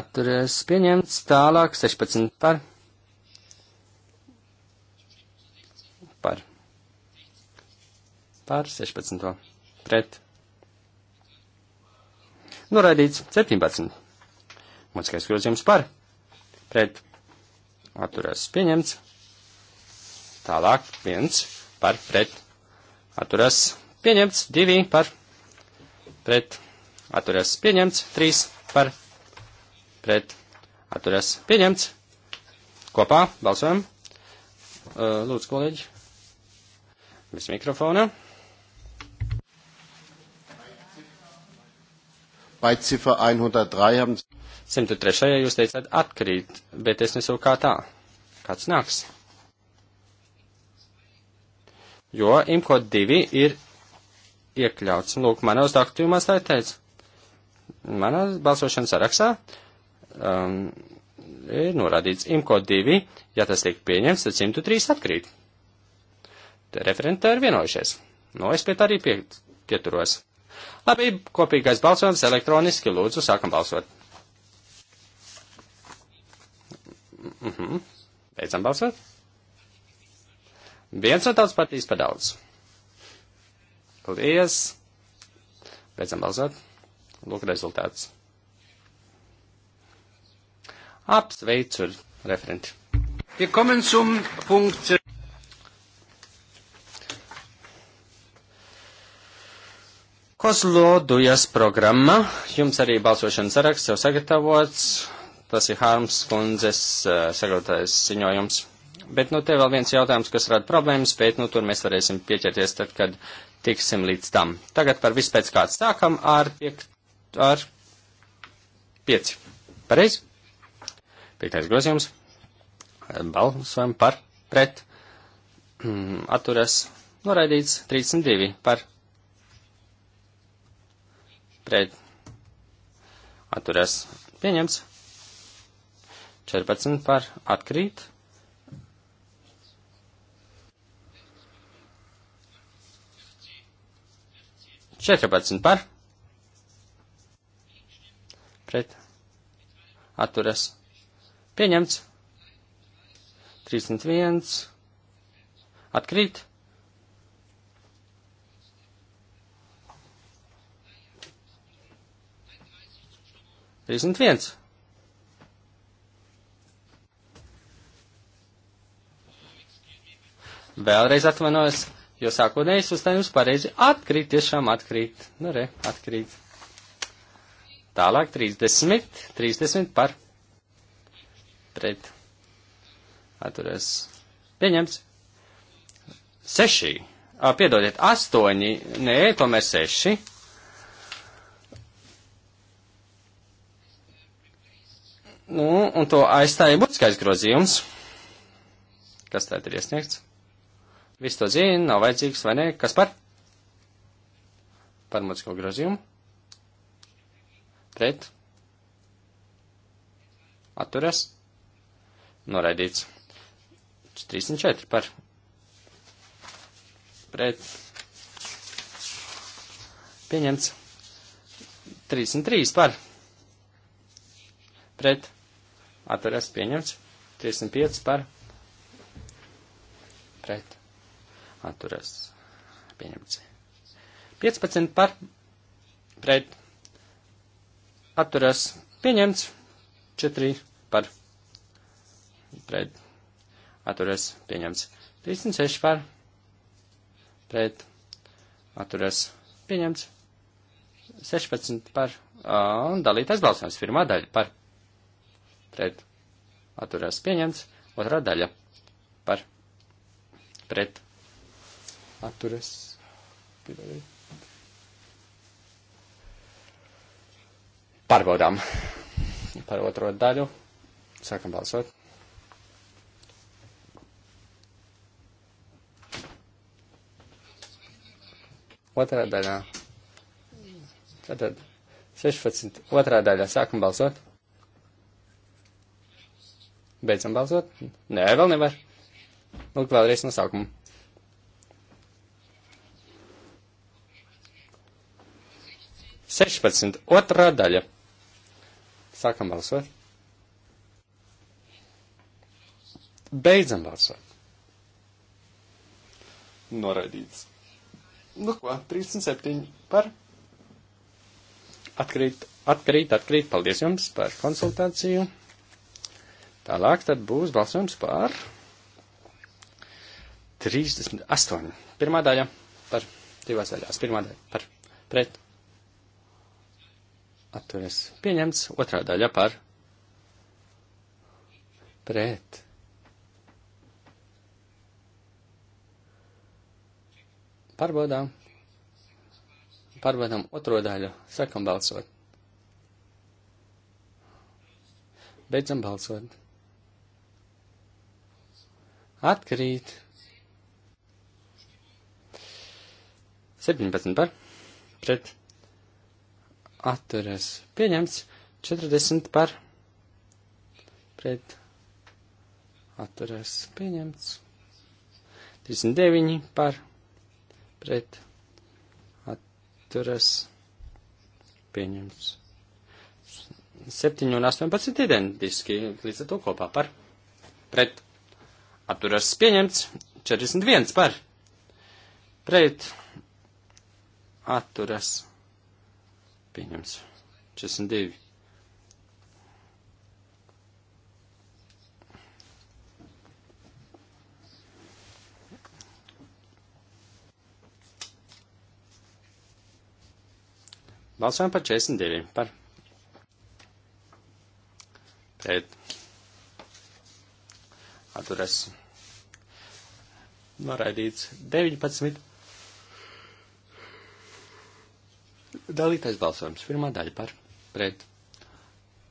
Atturies pieņemts, tālāk 16 par. Par. Par 16. Pret. Noraidīts 17. Mūtiskais grozījums par. Pret. Atturēs pieņemts. Tālāk 1 par pret. Atturēs pieņemts 2 par pret. Atturēs pieņemts 3 par pret. Atturēs pieņemts. Kopā balsojam. Uh, lūdzu, kolēģi. Bez mikrofona. Vai cifra 103 haben. 103. jūs teicāt atkrīt, bet es nesaku kā tā. Kāds nāks? Jo imko 2 ir iekļauts. Lūk, manos daktījumās tā ir teica. Manā balsošanas sarakstā um, ir norādīts imko 2, ja tas tiek pieņemts, tad 103 atkrīt. Te referenti ir vienojušies. Nu, no, es pie tā arī pie, pieturos. Labi, kopīgais balsojums elektroniski. Lūdzu, sākam balsot. Mhm. Mm Beidzam balsot. Viens no tautas partijas par daudz. Paldies. Beidzam balsot. Lūk rezultāts. Apsveicu referenti. Wir kommen zum Punkt Kozlo dujas programma, jums arī balsošanas saraksts jau sagatavots, tas ir Hārms kundzes uh, sagatavotais ziņojums. Bet nu te vēl viens jautājums, kas rada problēmas, bet nu tur mēs varēsim pieķerties tad, kad tiksim līdz tam. Tagad par visu pēc kāds sākam ar, piek, ar pieci. Pareizi? Piektais grozījums. Balsojam par pret. Atturas noraidīts 32 par pret atturās pieņemts. 14 par atkrīt. Četrpadsmit par pret atturas pieņemts 31 atkrīt 31. Vēlreiz atvainojos, jo sākotnējais uzstājums pareizi atkrīt, tiešām atkrīt. Nu, re, atkrīt. Tālāk 30, 30 par pret. Atturēs. Pieņemts. 6. Piedodiet, 8. Nē, tomēr 6 Nu, un to aizstāja būtiskais grozījums, kas tad ir iesniegts. Viss to zina, nav vajadzīgs vai ne, kas par? Par būtisko grozījumu. Pret. Atturas. Noraidīts. 3 un 4 par. Pret. Pieņemts. 3 un 3 par. Pret atturās pieņemts, 35 par pret atturās pieņemts, 15 par pret atturās pieņemts, 4 par pret atturās pieņemts, 36 par pret atturās pieņemts, 16 par un dalītais balsojums pirmā daļa par pret atturās pieņemts, otrā daļa par pret atturās pārbaudām par otro daļu. Sākam balsot. Otrā daļā. Tātad 16. Otrā daļā sākam balsot. Beidzam balsot? Nē, vēl nevar. Lūk, vēlreiz no sākuma. Sešpadsmit, otrā daļa. Sākam balsot. Beidzam balsot. Noraidīts. Nu ko, 37 par. Atkrīt, atkrīt, atkrīt. Paldies jums par konsultāciju. Tālāk tad būs balsojums par 38. Pirmā daļa par divās daļās. Pirmā daļa par pret. Atturies pieņemts. Otrā daļa par pret. Pārbaudām. Pārbaudām otro daļu. Sākam balsot. Beidzam balsot. Atkrīt. 17 par pret atturas pieņemts. 40 par pret atturas pieņemts. 39 par pret atturas pieņemts. 7 un 18 identiski līdz ar to kopā par pret atturās pieņemts 41 par pret atturās pieņemts 42. Balsojam par 42. Par. Pret atturas noraidīts 19. Dalītais balsojums. Pirmā daļa par pret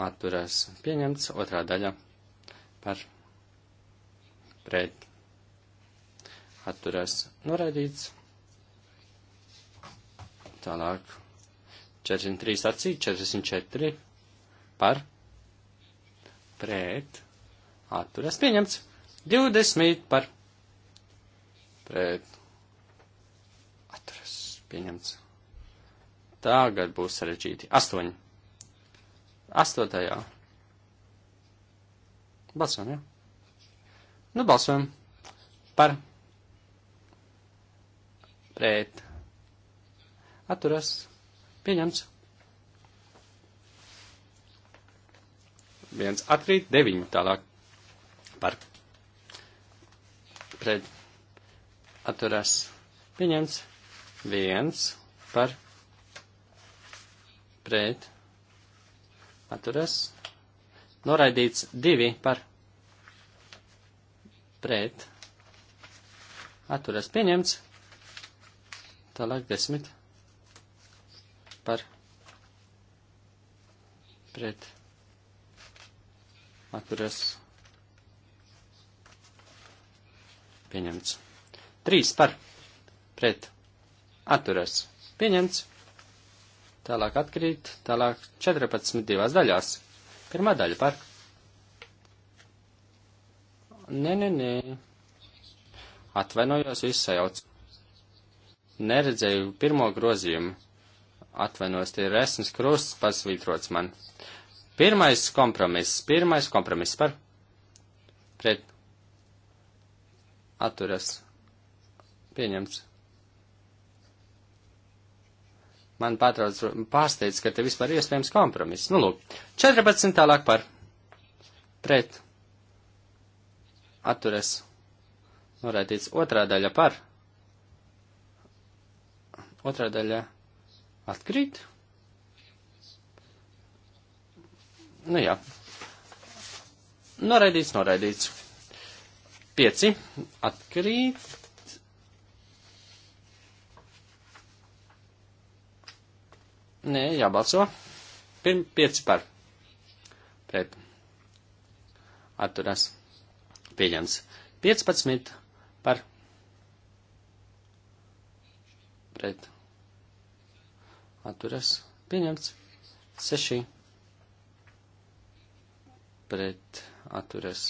atturās pieņemts, otrā daļa par pret atturās noraidīts. Tālāk 43 acī, 44 par pret atturās pieņemts. 20 par pret. Atturas pieņemts. Tagad būs sarežģīti. 8. 8. Balsojam, jā. Ja? Nu, balsojam par pret. Atturas pieņemts. 1 atkrīt, 9 tālāk par pret pret atturās pieņemts, viens par pret atturās, noraidīts divi par pret atturās pieņemts, tālāk desmit par pret atturās pieņemts Pieņemts. 3 par. Pret. Atturas. Pieņemts. Tālāk atkrīt. Tālāk 14 divās daļās. Pirmā daļa par. Nē, nē, nē. Atvainojos, viss sajauc. Neredzēju pirmo grozījumu. Atvainojos, tie ir esmas krusts pasvītrots man. Pirmais kompromiss, pirmais kompromiss par. Pret atturas pieņemts. Man pārtrauc, pārsteidz, ka te vispār iespējams kompromiss. Nu, lūk, 14 tālāk par pret atturas norādīts otrā daļa par. Otrā daļa atkrīt. Nu jā. Noraidīts, noraidīts. 5 atkrīt. Nē, jābalso. Pirm 5 par. Pret. Atturas. Pieņems. 15 par. Pret. Atturas. Pieņemts. 6. Pret. Atturas.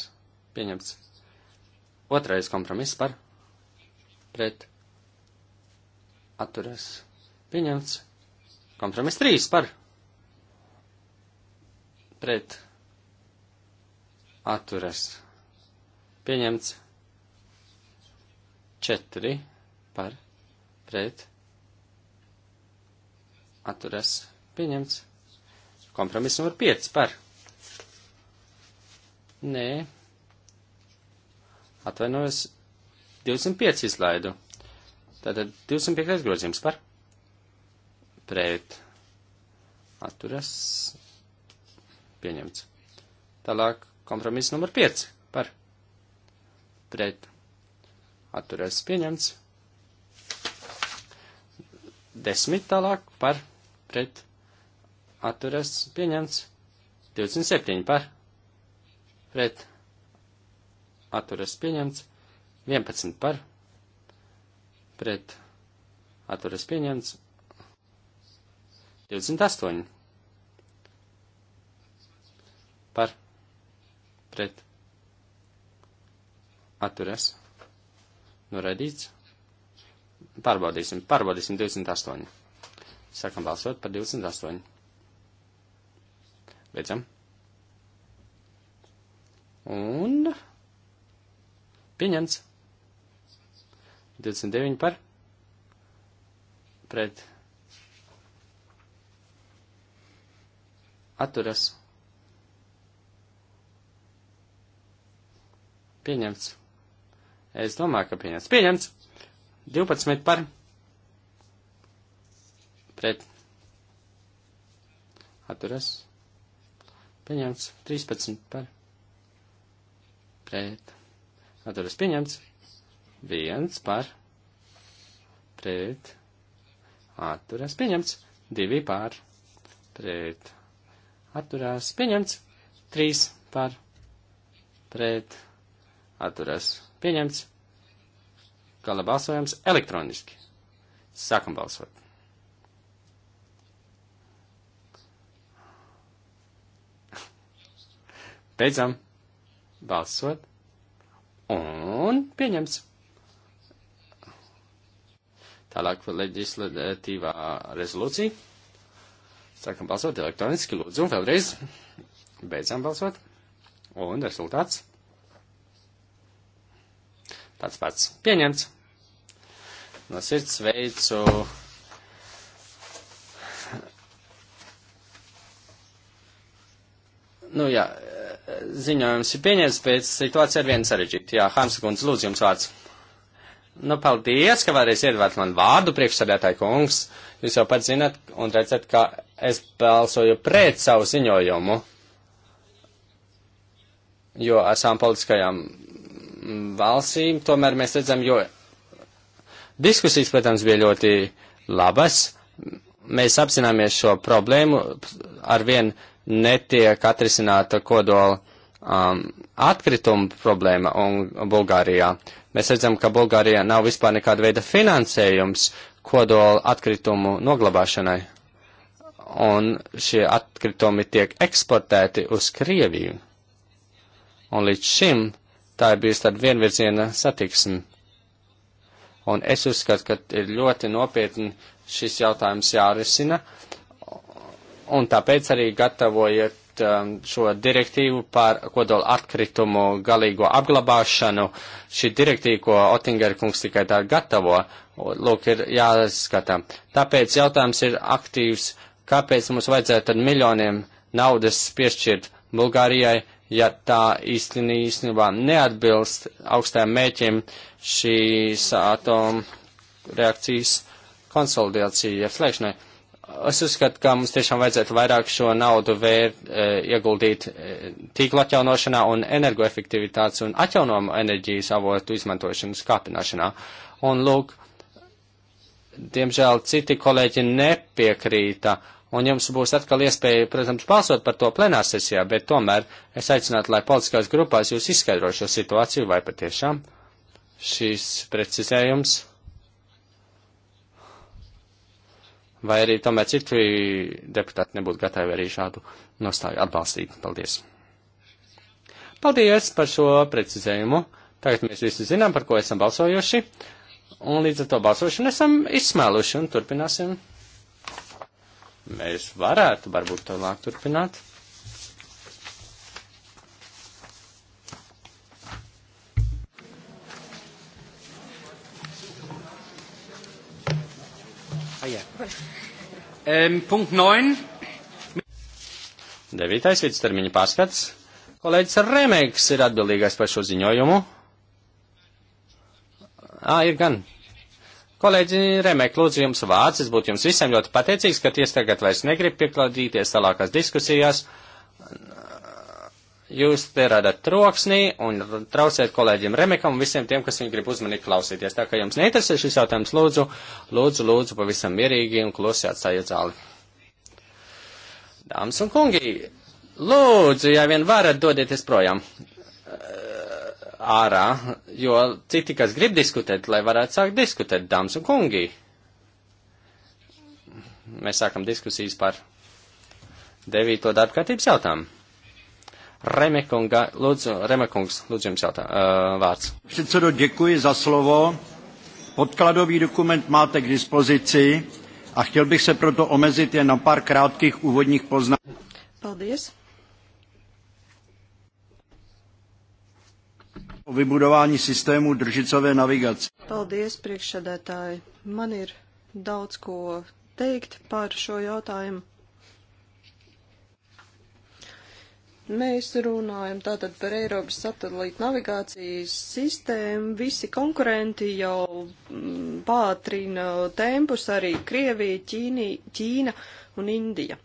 Pieņemts. Otrais kompromiss par pret atturas pieņemts. Kompromiss 3 par pret atturas pieņemts. 4 par pret atturas pieņemts. Kompromiss numur 5 par. Nē, Atvainojos, 205 izlaidu. Tātad 205 grozījums par pret atturas pieņemts. Tālāk kompromiss numur 5 par pret atturas pieņemts. 10 tālāk par pret atturas pieņemts. 27 par pret atturas pieņemts, 11 par, pret, atturas pieņemts, 28 par, pret, atturas, noraidīts, pārbaudīsim, pārbaudīsim 28. Sākam balsot par 28. Beidzam. Un Pieņemts. 29 par. Pret. Atturas. Pieņemts. Es domāju, ka pieņemts. Pieņemts. 12 par. Pret. Atturas. Pieņemts. 13 par. Pret. Atturas pieņemts. Viens par. Pret. Atturas pieņemts. Divi par. Pret. Atturās pieņemts. Trīs par. Pret. Atturās pieņemts. Gala balsojums elektroniski. Sākam balsot. Beidzam balsot. Un pieņemts. Tālāk leģislatīvā rezolūcija. Sākam balsot elektroniski, lūdzu, un vēlreiz beidzam balsot. Un rezultāts. Tāds pats pieņemts. No sirds sveicu. Nu jā, ziņojums ir pieņemts, bet situācija ir viena sarežģīta. Jā, Hamsakundz, lūdzu jums vārds. Nu, paldies, ka vēlreiz iedavāt man vārdu, priekšsādātāji kungs. Jūs jau pats zinat un redzat, ka es balsoju pret savu ziņojumu, jo ar savām politiskajām mm, valstīm tomēr mēs redzam, jo diskusijas, protams, bija ļoti labas. Mēs apzināmies šo problēmu ar vienu netiek atrisināta kodola um, atkrituma problēma un Bulgārijā. Mēs redzam, ka Bulgārijā nav vispār nekāda veida finansējums kodola atkritumu noglabāšanai. Un šie atkritumi tiek eksportēti uz Krieviju. Un līdz šim tā ir bijusi tāda vienvirziena satiksme. Un es uzskatu, ka ir ļoti nopietni šis jautājums jārisina, Un tāpēc arī gatavojiet um, šo direktīvu par kodola atkritumu galīgo apglabāšanu. Šī direktīva, ko Otingeri kungs tikai tā gatavo, lūk, ir jāskatā. Tāpēc jautājums ir aktīvs, kāpēc mums vajadzētu tad miljoniem naudas piešķirt Bulgārijai, ja tā īstenībā, īstenībā neatbilst augstajiem mēķiem šīs atomu reakcijas konsolidācija, ja slēgšanai. Es uzskatu, ka mums tiešām vajadzētu vairāk šo naudu vēr, e, ieguldīt e, tīklu atjaunošanā un energoefektivitātes un atjaunojumu enerģijas avotu izmantošanas kāpināšanā. Un lūk, diemžēl citi kolēģi nepiekrīta, un jums būs atkal iespēja, protams, balsot par to plenārsesijā, bet tomēr es aicinātu, lai politiskās grupās jūs izskaidro šo situāciju, vai patiešām šīs precizējums vai arī tomēr citi deputāti nebūtu gatavi arī šādu nostāju atbalstīt. Paldies! Paldies par šo precizējumu. Tagad mēs visi zinām, par ko esam balsojuši, un līdz ar to balsošanu esam izsmēluši un turpināsim. Mēs varētu varbūt tālāk turpināt. Um, punkt 9. Devītais vidustermiņa pārskats. Kolēģis Remeks ir atbildīgais par šo ziņojumu. Ā, ir gan. Kolēģi Remek, lūdzu jums vārds. Es būtu jums visiem ļoti pateicīgs, ka tiesa tagad vairs negrib pieklādīties tālākās diskusijās. Uh, jūs te radat troksnī un traucēt kolēģiem Remekam un visiem tiem, kas viņu grib uzmanīgi klausīties. Tā kā jums neinteresē šis jautājums, lūdzu, lūdzu, lūdzu, pavisam mierīgi un klusi atstājiet zāli. Dāmas un kungi, lūdzu, ja vien varat, dodieties projām ārā, jo citi, kas grib diskutēt, lai varētu sākt diskutēt, dāmas un kungi. Mēs sākam diskusijas par devīto darbkārtības jautājumu. Remekunga, lūdzu, Remekungs, lūdzu jums jautā, uh, vārds. Předsedo, děkuji za slovo. Podkladový dokument máte k dispozici a chtěl bych se proto omezit jen na pár krátkých úvodních poznámek. Paldies. O vybudování systému držicové navigace. Paldies, priekšsēdētāji. Man ir daudz ko teikt par šo jautājumu. Mēs runājam tātad par Eiropas satelīta navigācijas sistēmu. Visi konkurenti jau mm, pātrina tempus arī Krievija, Ķīni, Ķīna un Indija.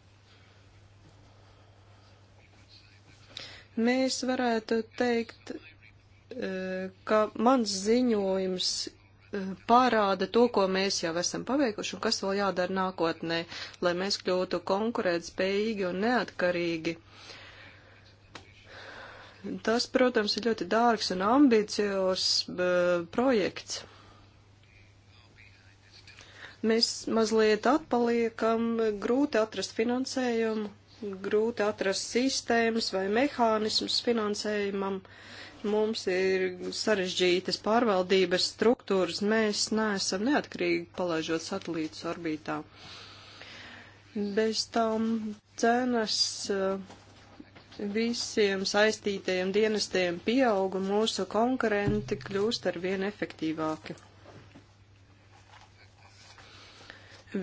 Mēs varētu teikt, eh, ka mans ziņojums eh, pārāda to, ko mēs jau esam paveikuši un kas vēl jādara nākotnē, lai mēs kļūtu konkurētspējīgi un neatkarīgi. Uh, Tas, protams, ir ļoti dārgs un ambiciozs projekts. Mēs mazliet atpaliekam, grūti atrast finansējumu, grūti atrast sistēmas vai mehānismus finansējumam. Mums ir sarežģītas pārvaldības struktūras, mēs neesam neatkarīgi palaižot satelītus orbītā. Bez tam cenas uh, visiem saistītajiem dienestiem pieaug un mūsu konkurenti kļūst ar vien efektīvāki.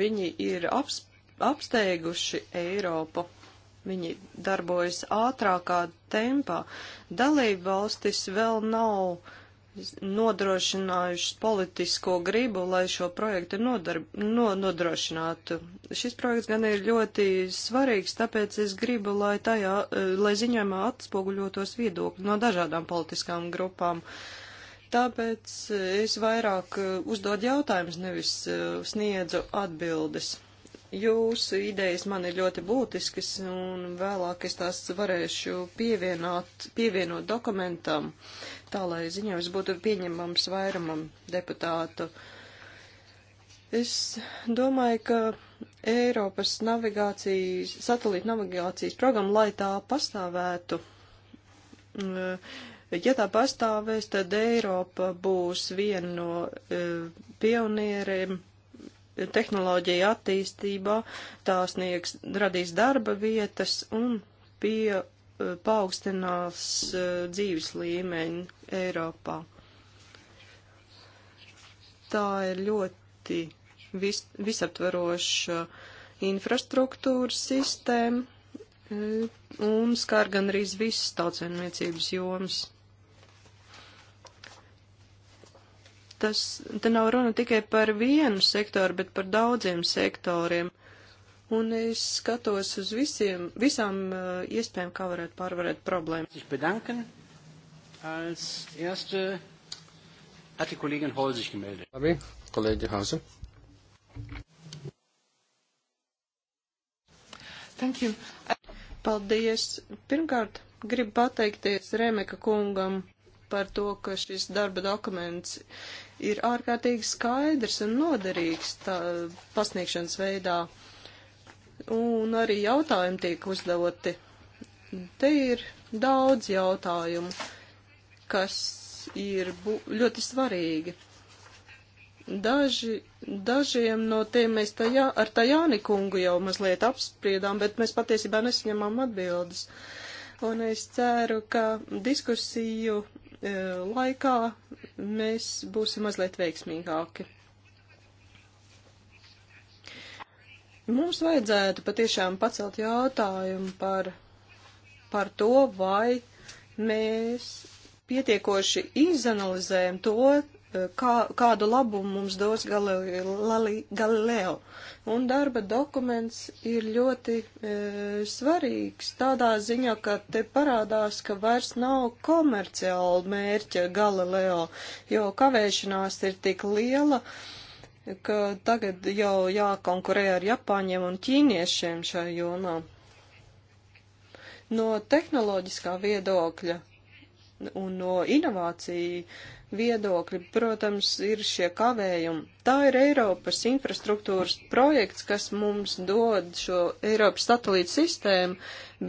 Viņi ir aps, apsteiguši Eiropu. Viņi darbojas ātrākā tempā. Dalība valstis vēl nav nodrošinājušas politisko gribu, lai šo projektu nodarb, no, nodrošinātu. Šis projekts gan ir ļoti svarīgs, tāpēc es gribu, lai, tajā, eh, lai ziņojumā atspoguļotos viedokļi no dažādām politiskām grupām. Tāpēc eh, es vairāk eh, uzdod jautājumus, nevis sniedzu atbildes. Jūsu idejas man ir ļoti būtiskas, un vēlāk es tās varēšu pievienot, pievienot dokumentam. Uh, tā lai ziņojums būtu pieņemams vairumam deputātu. Es domāju, ka Eiropas navigācijas, satelīta navigācijas programma, lai tā pastāvētu, mm, ja tā pastāvēs, tad Eiropa būs viena no eh, pionieriem tehnoloģija attīstībā, tā sniegs, radīs darba vietas un pie, paaugstinās eh, dzīves līmeņu Eiropā. Tā ir ļoti vis, visaptveroša infrastruktūra sistēma eh, un skar gan arī visas tautsēmniecības jomas. Tas, te nav runa tikai par vienu sektoru, bet par daudziem sektoriem un es skatos uz visiem, visām eh, iespējām, kā varētu pārvarēt problēmu. Als erste hat die Kollegin Hall sich gemeldet. Abi, Kollege Hase. Thank you. Paldies. Pirmkārt, gribu pateikties Remeka kungam par to, ka šis darba dokuments ir ārkārtīgi skaidrs un noderīgs tā, pasniegšanas veidā. Uh, un arī jautājumi tiek uzdoti. Te ir daudz jautājumu, kas ir ļoti svarīgi. Daži, dažiem no tiem mēs tajā, ar Tajāni kungu jau mazliet apspriedām, bet mēs patiesībā nesaņemām atbildes. Un es ceru, ka diskusiju e, laikā mēs būsim mazliet veiksmīgāki. Mums vajadzētu patiešām pacelt jautājumu par, par to, vai mēs pietiekoši izanalizējam to, eh, kā, kādu labumu mums dos Galileo. Un darba dokuments ir ļoti e, svarīgs tādā ziņā, ka te parādās, ka vairs nav komerciāla mērķa Galileo, jo kavēšanās ir tik liela. E, ka tagad jau jākonkurē ar Japāņiem un Ķīniešiem šajā jomā. No tehnoloģiskā viedokļa un no inovāciju viedokļa, protams, ir šie kavējumi. Tā ir Eiropas infrastruktūras projekts, kas mums dod šo Eiropas satelītu sistēmu,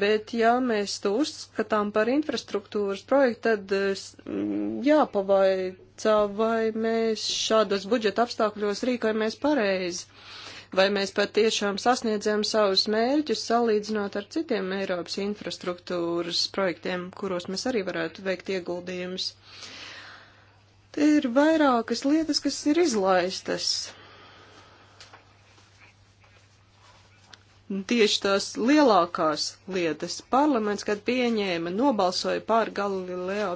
bet ja mēs to uzskatām par infrastruktūras projektu, tad mm, jāpavai jāvaicā, vai mēs šādos budžeta apstākļos rīkojamies pareizi, vai mēs patiešām sasniedzam savus mērķus salīdzinot ar citiem Eiropas infrastruktūras projektiem, kuros mēs arī varētu veikt ieguldījumus. Te ir vairākas lietas, kas ir izlaistas. tieši tās lielākās lietas. Parlaments, kad pieņēma, nobalsoja pār Galileo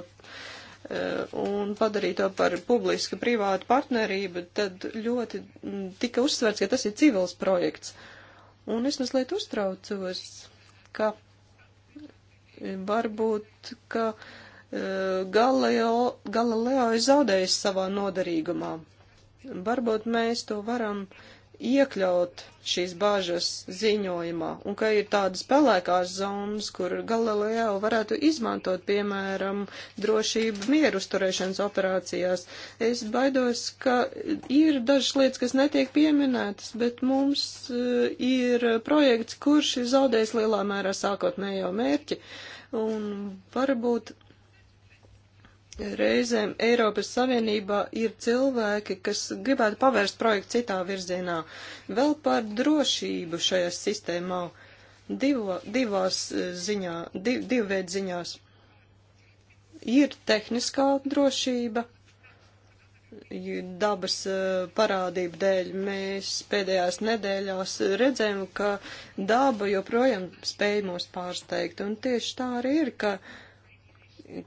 Eh, un padarīt to par publiski privātu partnerību, tad ļoti mm, tika uzsverts, ka tas ir civils projekts. Un es mazliet uztraucos, ka eh, varbūt, ka eh, Galileo, Galileo ir zaudējis savā nodarīgumā. Varbūt mēs to varam uh, iekļaut šīs bāžas ziņojumā, un ka ir tādas pelēkās zonas, kur Galileo varētu izmantot, piemēram, drošību mieru uzturēšanas operācijās. Es baidos, ka ir dažas lietas, kas netiek pieminētas, bet mums eh, ir projekts, kurš ir zaudējis lielā mērā sākotnējo mērķi, un varbūt reizēm Eiropas Savienībā ir cilvēki, kas gribētu pavērst projektu citā virzienā. Vēl par drošību šajā sistēmā divo, divās eh, ziņā, div, divveid ziņās. Ir tehniskā drošība, dabas eh, parādību dēļ mēs pēdējās nedēļās redzējām, ka daba joprojām spēj mūs pārsteigt. Un tieši tā arī ir, ka uh,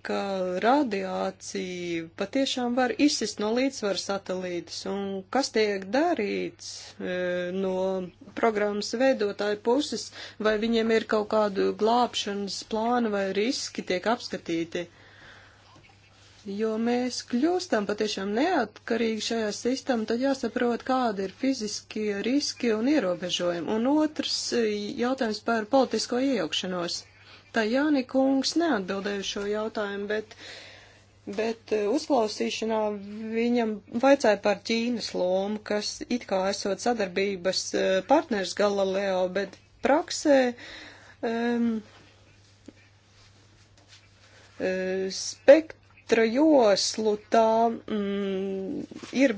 ka radiācija patiešām var izsist no līdzsvara satelītas, un kas tiek darīts e, no programmas veidotāju puses, vai viņiem ir kaut kādu glābšanas plānu vai riski tiek apskatīti. Jo mēs kļūstam patiešām neatkarīgi šajā sistēmā, tad jāsaprot, kāda ir fiziskie riski un ierobežojumi. Un otrs e, jautājums par politisko iejaukšanos. Tā Jāni kungs neatbildēja šo jautājumu, bet, bet eh, uzklausīšanā viņam vaicāja par Ķīnas lomu, kas it kā esot sadarbības eh, partners Galileo, bet praksē um, spekt, spektra joslu, tā mm, ir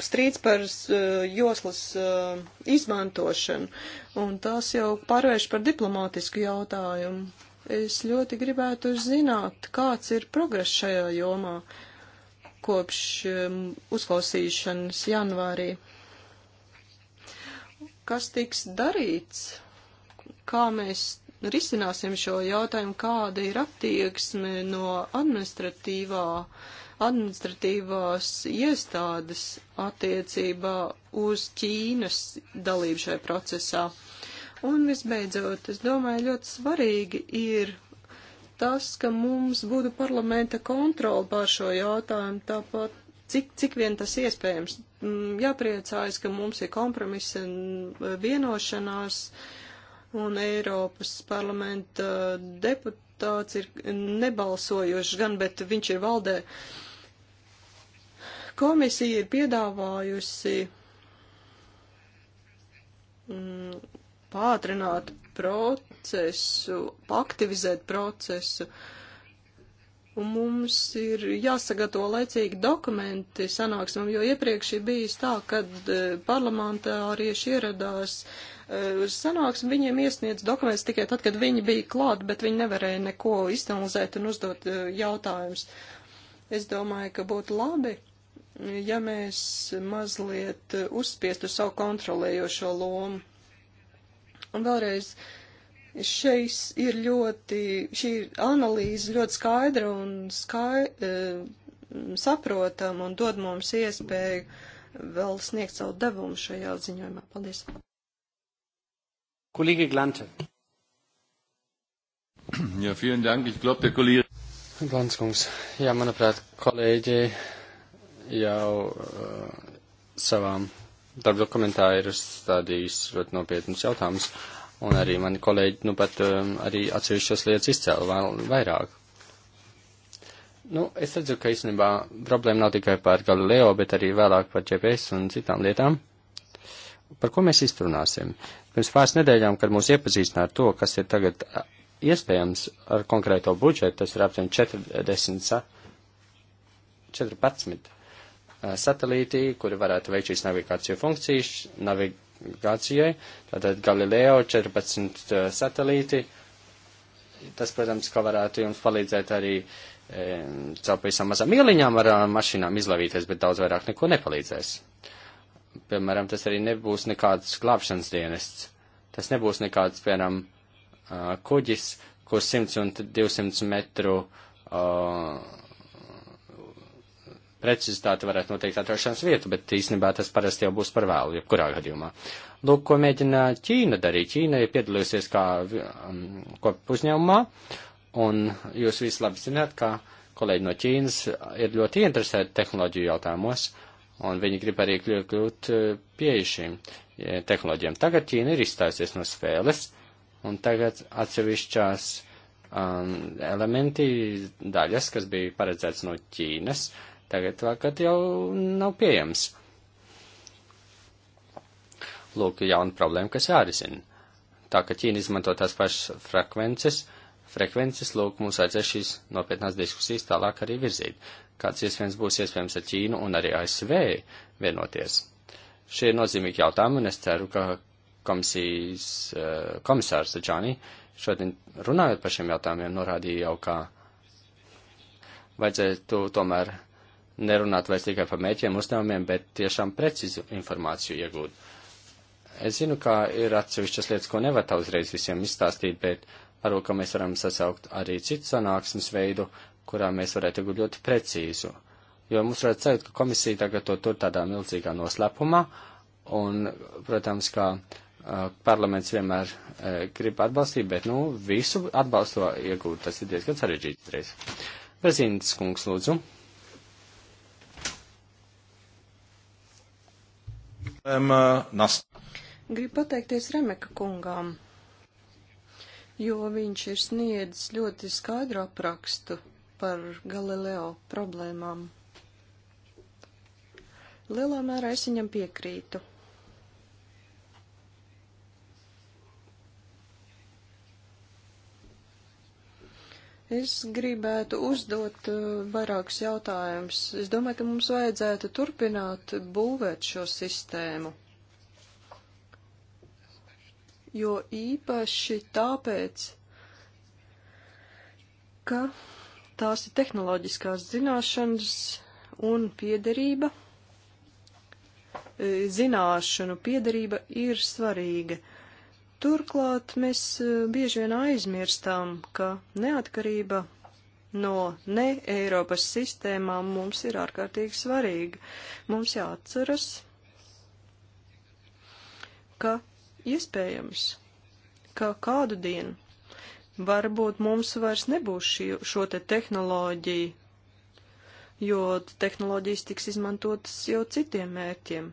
strīds par uh, joslas uh, izmantošanu, un tās jau pārvērš par diplomātisku jautājumu. Es ļoti gribētu zināt, kāds ir progress šajā jomā kopš um, uzklausīšanas janvārī. Kas tiks darīts? Kā mēs risināsim šo jautājumu, kāda ir attieksme no administratīvā, administratīvās iestādes attiecībā uz Ķīnas dalību šajā procesā. Un visbeidzot, es domāju, ļoti svarīgi ir tas, ka mums būtu parlamenta kontrola pār šo jautājumu, tāpat cik, cik vien tas iespējams. Mm, jāpriecājas, ka mums ir kompromisa vienošanās. Uh, un Eiropas parlamenta deputāts ir nebalsojošs gan, bet viņš ir valdē. Komisija ir piedāvājusi mm, pātrināt procesu, aktivizēt procesu. Un mums ir jāsagatavo laicīgi dokumenti sanāksmam, jo iepriekš ir bijis tā, kad eh, parlamentārieši ieradās uz eh, sanāksmi, viņiem iesniedz dokumentus tikai tad, kad viņi bija klāt, bet viņi nevarēja neko izanalizēt un uzdot eh, jautājumus. Es domāju, ka būtu labi, ja mēs mazliet eh, uzspiestu savu kontrolējošo lomu. Un vēlreiz, šeis ir ļoti, šī analīze ļoti skaidra un skaidra, saprotam un dod mums iespēju vēl sniegt savu devumu šajā ziņojumā. Paldies! Kollege Glante. Ja, vielen Dank. Ich glaube, der Kollege. Glants kungs, jā, manuprāt, kolēģi jau uh, savām darba dokumentā ir stādījis ļoti nopietnus jautājumus, un arī mani kolēģi, nu pat um, arī atsevišķas lietas izcēla vēl vairāk. Nu, es redzu, ka īstenībā problēma nav tikai par Galileo, bet arī vēlāk par GPS un citām lietām. Uh, par ko mēs izrunāsim. Pirms pāris nedēļām, kad mūs iepazīstināja ar to, kas ir tagad iespējams ar konkrēto budžetu, tas ir aptuveni 40, 14 satelītī, kuri varētu veikt šīs navigāciju funkcijas navigācijai, tātad Galileo 14 satelīti. Tas, protams, ka varētu jums palīdzēt arī e, caur pavisam mazām ieliņām ar mašīnām izlavīties, bet daudz vairāk neko nepalīdzēs piemēram, tas arī nebūs nekāds glābšanas dienests. Tas nebūs nekāds, piemēram, kuģis, kur 100 un 200 metru uh, precizitāti varētu noteikt atrašanās vietu, bet īstenībā tas parasti jau būs par vēlu, jebkurā gadījumā. Lūk, ko mēģina Ķīna darīt. Ķīna ir piedalījusies kā um, kopuzņēmumā, un jūs visi labi zināt, ka kolēģi no Ķīnas ir ļoti interesēti tehnoloģiju jautājumos. Uh, un viņi grib arī kļūt, kļūt eh, pieejušiem eh, tehnoloģiem. Tagad Ķīna ir izstājusies no spēles, un tagad atsevišķās um, elementi, daļas, kas bija paredzēts no Ķīnas, tagad vakar jau nav pieejams. Lūk, jauna problēma, kas jārisina. Tā ka Ķīna izmanto tās pašas frekvences, frekvences, lūk, mums vajadzēs šīs nopietnās diskusijas tālāk arī virzīt kāds iespējams būs iespējams ar Ķīnu un arī ASV vienoties. Šie ir nozīmīgi jautājumi, un es ceru, ka komisijas eh, komisārs Džani šodien runājot par šiem jautājumiem norādīja jau, ka vajadzētu tomēr nerunāt vairs tikai par mēķiem uzdevumiem, bet tiešām precizu informāciju iegūt. Es zinu, ka ir atsevišķas lietas, ko nevar tā uzreiz visiem izstāstīt, bet varu, ka mēs varam sasaukt arī citu sanāksmes veidu, kurā mēs varētu iegūt ļoti precīzu. Jo mums varētu cerēt, ka komisija tagad to tur tādā milzīgā noslēpumā, un, protams, kā uh, parlaments vienmēr uh, grib atbalstīt, bet, nu, visu atbalsto iegūt, tas ir diezgan sarežģīts reiz. Bezīnas kungs, lūdzu. Gribu pateikties Remeka kungām, jo viņš ir sniedzis ļoti skaidru aprakstu par Galileo problēmām. Lielā mērā es viņam piekrītu. Es gribētu uzdot uh, vairākus jautājumus. Es domāju, ka mums vajadzētu turpināt būvēt šo sistēmu. Jo īpaši tāpēc, ka Tās ir tehnoloģiskās zināšanas un piederība. E, zināšanu piederība ir svarīga. Turklāt mēs e, bieži vien aizmirstām, ka neatkarība no ne Eiropas sistēmām mums ir ārkārtīgi svarīga. Mums jāatceras, ka iespējams, ka kādu dienu varbūt mums vairs nebūs šī, šo te tehnoloģiju, jo tehnoloģijas tiks izmantotas jau citiem mērķiem.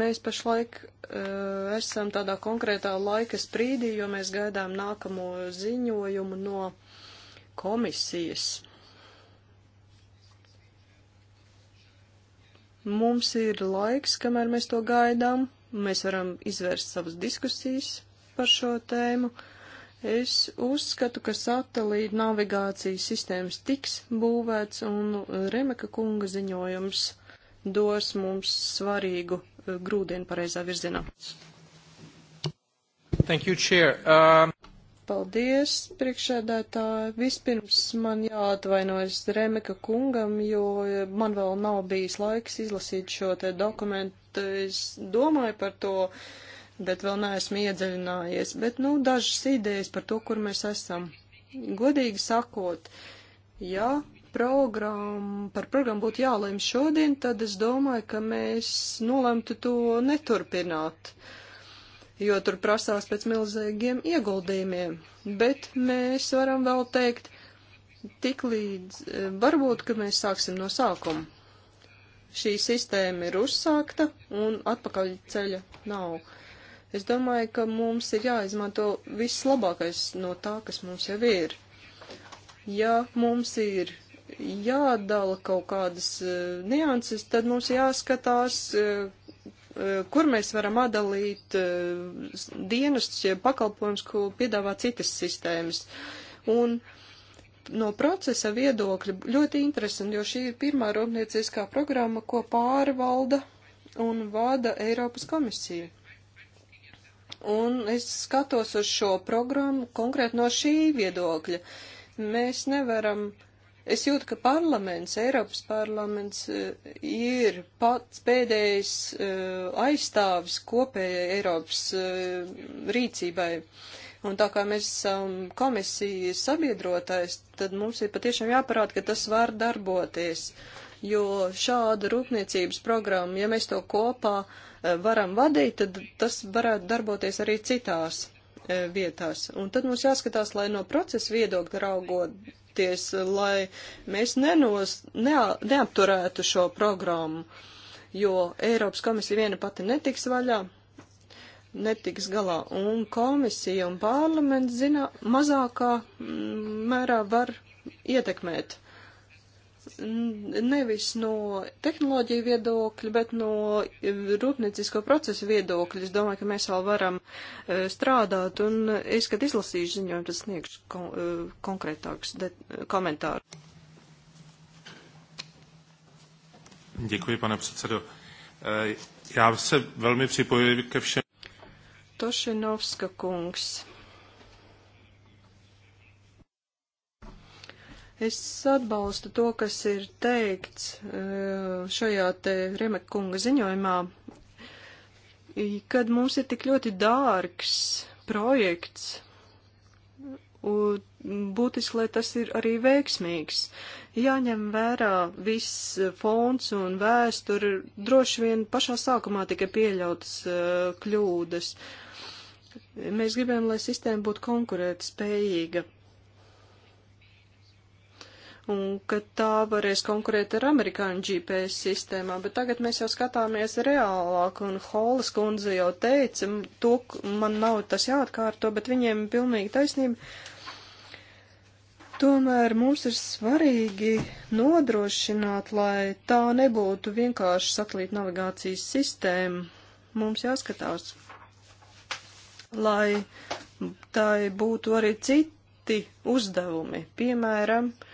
Mēs pašlaik uh, esam tādā konkrētā laika sprīdī, jo mēs gaidām nākamo ziņojumu no komisijas. Mums ir laiks, kamēr mēs to gaidām. Mēs varam izvērst savas diskusijas par šo tēmu. Es uzskatu, ka satelīta navigācijas sistēmas tiks būvēts un Remeka kunga ziņojums dos mums svarīgu eh, grūdienu pareizā virzienā. Thank you, Chair. Um... Paldies, priekšēdētāji. Vispirms man jāatvainojas Remeka kungam, jo man vēl nav bijis laiks izlasīt šo te dokumentu. Es domāju par to, bet vēl neesmu iedziļinājies. Bet, nu, dažas idejas par to, kur mēs esam. Godīgi sakot, ja programmu, par programmu būtu jālēm šodien, tad es domāju, ka mēs nolemtu to neturpināt. Uh, jo tur prasās pēc milzīgiem ieguldījumiem. Bet mēs varam vēl teikt, tik līdz, e, varbūt, ka mēs sāksim no sākuma. Šī sistēma ir uzsākta un atpakaļ ceļa nav. Es domāju, ka mums ir jāizmanto viss labākais no tā, kas mums jau ir. Ja mums ir jāatdala kaut kādas uh, nianses, tad mums jāskatās, uh, Eh, kur mēs varam atdalīt eh, dienestus, ja pakalpojums, ko piedāvā citas sistēmas. Un no procesa viedokļa ļoti interesanti, jo šī ir pirmā rūpnieciskā programma, ko pārvalda un vada Eiropas komisija. Un es skatos uz šo programmu konkrēt no šī viedokļa. Mēs nevaram uh, Es jūtu, ka parlaments, Eiropas parlaments eh, ir pats pēdējais eh, aizstāvis kopējai Eiropas eh, rīcībai. Un tā kā mēs esam komisijas sabiedrotais, tad mums ir patiešām jāparāda, ka tas var darboties. Jo šāda rūpniecības programma, ja mēs to kopā varam vadīt, tad tas varētu darboties arī citās vietās. Un tad mums jāskatās, lai no procesa viedokļa raugot, rīkoties, lai mēs nenos, ne, neapturētu šo programmu, jo Eiropas komisija viena pati netiks vaļā, netiks galā, un komisija un parlaments zina mazākā mm, mērā var ietekmēt nevis no tehnoloģiju viedokļa, bet no e, rūpniecisko procesu viedokļa. Es domāju, ka mēs vēl varam e, strādāt, un es, kad izlasīšu ziņojumu, tad sniegšu kon e, konkrētākus komentārus. Děkuji, pane předsedo. Já se velmi připojuji ke všem. Tošinovska kungs. Es atbalstu to, kas ir teikts eh, šajā te Remekunga ziņojumā, kad mums ir tik ļoti dārgs projekts, un būtiski, lai tas ir arī veiksmīgs. Jāņem vērā viss fonds un vēsture, droši vien pašā sākumā tika pieļautas eh, kļūdas. Mēs gribējam, lai sistēma būtu konkurētspējīga. spējīga un ka tā varēs konkurēt ar amerikāņu GPS sistēmām, bet tagad mēs jau skatāmies reālāk, un Holas kundze jau teica, to man nav tas jāatkārto, bet viņiem pilnīgi taisnība. Tomēr mums ir svarīgi nodrošināt, lai tā nebūtu vienkārši satelīta navigācijas sistēma. Mums jāskatās, lai tai būtu arī citi uzdevumi, piemēram, uh,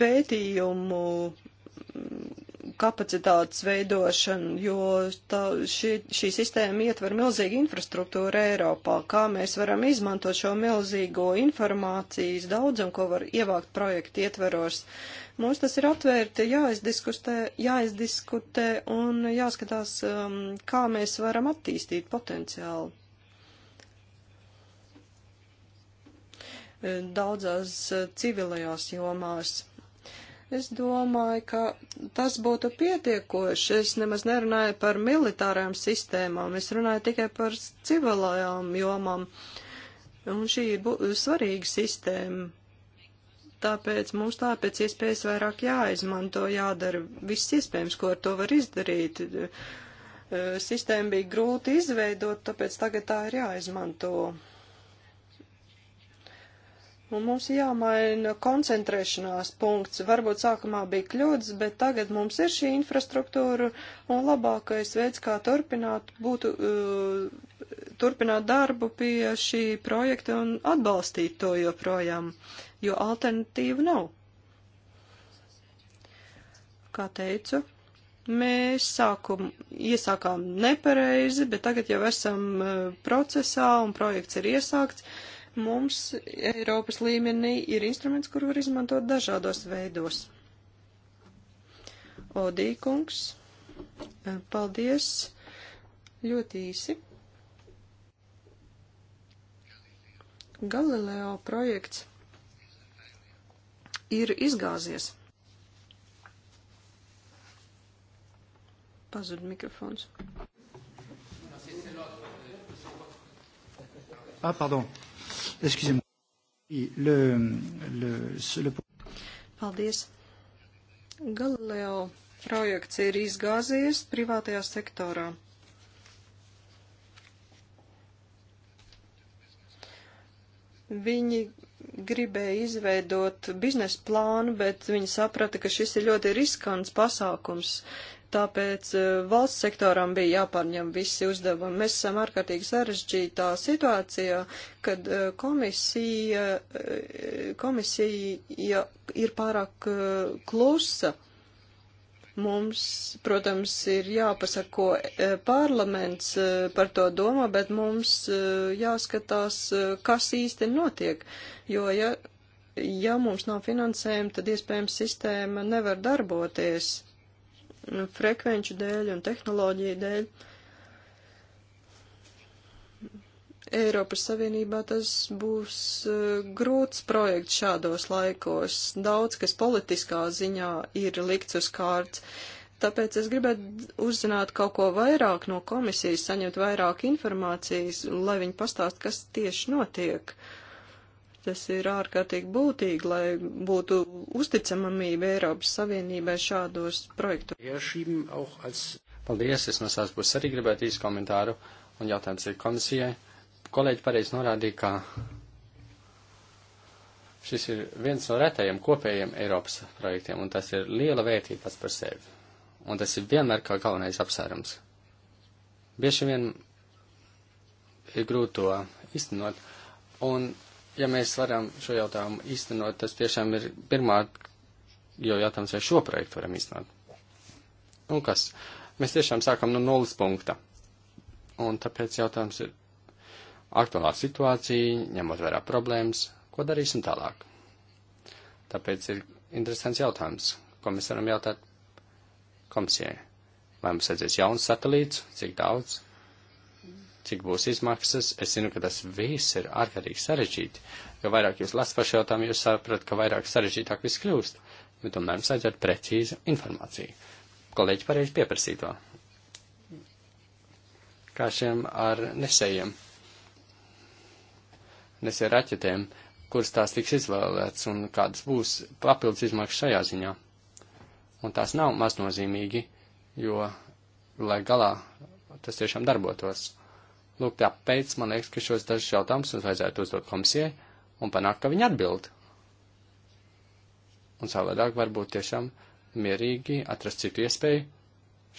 pētījumu kapacitātes veidošanu, jo tā, šī, šī sistēma ietver milzīgu infrastruktūru Eiropā. Kā mēs varam izmantot šo milzīgo informācijas daudzumu, ko var ievākt projektu ietveros? Mums tas ir atvērti, jāizdiskutē, jāizdiskutē un jāskatās, um, kā mēs varam attīstīt potenciālu. daudzās eh, civilajās jomās. Es domāju, ka tas būtu pietiekoši. Es nemaz nerunāju par militārām sistēmām, es runāju tikai par civilajām jomām. Un šī ir svarīga sistēma. Tāpēc mums tā pēc iespējas vairāk jāizmanto, jādara viss iespējams, ko ar to var izdarīt. Eh, sistēma bija grūti izveidot, tāpēc tagad tā ir jāizmanto. Un nu, mums jāmaina koncentrēšanās punkts. Varbūt sākumā bija kļūdas, bet tagad mums ir šī infrastruktūra un labākais veids, kā turpināt, būtu, uh, turpināt darbu pie šī projekta un atbalstīt to joprojām, jo alternatīvu nav. Kā teicu, mēs sākum, iesākām nepareizi, bet tagad jau esam uh, procesā un projekts ir iesākts. Uh, mums Eiropas līmenī ir instruments, kuru var izmantot dažādos veidos. Odīkungs, e, paldies ļoti īsi. Galileo projekts ir izgāzies. Pazud mikrofons. Ah, pardon excusez-moi, le, le, le... Paldies. Galileo projekts ir izgāzies privātajā sektorā. Viņi gribēja izveidot biznesa plānu, bet viņi saprata, ka šis ir ļoti riskants pasākums. Tāpēc eh, valsts sektoram bija jāpārņem visi uzdevumi. Mēs esam ārkārtīgi sarežģītā situācijā, kad eh, komisija, eh, komisija ir pārāk klusa. Mums, protams, ir jāpasaka, ko parlaments par to domā, bet mums jāskatās, kas īsti notiek. Jo, ja, ja mums nav finansējuma, tad iespējams sistēma nevar darboties frekvenču dēļ un tehnoloģiju dēļ. Eiropas Savienībā tas būs uh, grūts projekts šādos laikos. Daudz, kas politiskā ziņā ir likts uz kārts. Tāpēc es gribētu uzzināt kaut ko vairāk no komisijas, saņemt vairāk informācijas, lai viņi pastāst, kas tieši notiek. Uh, Tas ir ārkārtīgi būtīgi, lai būtu uzticamamība Eiropas Savienībai šādos projektos. Paldies, es no savas puses arī gribētu īstu komentāru un jautājums ir komisijai. Kolēģi pareizi norādīja, ka šis ir viens no retajiem kopējiem Eiropas projektiem, un tas ir liela vērtība pats par sevi. Un tas ir vienmēr kā galvenais apsvērums. Bieži vien ir grūti to iztenot. Un ja mēs varam šo jautājumu īstenot, tas tiešām ir pirmā, jo jautājums, vai šo projektu varam īstenot. Un kas? Mēs tiešām sākam no nulles punkta. Un tāpēc jautājums ir aktuālā situācija, ņemot vērā problēmas, ko darīsim tālāk. Tāpēc ir interesants jautājums, ko mēs varam jautāt komisijai. Vai mums aizies jauns satelīts, cik daudz, cik būs izmaksas. Es zinu, ka tas viss ir ārkārtīgi sarežģīti, jo vairāk jūs lasat par šo jautājumu, jūs saprotat, ka vairāk sarežģītāk viss kļūst, bet tomēr jums vajadzētu precīzu informāciju. Kolēģi pareizi pieprasīto. Kā šiem ar nesējiem, nesēju raķetēm, kuras tās tiks izvēlētas un kādas būs papildus izmaksas šajā ziņā. Un tās nav maznozīmīgi, jo, lai galā tas tiešām darbotos. Lūk, tāpēc man liekas, ka šos dažus jautājumus mums vajadzētu uzdot komisijai un panākt, ka viņi atbild. Un savādāk varbūt tiešām mierīgi atrast citu iespēju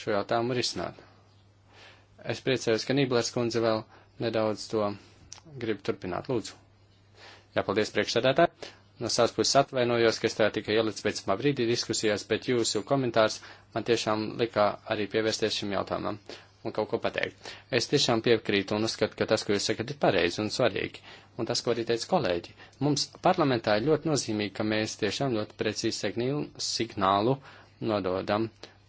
šo jautājumu risināt. Es priecājos, ka Nīblers kundze vēl nedaudz to grib turpināt. Lūdzu. Jā, paldies priekšsēdētāji. No savas puses atvainojos, ka es tā tikai ielicu pēc mā brīdī diskusijās, bet jūsu komentārs man tiešām lika arī pievērsties šim jautājumam un kaut ko pateikt. Es tiešām piekrītu un uzskatu, ka tas, ko jūs sakat, ir pareizi un svarīgi. Un tas, ko arī teica kolēģi, mums parlamentā ir ļoti nozīmīgi, ka mēs tiešām ļoti precīzi signālu nododam.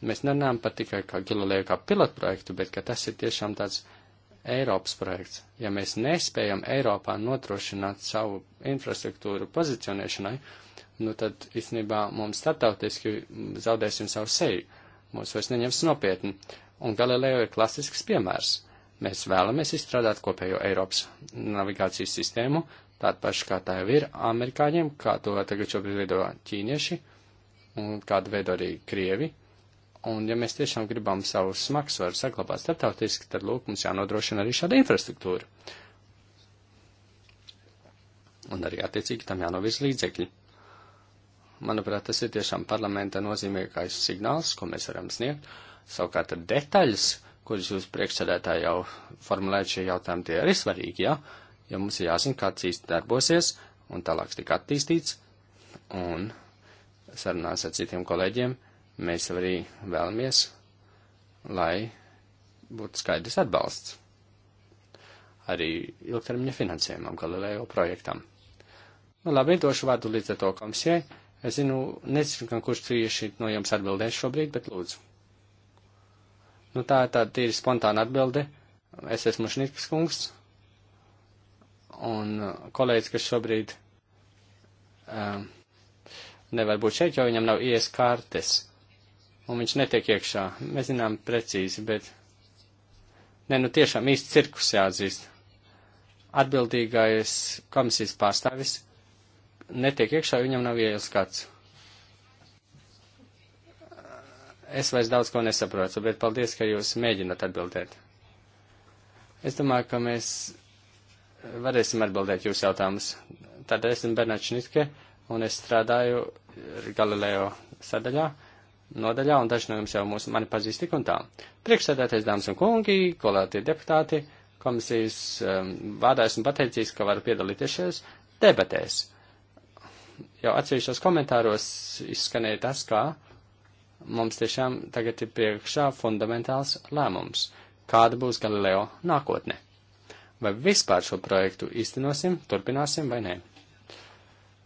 Mēs nerunājam par tikai kā Gilulēju kā pilotprojektu, bet ka tas ir tiešām tāds Eiropas projekts. Ja mēs nespējam Eiropā notrošināt savu infrastruktūru pozicionēšanai, nu tad īstenībā mums startautiski zaudēsim savu seju. Mūs vairs neņems nopietni. Uh, Un Galileo ir klasisks piemērs. Mēs vēlamies izstrādāt kopējo Eiropas navigācijas sistēmu, tādu pašu kā tā jau ir amerikāņiem, kā to tagad šobrīd veido ķīnieši un kādu veido arī krievi. Un ja mēs tiešām gribam savu smagsvaru saglabāt starptautiski, tad lūk, mums jānodrošina arī šāda infrastruktūra. Un arī attiecīgi tam jānovirz līdzekļi. Manuprāt, tas ir tiešām parlamenta nozīmīgākais signāls, ko mēs varam sniegt. Uh, Savukārt detaļas, kuras jūs priekšsēdētāji jau formulējat šie jautājumi, tie arī svarīgi, ja? jo mums ir jāzina, kāds īsti darbosies un tālāk tika attīstīts. Un sarunās ar citiem kolēģiem mēs arī vēlamies, lai būtu skaidrs atbalsts arī ilgtermiņa finansējumam, galilējo projektam. Nu, labi, došu vārdu līdz ar to komisijai. Es zinu, nezinu, kurš tieši no jums atbildēs šobrīd, bet lūdzu. Nu, tā ir tāda tīri spontāna atbilde. Es esmu Šnikas kungs, un uh, kolēģis, kas šobrīd um, nevar būt šeit, jo viņam nav ies kartes, un viņš netiek iekšā. Mēs zinām precīzi, bet. Nē, nu tiešām īsti cirkus jāatzīst. Atbildīgais komisijas pārstāvis netiek iekšā, viņam nav ielas skats. Es vairs daudz ko nesaprotu, bet paldies, ka jūs mēģināt atbildēt. Es domāju, ka mēs varēsim atbildēt jūsu jautājumus. Tad esmu Bernāts Šniske, un es strādāju Galileo sadaļā, nodaļā, un daži no jums jau mūs, mani pazīst tik un tā. Priekšsēdētais dāmas un kungi, kolētie deputāti, komisijas um, vārdā esmu pateicīgs, ka varu piedalīties šajās debatēs. Jau atsevišķos komentāros izskanēja tas, kā. Ka mums tiešām tagad ir priekšā fundamentāls lēmums, kāda būs Galileo nākotne. Vai vispār šo projektu īstenosim, turpināsim vai nē?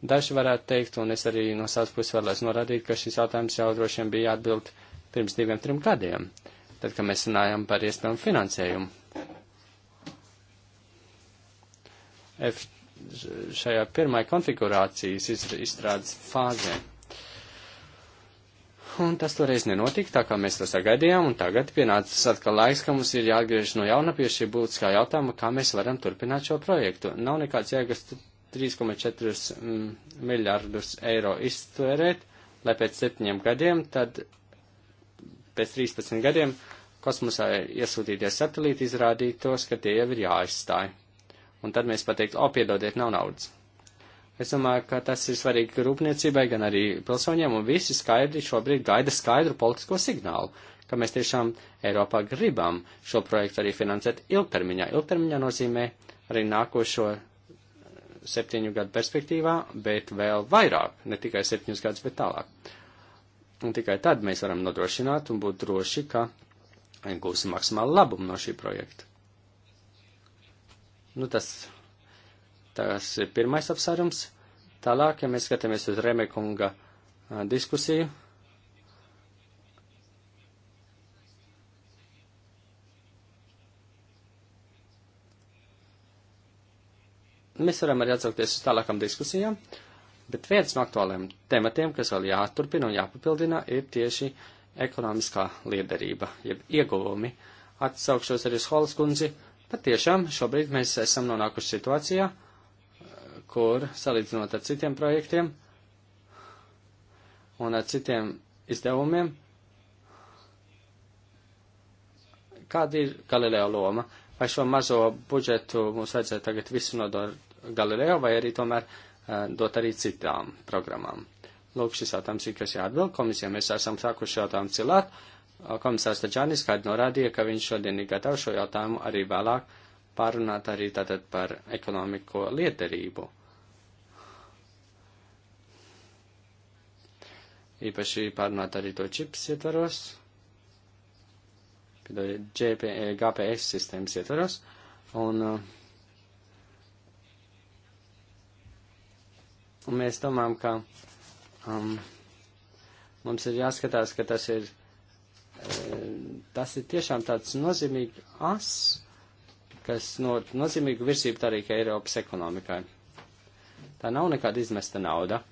Daži varētu teikt, un es arī no savas puses vēlēs norādīt, ka šis jautājums jau droši vien bija jāatbild pirms diviem, trim gadiem, tad, kad mēs runājam par iespējamu finansējumu. F šajā pirmajā konfigurācijas izstrādes fāzē Un tas toreiz nenotika, tā kā mēs to sagaidījām, un tagad pienācis atkal laiks, ka mums ir jāatgriež no jauna pie šī būtiskā jautājuma, kā mēs varam turpināt šo projektu. Nav nekāds jēgas 3,4 mm, miljārdus eiro iztērēt, lai pēc septiņiem gadiem, tad pēc 13 gadiem kosmosā iesūtītie satelīti izrādītos, ka tie jau ir jāaizstāj. Un tad mēs pateiktu, o, piedodiet, nav naudas. Es domāju, ka tas ir svarīgi rūpniecībai, gan arī pilsoņiem, un visi skaidri šobrīd gaida skaidru politisko signālu, ka mēs tiešām Eiropā gribam šo projektu arī finansēt ilgtermiņā. Ilgtermiņā nozīmē arī nākošo eh, septiņu gadu perspektīvā, bet vēl vairāk, ne tikai septiņus gadus, bet tālāk. Un tikai tad mēs varam nodrošināt un būt droši, ka gūsim maksimālu labumu no šī projekta. Nu, tas Tas ir pirmais apsvērums. Tālāk, ja mēs skatāmies uz Remekunga diskusiju. Mēs varam arī atsaukties uz tālākam diskusijām, bet viens no aktuāliem tematiem, kas vēl jāturpina un jāpapildina, ir tieši ekonomiskā liederība, jeb ieguvumi. Atsaukšos arī uz Holas kundzi. Patiešām šobrīd mēs esam nonākuši situācijā, kur, salīdzinot ar citiem projektiem un ar citiem izdevumiem, kāda ir Galileo loma? Vai šo mazo budžetu mums vajadzētu tagad visu nodot Galileo vai arī tomēr uh, dot arī citām programmām? Lūk, šis jautājums ir, kas jāatbild komisijai. Mēs esam sākuši jautājumu cilāt. Eh, komisārs Tačānis kādi norādīja, ka viņš šodien ir gatavs šo jautājumu arī vēlāk pārunāt arī tātad par ekonomiko liederību. īpaši pārunāt arī to čips ietvaros, GP, GPS sistēmas ietvaros, un, uh, un mēs domājam, ka um, mums ir jāskatās, ka tas ir, uh, tas ir tiešām tāds nozīmīgi as, kas no, nozīmīgu virzību arī Eiropas ekonomikai. Tā nav nekāda izmesta nauda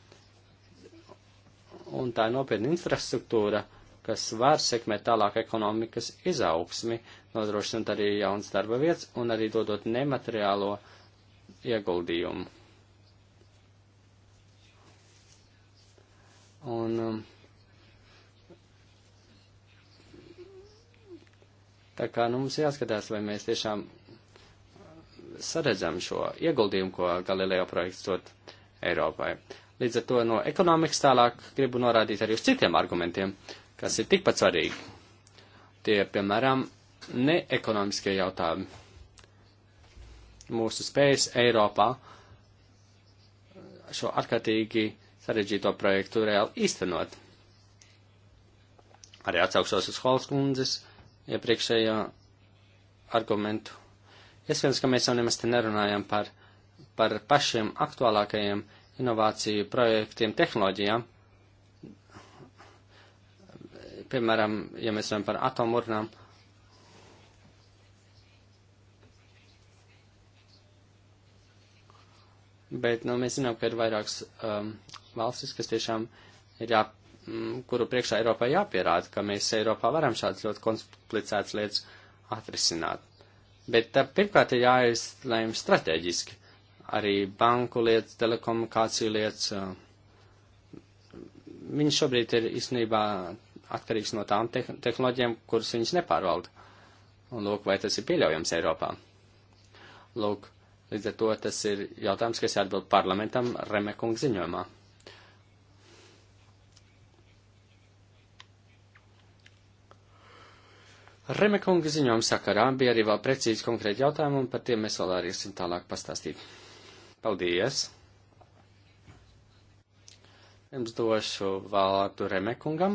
un tā ir nopietna infrastruktūra, kas var sekmēt tālāk ekonomikas izaugsmi, nodrošinot arī jaunas darba vietas un arī dodot nemateriālo ieguldījumu. Un um, tā kā nu, mums jāskatās, vai mēs tiešām saredzam šo ieguldījumu, ko Galileo projekts dod Eiropai. Līdz ar to no ekonomikas tālāk gribu norādīt arī uz citiem argumentiem, kas ir tikpat svarīgi. Tie, piemēram, neekonomiskie jautājumi. Mūsu spējas Eiropā šo ārkārtīgi sarežģīto projektu reāli īstenot. Arī atsaukšos uz Holskundzes iepriekšējā argumentu. Es viens, ka mēs jau nemaz te nerunājam par, par pašiem aktuālākajiem inovāciju projektiem, tehnoloģijām. Piemēram, ja mēs runājam par atomurnām, bet nu, mēs zinām, ka ir vairākas um, valstis, kas tiešām ir jā, m, mm, kuru priekšā Eiropā jāpierāda, ka mēs Eiropā varam šādas ļoti komplicētas lietas atrisināt. Bet tā, pirmkārt ir jāizlēma strateģiski arī banku lietas, telekomunikāciju lietas. Eh, viņi šobrīd ir īstenībā atkarīgs no tām te tehnoloģijām, kuras viņas nepārvalda. Un lūk, vai tas ir pieļaujams Eiropā. Lūk, līdz ar to tas ir jautājums, kas jāatbild parlamentam Remekunga ziņojumā. Remekunga ziņojuma sakarā bija arī vēl precīzi konkrēti jautājumi, un par tiem mēs vēl arī esam tālāk pastāstīt. Paldies! Pirms došu vārdu Remekungam.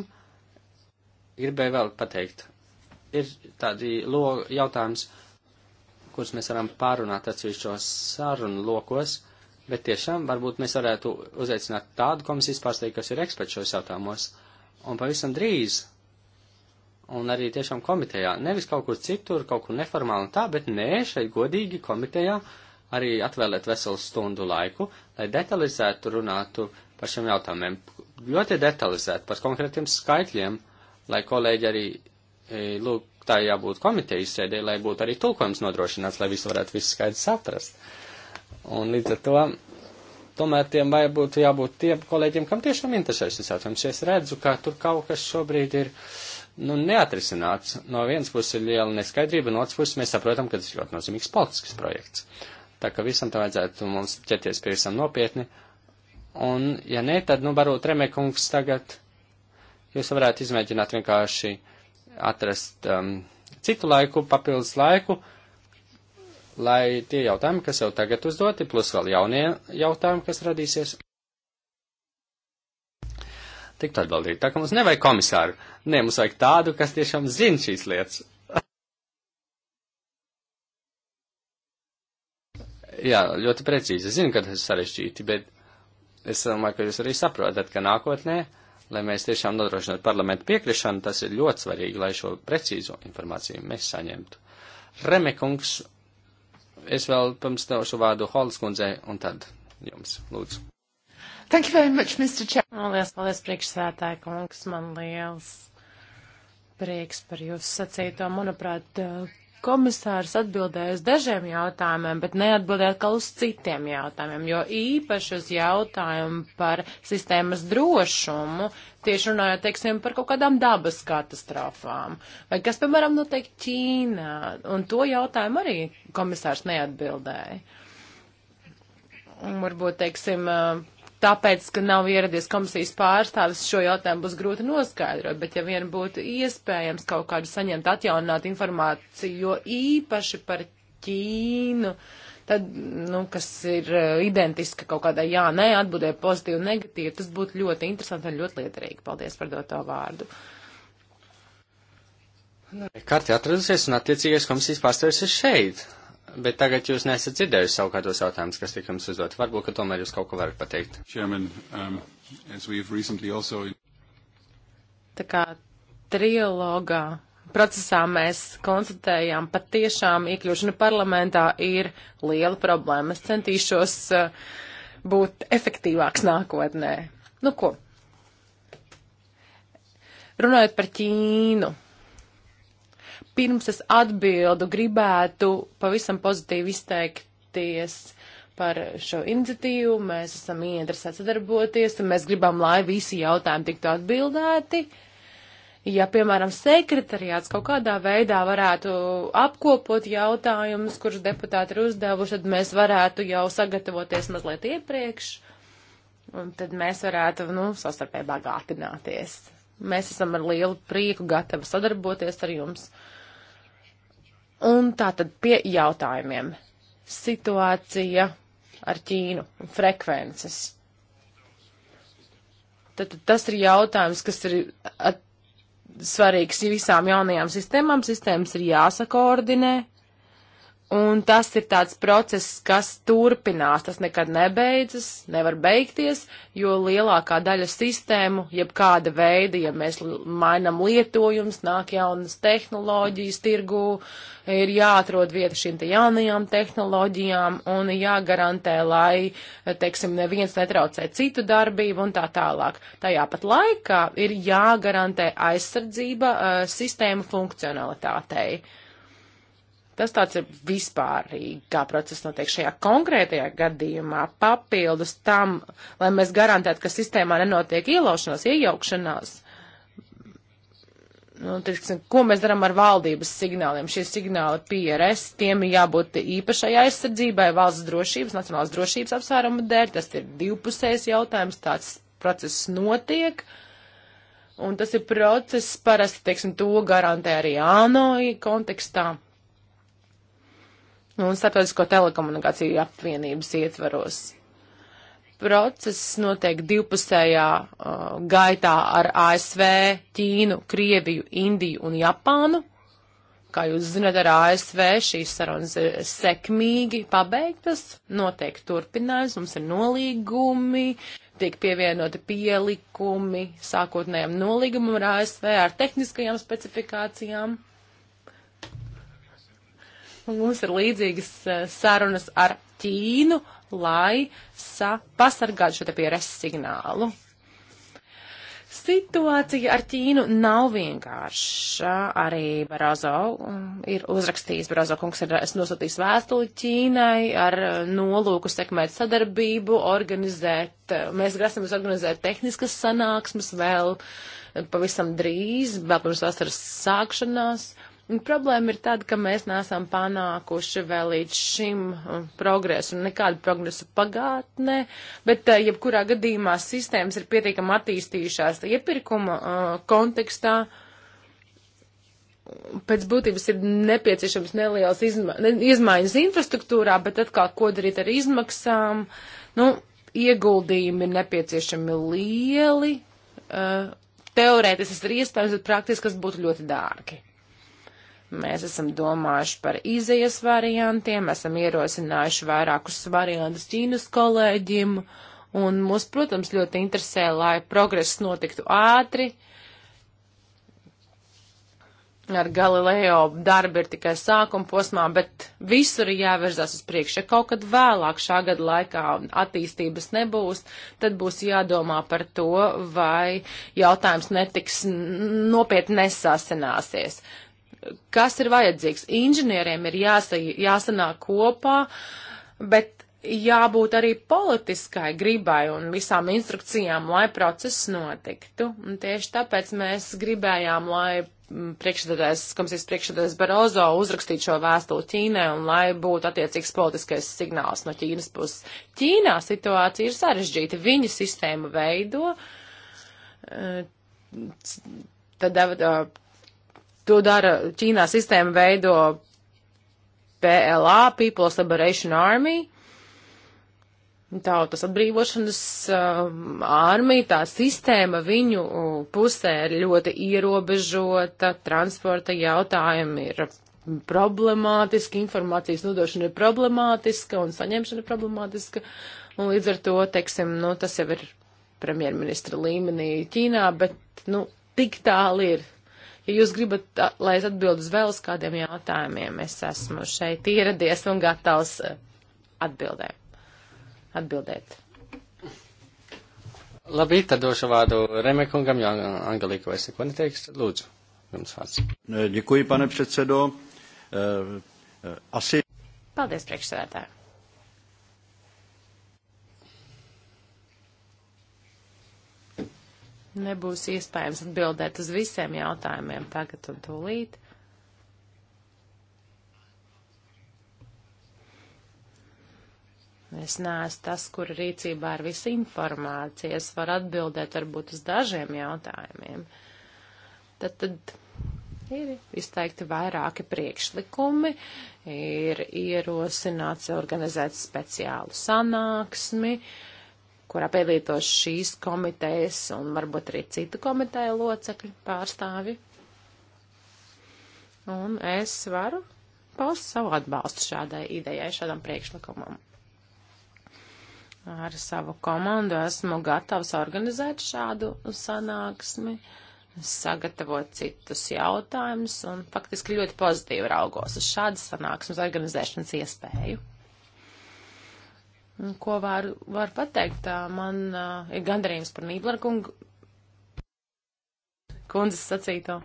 Gribēju vēl pateikt, ir tādi jautājums, kurus mēs varam pārunāt atsevišķos sarunu lokos, bet tiešām varbūt mēs varētu uzaicināt tādu komisijas pārstāvju, kas ir eksperts šos jautājumos, un pavisam drīz un arī tiešām komitejā. Nevis kaut kur citur, kaut kur neformāli un tā, bet nē, šeit godīgi komitejā arī atvēlēt veselu stundu laiku, lai detalizētu runātu par šiem jautājumiem. Ļoti detalizēt par konkrētiem skaitļiem, lai kolēģi arī, e, lūk, tā jābūt komitejas sēdē, lai būtu arī tulkojums nodrošināts, lai visi varētu visu skaidri saprast. Un līdz ar to, tomēr tiem vajag jābūt tiem kolēģiem, kam tiešām interesē šis jautājums. Es redzu, ka tur kaut kas šobrīd ir nu, neatrisināts. No vienas puses ir liela neskaidrība, no otras puses mēs saprotam, ka tas ir ļoti nozīmīgs politisks projekts. Tā ka visam tam vajadzētu mums ķerties pie visam nopietni. Un, ja nē, tad, nu, varbūt Remekungs tagad jūs varētu izmēģināt vienkārši atrast um, citu laiku, papildus laiku, lai tie jautājumi, kas jau tagad uzdoti, plus vēl jaunie jautājumi, kas radīsies, tiktu atbildīgi. Tā ka mums nevajag komisāru, nē, mums vajag tādu, kas tiešām zina šīs lietas. jā, ļoti precīzi. Es zinu, ka tas ir sarežģīti, bet es domāju, ka jūs arī saprotat, ka nākotnē, lai mēs tiešām nodrošinātu parlamentu piekrišanu, tas ir ļoti svarīgi, lai šo precīzo informāciju mēs saņemtu. Remekungs, es vēl pirms tevu vārdu Holas kundzei un tad jums, lūdzu. Thank you very much, Mr. Chairman. Lielas paldies, priekšsētāji kungs, man liels prieks par jūsu sacīto. Manuprāt, komisārs atbildēja uz dažiem jautājumiem, bet neatbildēja atkal uz citiem jautājumiem, jo īpaši uz jautājumu par sistēmas drošumu, tieši runājot, teiksim, par kaut kādām dabas katastrofām, vai kas, piemēram, notiek Ķīnā, un to jautājumu arī komisārs neatbildēja. Un varbūt, teiksim, uh, tāpēc, ka nav ieradies komisijas pārstāvis, šo jautājumu būs grūti noskaidrot, bet ja vien būtu iespējams kaut kādu saņemt atjaunināt informāciju, jo īpaši par Ķīnu, tad, nu, kas ir eh, identiska kaut kādai jā, nē, atbildē pozitīvi, negatīvi, tas būtu ļoti interesanti un ļoti lietarīgi. Paldies par doto vārdu. Karte atradusies un attiecīgais komisijas pārstāvis ir šeit. Bet tagad jūs nesat dzirdējuši savukārt tos jautājumus, kas tika jums uzdot. Varbūt, ka tomēr jūs kaut ko varat pateikt. Chairman, um, also... Tā kā trilogā procesā mēs konstatējām, patiešām iekļūšana parlamentā ir liela problēma. Es centīšos uh, būt efektīvāks nākotnē. Nu ko? Runājot par Ķīnu. Pirms es atbildu, gribētu pavisam pozitīvi izteikties par šo iniciatīvu. Mēs esam ieinteresēti sadarboties, un mēs gribam, lai visi jautājumi tiktu atbildēti. Ja, piemēram, sekretariāts kaut kādā veidā varētu apkopot jautājumus, kurus deputāti ir uzdevuši, tad mēs varētu jau sagatavoties mazliet iepriekš, un tad mēs varētu, nu, savstarpēji bagātināties. Mēs esam ar lielu prieku gatavi sadarboties ar jums. Uh, Un tā tad pie jautājumiem. Situācija ar Ķīnu un frekvences. Tad, tad tas ir jautājums, kas ir at, svarīgs visām jaunajām sistēmām. Sistēmas ir jāsakoordinē, Un tas ir tāds process, kas turpinās, tas nekad nebeidzas, nevar beigties, jo lielākā daļa sistēmu, jeb kāda veida, ja mēs mainam lietojums, nāk jaunas tehnoloģijas tirgū, ir jāatrod vieta šīm te jaunajām tehnoloģijām un jāgarantē, lai, teiksim, neviens netraucē citu darbību un tā tālāk. Tajā pat laikā ir jāgarantē aizsardzība uh, sistēmu funkcionalitātei. Uh, Tas tāds ir vispārīgi, kā process notiek šajā konkrētajā gadījumā, papildus tam, lai mēs garantētu, ka sistēmā nenotiek ielaušanās, iejaukšanās. Nu, tiksim, ko mēs darām ar valdības signāliem? Šie signāli PRS, tiem ir jābūt īpašai aizsardzībai valsts drošības, nacionālās drošības apsvērumu dēļ. Tas ir divpusējs jautājums, tāds process notiek. Uh, Un tas ir process, parasti, teiksim, to garantē arī ANO kontekstā. Nu, un Startautisko telekomunikāciju apvienības ietvaros. Process notiek divpusējā uh, gaitā ar ASV, Ķīnu, Krieviju, Indiju un Japānu. Kā jūs zināt, ar ASV šīs sarunas ir sekmīgi pabeigtas, notiek turpinājums, mums ir nolīgumi, tiek pievienoti pielikumi sākotnējam nolīgumam ar ASV ar tehniskajām specifikācijām. Mums ir līdzīgas eh, sarunas ar Ķīnu, lai pasargātu šo te pieres signālu. Situācija ar Ķīnu nav vienkārša. Arī Barozo mm, ir uzrakstījis, Barozo kungs ir nosūtījis vēstuli Ķīnai ar eh, nolūku sekmēt sadarbību, organizēt, eh, mēs grasamies organizēt tehniskas sanāksmes vēl pavisam drīz, vēl pirms vasaras sākšanās. Un problēma ir tāda, ka mēs nesam panākuši vēl līdz šim um, progresu, nekādu progresu pagātnē, bet uh, jebkurā gadījumā sistēmas ir pietiekami attīstījušās iepirkuma uh, kontekstā. Pēc būtības ir nepieciešams nelielas izma izmaiņas infrastruktūrā, bet atkal, ko darīt ar izmaksām? Nu, ieguldījumi ir nepieciešami lieli. Uh, teorētiski tas ir iespējams, bet praktiski tas būtu ļoti dārgi. Mēs esam domājuši par izējas variantiem, esam ierosinājuši vairākus variantus Ķīnas kolēģim, un mūs, protams, ļoti interesē, lai progress notiktu ātri. Ar Galileo darbu ir tikai sākuma posmā, bet visur ir jāvirzās uz priekšu. Ja kaut kad vēlāk šā gada laikā attīstības nebūs, tad būs jādomā par to, vai jautājums netiks nopietni nesasināsies. Uh, kas ir vajadzīgs. Inženieriem ir jāsa, jāsanāk kopā, bet jābūt arī politiskai gribai un visām instrukcijām, lai process notiktu. Un tieši tāpēc mēs gribējām, lai mm, priekšsēdētājs, komisijas priekšsēdētājs Barozo uzrakstītu šo vēstuli Ķīnai un lai būtu attiecīgs politiskais signāls no Ķīnas puses. Ķīnā situācija ir sarežģīta. Viņa sistēma veido. Eh, tad eh, To dara Ķīnā sistēma veido PLA, People's Liberation Army, tautas atbrīvošanas uh, armija, tā sistēma viņu uh, pusē ir ļoti ierobežota, transporta jautājumi ir problemātiski, informācijas nodošana ir problemātiska un saņemšana ir problemātiska, un līdz ar to, teiksim, nu, tas jau ir premjerministra līmenī Ķīnā, bet, nu, tik tāli ir Ja jūs gribat, lai es atbildu uz vēl uz kādiem jautājumiem, es esmu šeit ieradies un gatavs atbildē. atbildēt. Labi, tad došu vārdu Remekungam, jo Angelika vairs neko neteiks. Lūdzu, jums vārds. Děkuji, pane předsedo. E, e, asi. Paldies, priekšsēdētāji. nebūs iespējams atbildēt uz visiem jautājumiem tagad un tūlīt. Es neesmu tas, kur rīcībā ir visa informācija. Es varu atbildēt varbūt uz dažiem jautājumiem. Tad, tad ir izteikti vairāki priekšlikumi, ir ierosināts organizēt speciālu sanāksmi. Uh, kurā piedalītos šīs komitejas un varbūt arī citu komiteju locekļu pārstāvi. Un es varu paust savu atbalstu šādai idejai, šādam priekšlikumam. Ar savu komandu esmu gatavs organizēt šādu sanāksmi. Uh, sagatavot citus jautājumus un faktiski ļoti pozitīvi raugos uz šādas sanāksmes organizēšanas iespēju. Ko var, var pateikt? Man uh, ir gandarījums par Nīblera kungu kundzes sacīto.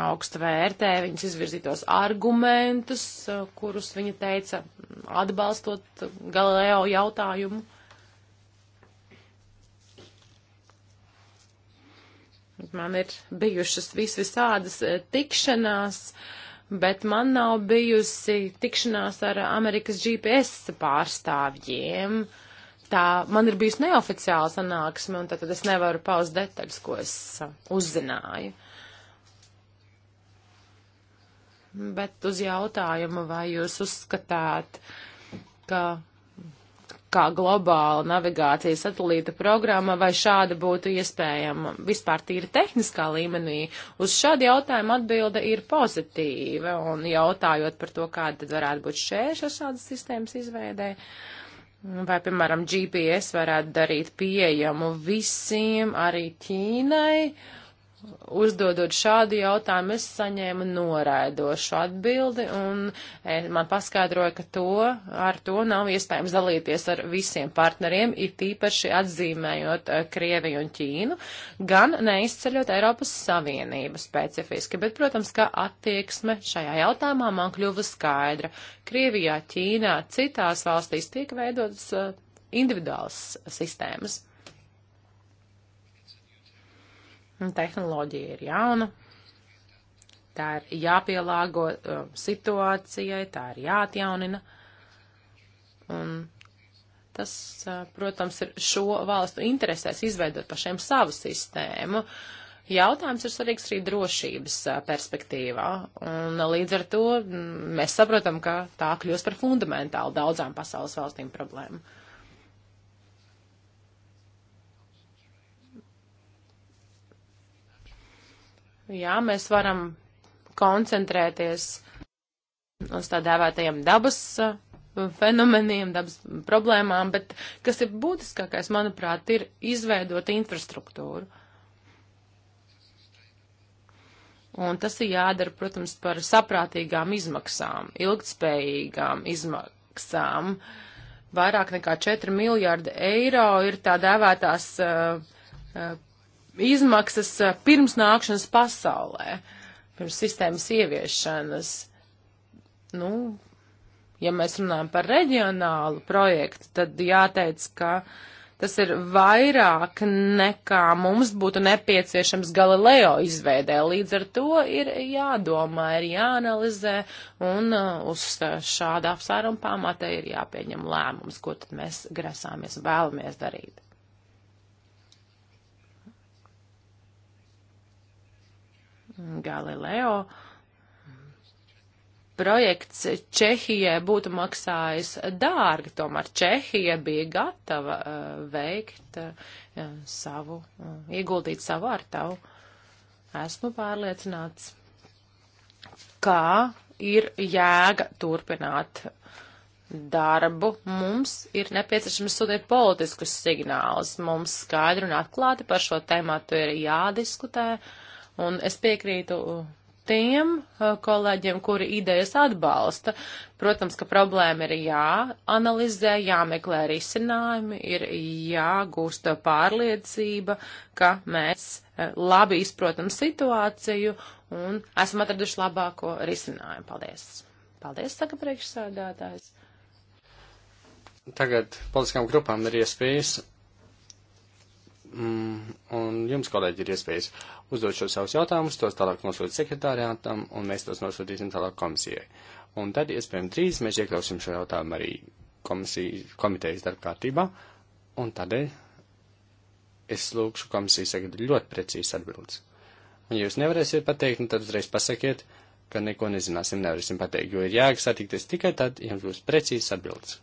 augstu vērtē viņas izvirzītos argumentus, uh, kurus viņa teica atbalstot Galileo jautājumu. Man ir bijušas vis visādas uh, tikšanās uh, bet man nav bijusi tikšanās ar Amerikas GPS pārstāvjiem. Tā man ir bijusi neoficiāla sanāksme, un tad es nevaru paust detaļas, ko es uzzināju. Bet uz jautājumu, vai jūs uzskatāt, ka kā globāla navigācijas satelīta programma, vai šāda būtu iespējama vispār tīri tehniskā līmenī. Uz šādu jautājumu atbilde ir pozitīva, un jautājot par to, kāda tad varētu būt šķērša šādas sistēmas izveidē, vai, piemēram, GPS varētu darīt pieejamu visiem, arī Ķīnai, uzdodot šādu jautājumu, es saņēmu noraidošu atbildi, un e, man paskaidroja, ka to, ar to nav iespējams dalīties ar visiem partneriem, it īpaši atzīmējot e, Krieviju un Ķīnu, gan neizceļot Eiropas Savienību specifiski, bet, protams, ka attieksme šajā jautājumā man kļuva skaidra. Krievijā, Ķīnā, citās valstīs tiek veidotas e, individuālas sistēmas. Tehnoloģija ir jauna, tā ir jāpielāgo um, situācijai, tā ir jāatjaunina. Un tas, uh, protams, ir šo valstu interesēs izveidot pašiem savu sistēmu. Jautājums ir svarīgs arī drošības uh, perspektīvā, un līdz ar to mm, mēs saprotam, ka tā kļūst par fundamentālu daudzām pasaules valstīm problēmu. jā, mēs varam koncentrēties uz tā dēvētajiem dabas uh, fenomeniem, dabas problēmām, bet kas ir būtiskākais, manuprāt, ir izveidot infrastruktūru. Un tas ir jādara, protams, par saprātīgām izmaksām, ilgtspējīgām izmaksām. Vairāk nekā 4 miljārdi eiro ir tā dēvētās uh, uh, izmaksas eh, pirms nākšanas pasaulē, pirms sistēmas ieviešanas. Nu, ja mēs runājam par reģionālu projektu, tad jāteic, ka tas ir vairāk nekā mums būtu nepieciešams Galileo izveidē. Līdz ar to ir jādomā, ir jāanalizē un eh, uz šāda apsvēruma pamata ir jāpieņem lēmums, ko tad mēs grasāmies vēlamies darīt. Galileo projekts Čehijai būtu maksājis dārgi, tomēr Čehija bija gatava uh, veikt uh, savu, uh, ieguldīt savu ar tavu. Esmu pārliecināts, kā ir jēga turpināt darbu. Mums ir nepieciešams sūtīt politiskus signālus. Mums skaidri un atklāti par šo tēmātu ir jādiskutē. Uh, Un es piekrītu uh, tiem uh, kolēģiem, kuri idejas atbalsta. Protams, ka problēma ir jāanalizē, jāmeklē risinājumi, ir jāgūst pārliecība, ka mēs uh, labi izprotam situāciju un esam atraduši labāko risinājumu. Paldies! Paldies, saka priekšsādātājs. Tagad politiskām grupām ir iespējas Mm, un jums, kolēģi, ir iespējas uzdot šos savus jautājumus, tos tālāk nosūtīt sekretariātam, un mēs tos nosūtīsim tālāk komisijai. Un tad, iespējams, drīz mēs iekļausim šo jautājumu arī komisijas, komitejas darba kārtībā, un tādēļ es lūkšu komisijas tagad ļoti precīzi atbildes. Un, ja jūs nevarēsiet pateikt, nu tad uzreiz pasakiet, ka neko nezināsim, nevarēsim pateikt, jo ir jāgas attikties tikai tad, ja jums būs precīzas atbildes.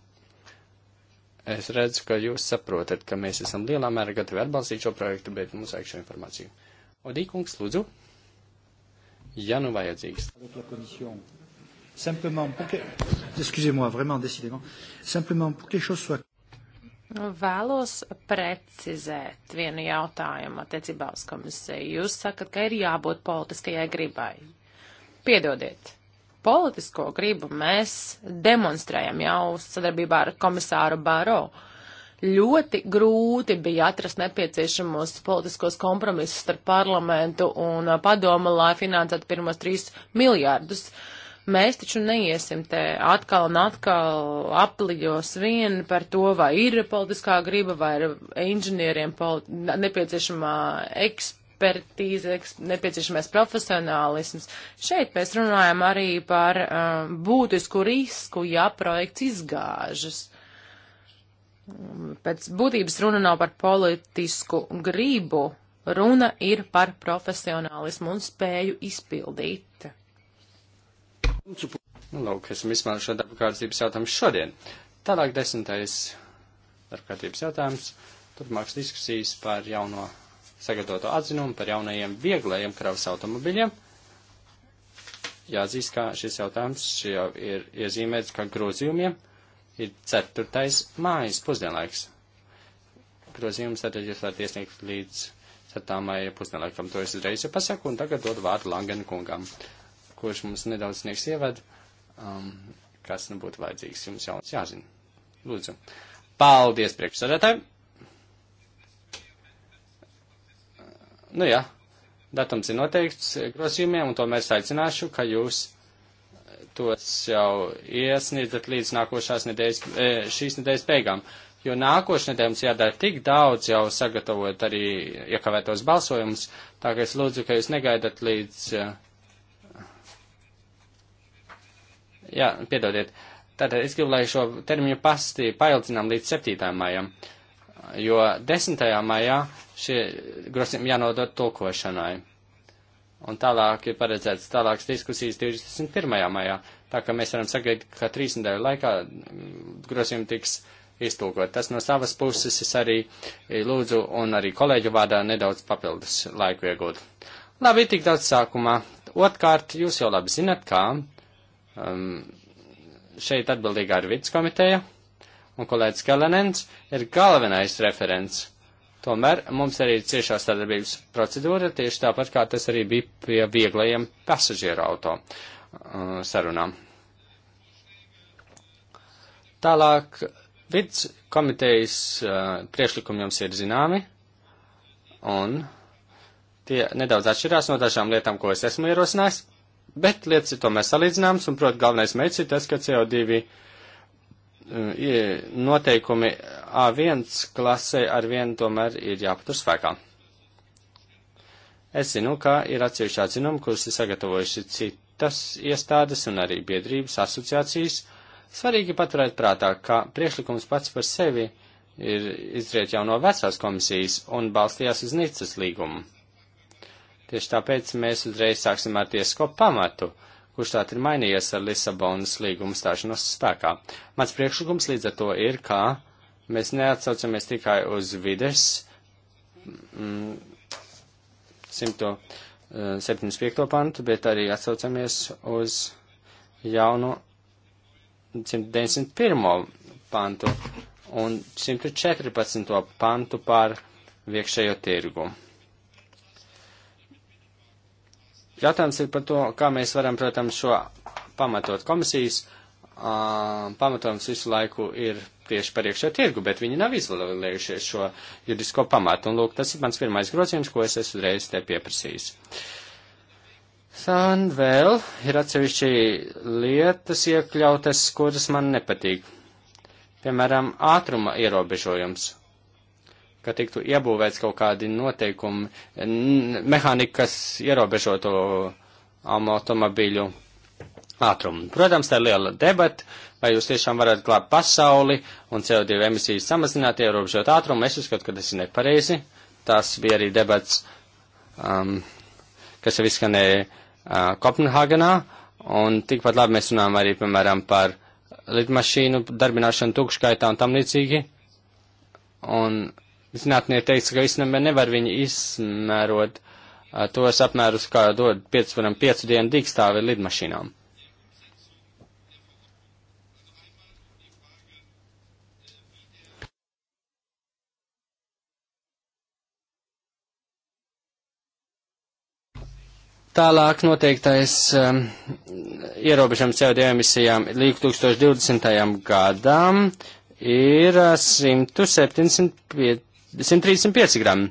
Es redzu, ka jūs saprotat, ka mēs esam lielā mērā gatavi atbalstīt šo projektu, bet mums vajag šo informāciju. Odīkungs, lūdzu, ja nu vajadzīgs. Vēlos precizēt vienu jautājumu attiecībā uz komisiju. Jūs sakat, ka ir jābūt politiskajai gribai. Piedodiet, politisko gribu mēs demonstrējam jau sadarbībā ar komisāru Baro. Ļoti grūti bija atrast nepieciešamos politiskos kompromisus starp parlamentu un padomu, lai finansētu pirmos trīs miljārdus. Mēs taču neiesim te atkal un atkal aplijos vien par to, vai ir politiskā griba, vai ir inženieriem nepieciešamā ekspertīze ekspertīze, nepieciešamais profesionālisms. Šeit mēs runājam arī par um, būtisku risku, ja projekts izgāžas. Um, pēc būtības runa nav par politisku gribu, runa ir par profesionālismu un spēju izpildīt. Nu, lūk, esam izmēruši ar darbkārtības jautājumu šodien. Tālāk desmitais darbkārtības jautājums. Turpmākas diskusijas par jauno sagatavoto atzinumu par jaunajiem vieglajiem kravas automobiļiem. Jāzīst, ka šis jautājums šie jau ir iezīmēts kā grozījumiem. Ir ceturtais mājas pusdienlaiks. Grozījums tad jūs varat iesniegt līdz ceturtāmajai pusdienlaikam. To es uzreiz jau pasaku un tagad dodu vārdu Langeni kungam, kurš mums nedaudz sniegs ievadu, um, kas nu būtu vajadzīgs jums jau jāzina. Lūdzu. Paldies priekšsēdētājiem! Nu jā, datums ir noteikts grozījumiem, un to mēs aicināšu, ka jūs tos jau iesniedzat līdz nākošās nedēļas, e, šīs nedēļas beigām. Jo nākošajā nedēļā mums jādara tik daudz jau sagatavot arī iekavētos balsojumus, tā ka es lūdzu, ka jūs negaidat līdz. E, jā, piedodiet. Tātad es gribu, lai šo termiņu pasti paildzinām līdz 7. maijam. Uh, jo 10. maijā šie grozījumi jānodot tulkošanai. Un tālāk ir paredzēts tālākas diskusijas 21. maijā, tā ka mēs varam sagaidīt, ka trīs nedēļu laikā mm, grozījumi tiks iztulkot. Tas no savas puses es arī eh, lūdzu un arī kolēģu vārdā nedaudz papildus laiku iegūt. Labi, tik daudz sākumā. Otkārt, jūs jau labi zinat, kā um, mm, šeit atbildīgā ir vidas komiteja un kolēģis Kalenens ir galvenais referents. Tomēr mums arī ir ciešā sadarbības procedūra, tieši tāpat kā tas arī bija pie vieglajiem pasažieru auto uh, sarunām. Tālāk, vids komitejas uh, priekšlikumi jums ir zināmi, un tie nedaudz atšķirās no dažām lietām, ko es esmu ierosinājis, bet lietas ir tomēr salīdzināmas, un, protams, galvenais mērķis ir tas, ka CO2 Eh, noteikumi A1 klasē ar vienu tomēr ir jāpatur spēkā. Es zinu, ka ir atsevišķi atzinumi, kurus ir sagatavojuši citas iestādes un arī biedrības asociācijas. Svarīgi paturēt prātā, ka priekšlikums pats par sevi ir izriet jau no vecās komisijas un balstījās uz Nicas līgumu. Tieši tāpēc mēs uzreiz sāksim ar tiesisko pamatu, kurš tātad ir mainījies ar Lisabonas līgumu stāšanos spēkā. Mans priekšlikums līdz ar to ir, ka mēs neatsaucamies tikai uz vides mm, 175. Eh, pantu, bet arī atsaucamies uz jaunu 191. pantu un 114. pantu par iekšējo tirgu. Jautājums ir par to, kā mēs varam, protams, šo pamatot komisijas. Uh, pamatojums visu laiku ir tieši par iekšējo tirgu, bet viņi nav izvēlējušies šo juridisko pamatu. Un lūk, tas ir mans pirmais grozījums, ko es esmu reiz te pieprasījis. Un vēl ir atsevišķi lietas iekļautas, kuras man nepatīk. Piemēram, ātruma ierobežojums ka tiktu iebūvēts kaut kādi noteikumi, mehānika, kas ierobežo to automobīļu ātrumu. Protams, tā ir liela debata, vai jūs tiešām varat glābt pasauli un CO2 emisijas samazināt, ierobežot ātrumu. Es uzskatu, ka tas ir nepareizi. Tas bija arī debats, um, kas jau izskanēja uh, Kopenhāgenā, un tikpat labi mēs runājam arī, piemēram, par lidmašīnu darbināšanu tukškaitā un tam līdzīgi. Un zinātnie teica, ka īstenībā nevar viņi izmērot uh, tos apmērus, kā dod 5, varam, 5 dienu dīkstāvi lidmašīnām. Tālāk noteiktais um, ierobežams CO2 emisijām līdz 2020. gadam ir 175 135 gramu.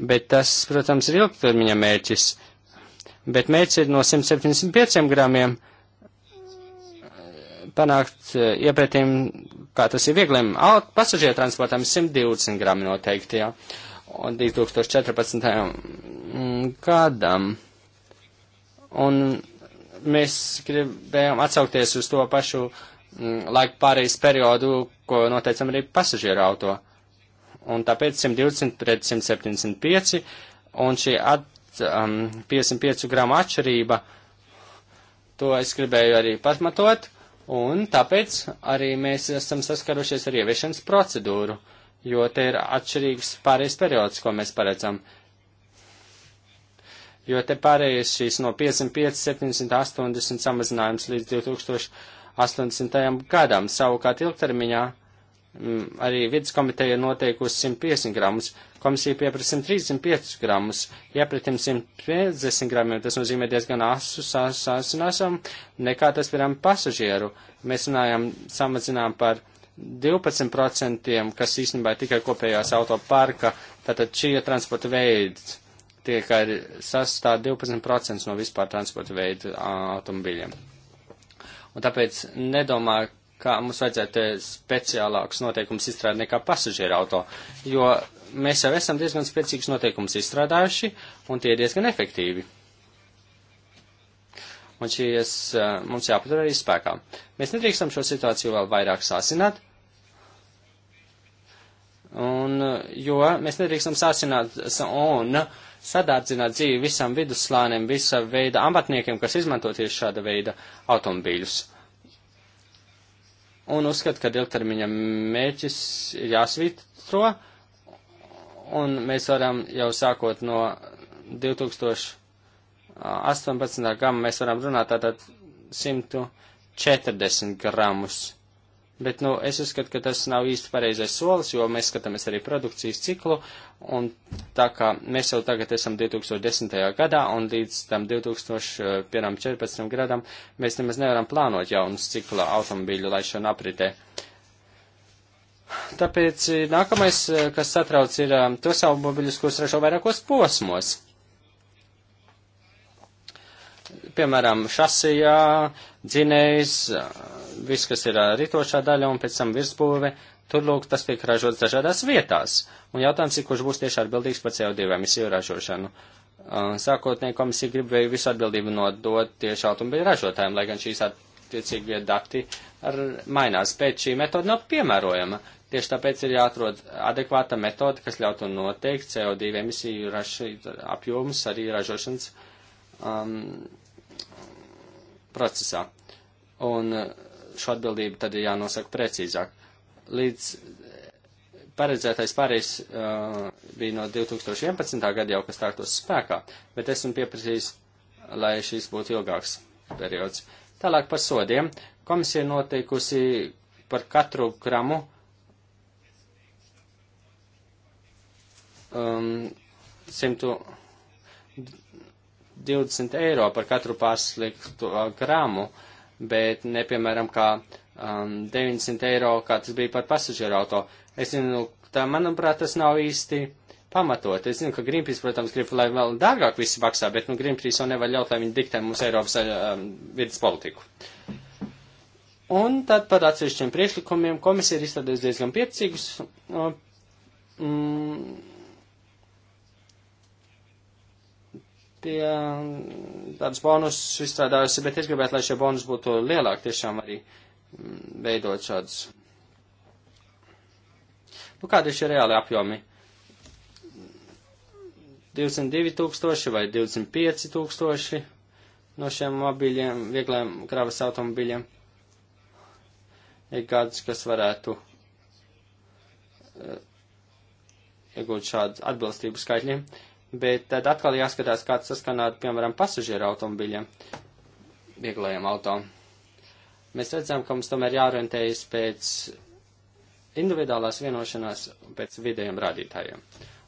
Bet tas, protams, ir ilgtermiņa mērķis. Bet mērķis ir no 175 gramiem eh, panākt eh, iepretim, kā tas ir viegliem pasažieru transportam, 120 grami noteikti, jā. Un 2014. Mm, gadam. Un mēs gribējām atsaukties uz to pašu mm, laiku pārējais periodu, ko noteicam arī pasažieru auto. Uh, Un tāpēc 120 pret 175 un šī at, um, 55 gramu atšķirība, to es gribēju arī pasmatot, un tāpēc arī mēs esam saskarušies ar ieviešanas procedūru, jo te ir atšķirīgs pārējais periods, ko mēs paredzam jo te pārējais šīs no 55, 70, 80 samazinājums līdz 2080. gadam. Savukārt ilgtermiņā Mm, arī vidas komiteja ir noteikusi 150 gramus, komisija pieprasa 135 gramus, ja pretim 150 gramiem tas nozīmē diezgan asu sāsinājumam, nekā tas, piemēram, pasažieru. Mēs runājam, samazinām par 12%, kas īstenībā ir tikai kopējās autoparka, tātad šī ir transporta veids, tiek ar sastāv 12% no vispār transporta veidu automobiļiem. Un tāpēc nedomāju, ka mums vajadzētu speciālākus noteikumus izstrādāt nekā pasažieru auto, jo mēs jau esam diezgan spēcīgus noteikumus izstrādājuši, un tie ir diezgan efektīvi. Un šīs eh, mums jāpatur arī spēkā. Mēs nedrīkstam šo situāciju vēl vairāk sāsināt, un, jo mēs nedrīkstam sāsināt un sadārdzināt dzīvi visam vidusslānim, visa veida ambatniekiem, kas izmanto tieši šāda veida automobīļus un uzskata, ka ilgtermiņa mērķis ir jāsvitro, un mēs varam jau sākot no 2018. gama, mēs varam runāt tātad 140 gramus Bet, nu, es uzskatu, ka tas nav īsti pareizais solis, jo mēs skatāmies arī produkcijas ciklu, un tā kā mēs jau tagad esam 2010. gadā, un līdz tam 2014. Uh, gadam mēs nemaz nevaram plānot jaunus cikla automobīļu laišanu apritē. Tāpēc uh, nākamais, uh, kas satrauc, ir um, tos automobiļus, kurus ražo vairākos posmos piemēram, šasijā, dzinējs, viss, kas ir ritošā daļa un pēc tam virsbūve, tur, lūk, tas tiek ražots dažādās vietās. Un jautājums ir, kurš būs tieši atbildīgs par CO2 emisiju ražošanu. Sākotnēji komisija gribēja visu atbildību nodot tieši automobiļu ražotājiem, lai gan šīs attiecīgie dati ar, mainās. Pēc šī metoda nav piemērojama. Tieši tāpēc ir jāatrod adekvāta metode, kas ļautu noteikt CO2 emisiju apjomus arī ražošanas um, procesā. Un šo atbildību tad ir jānosaka precīzāk. Līdz paredzētais pārējais uh, bija no 2011. gada jau, kas stātos spēkā, bet esmu pieprasījis, lai šis būtu ilgāks periods. Tālāk par sodiem. Komisija ir noteikusi par katru gramu um, 100. 20 eiro par katru pārsliktu uh, gramu, bet ne, piemēram, kā um, 900 eiro, kā tas bija par pasažieru auto. Es zinu, tā, manuprāt, tas nav īsti pamatot. Es zinu, ka Greenpeace, protams, grib, lai vēl dārgāk visi maksā, bet, nu, Greenpeace jau nevar ļaut, lai viņi diktē mums Eiropas uh, um, vidas politiku. Un tad par atsevišķiem priekšlikumiem komisija ir izstādījusi diezgan piecīgus. Um, uh, mm, pie tādus bonusus izstrādājusi, bet es gribētu, lai šie bonus būtu lielāki tiešām arī mm, veidot šādus. Nu, kādi ir šie reāli apjomi? 22 tūkstoši vai 25 tūkstoši no šiem mobīļiem, viegliem kravas automobīļiem ir gads, kas varētu uh, iegūt šādu atbilstību skaitļiem. Uh, bet tad atkal jāskatās, kāds saskanātu, piemēram, pasažieru automobiļiem, vieglajiem auto. Mēs redzam, ka mums tomēr jāorientējas pēc individuālās vienošanās, pēc vidējiem rādītājiem.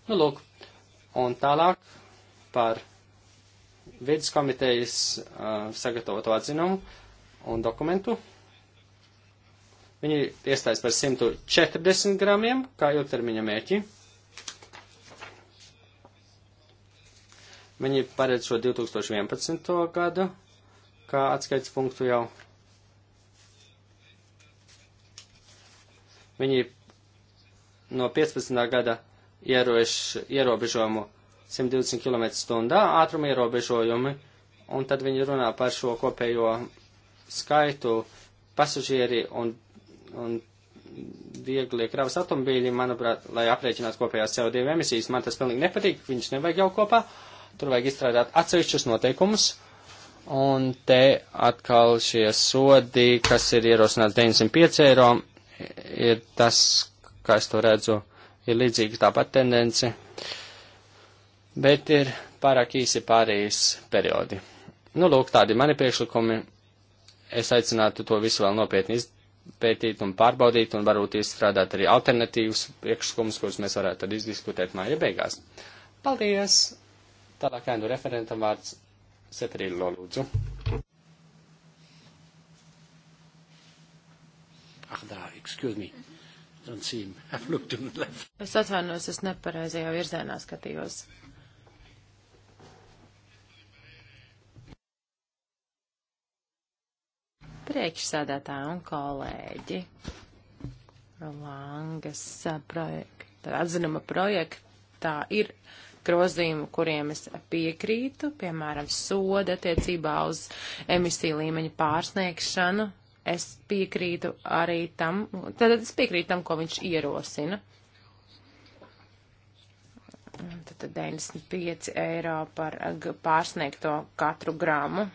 Nu, lūk, un tālāk par vidas komitejas uh, sagatavotu atzinumu un dokumentu. Viņi iestājas par 140 gramiem kā ilgtermiņa mērķi. Viņi paredz šo 2011. gadu kā atskaits punktu jau. Viņi no 15. gada ieroš, ierobežojumu 120 km stundā ātruma ierobežojumi, un tad viņi runā par šo kopējo skaitu pasažieri un, un viegli kravas automobīļi, manuprāt, lai aprēķinātu kopējās CO2 emisijas. Man tas pilnīgi nepatīk, viņš nevajag jau kopā. Uh, Tur vajag izstrādāt atsevišķus noteikumus, un te atkal šie sodi, kas ir ierosināts 905 eiro, ir tas, kā es to redzu, ir līdzīga tāpat tendence, bet ir pārāk īsi pārējais periodi. Nu, lūk, tādi mani priekšlikumi. Es aicinātu to visu vēl nopietni pētīt un pārbaudīt un varbūt izstrādāt arī alternatīvas priekšlikumus, kurus mēs varētu tad izdiskutēt māja beigās. Paldies! Tālāk ēnu referentam vārds Seferīlo lūdzu. Ah, dā, excuse me. Don't see him. I've looked to the left. Es atvainojos, es nepareizajā virzienā skatījos. priekšsēdētāji un kolēģi Langas uh, projekta, atzinuma projektā ir grozījumu, kuriem es piekrītu, piemēram, soda attiecībā uz emisiju līmeņa pārsniegšanu. Es piekrītu arī tam, tad es piekrītu tam, ko viņš ierosina. Tad 95 eiro par pārsniegto katru gramu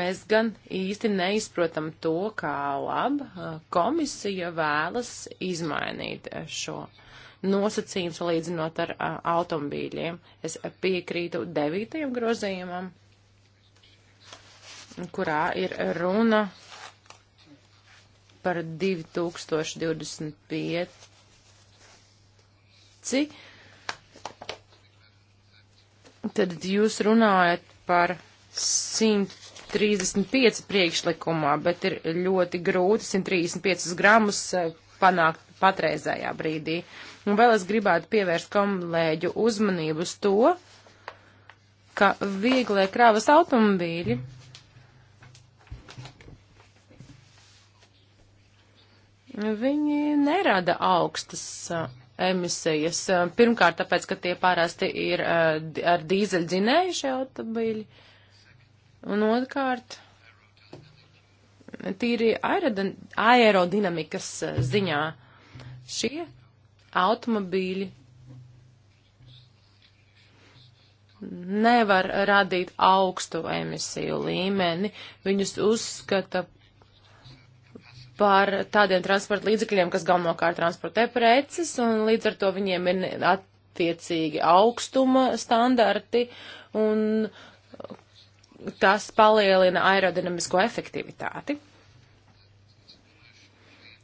mēs gan īsti neizprotam to, kā laba komisija vēlas izmainīt šo nosacījums salīdzinot ar uh, automobīļiem. Es piekrītu devītajam grozījumam, kurā ir runa par 2025. Tad jūs runājat par 135 priekšlikumā, bet ir ļoti grūti 135 gramus panākt patreizējā brīdī. Un vēl es gribētu pievērst kolēģu uzmanību uz to, ka vieglie krāvas automobīļi viņi nerada augstas emisijas. Pirmkārt, tāpēc, ka tie parasti ir ar dīzeļdzinējušie automobīļi. Un otrkārt, tīri aerodinamikas eh, ziņā. Šie automobīļi nevar radīt augstu emisiju līmeni. Viņus uzskata par tādiem transporta līdzekļiem, kas galvenokārt transportē preces, un līdz ar to viņiem ir attiecīgi augstuma standarti, un tas palielina aerodinamisko efektivitāti.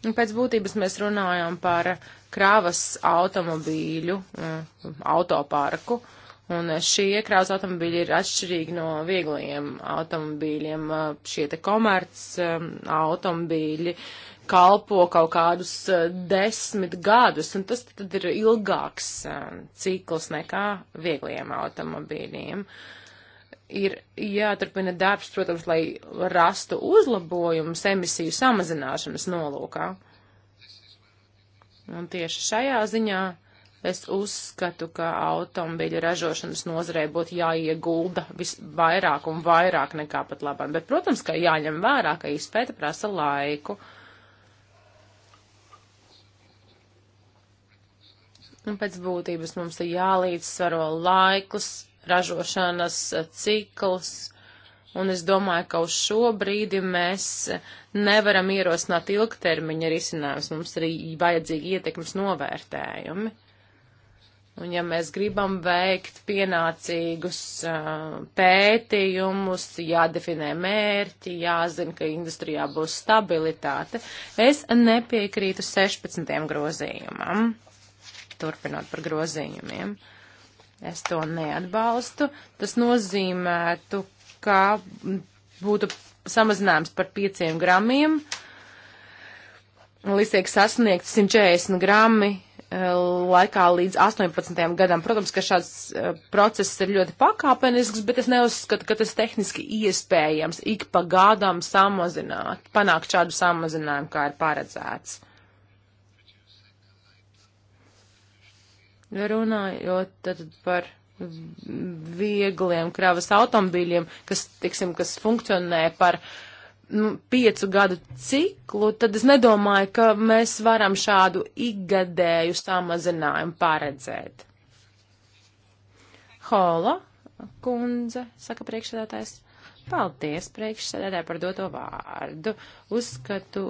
Un pēc būtības mēs runājam par krāvas automobīļu, mm, autoparku, un šie krāvas automobīļi ir atšķirīgi no vieglajiem automobīļiem. Uh, šie te komerc um, automobīļi kalpo kaut kādus uh, desmit gadus, un tas tad ir ilgāks um, cikls nekā vieglajiem automobīļiem. Uh, ir jāturpina darbs, protams, lai rastu uzlabojumus emisiju samazināšanas nolūkā. Un tieši šajā ziņā es uzskatu, ka automobīļa ražošanas nozarei būtu jāiegulda visvairāk un vairāk nekā pat labam. Bet, protams, ka jāņem vērā, ka izpēta prasa laiku. Un pēc būtības mums ir jālīdzsvaro laikus, ražošanas cikls. Un es domāju, ka uz šo brīdi mēs nevaram ierosināt ilgtermiņa risinājumus. Mums arī vajadzīgi ietekmes novērtējumi. Un ja mēs gribam veikt pienācīgus uh, pētījumus, jādefinē mērķi, jāzina, ka industrijā būs stabilitāte, es nepiekrītu 16. grozījumam, turpinot par grozījumiem. Uh, Es to neatbalstu. Tas nozīmētu, ka būtu samazinājums par 5 gramiem. Līdz tiek sasniegt 140 grammi eh, laikā līdz 18 gadam. Protams, ka šāds uh, process ir ļoti pakāpenisks, bet es neuzskatu, ka tas tehniski iespējams ik pa gadam samazināt, panākt šādu samazinājumu, kā ir paredzēts. Runājot tad par viegliem kravas automobīļiem, kas, tiksim, kas funkcionē par nu, piecu gadu ciklu, tad es nedomāju, ka mēs varam šādu ikgadēju samazinājumu paredzēt. Hola, kundze, saka priekšsēdētājs. Paldies priekšsēdētāji par doto vārdu. Uzskatu,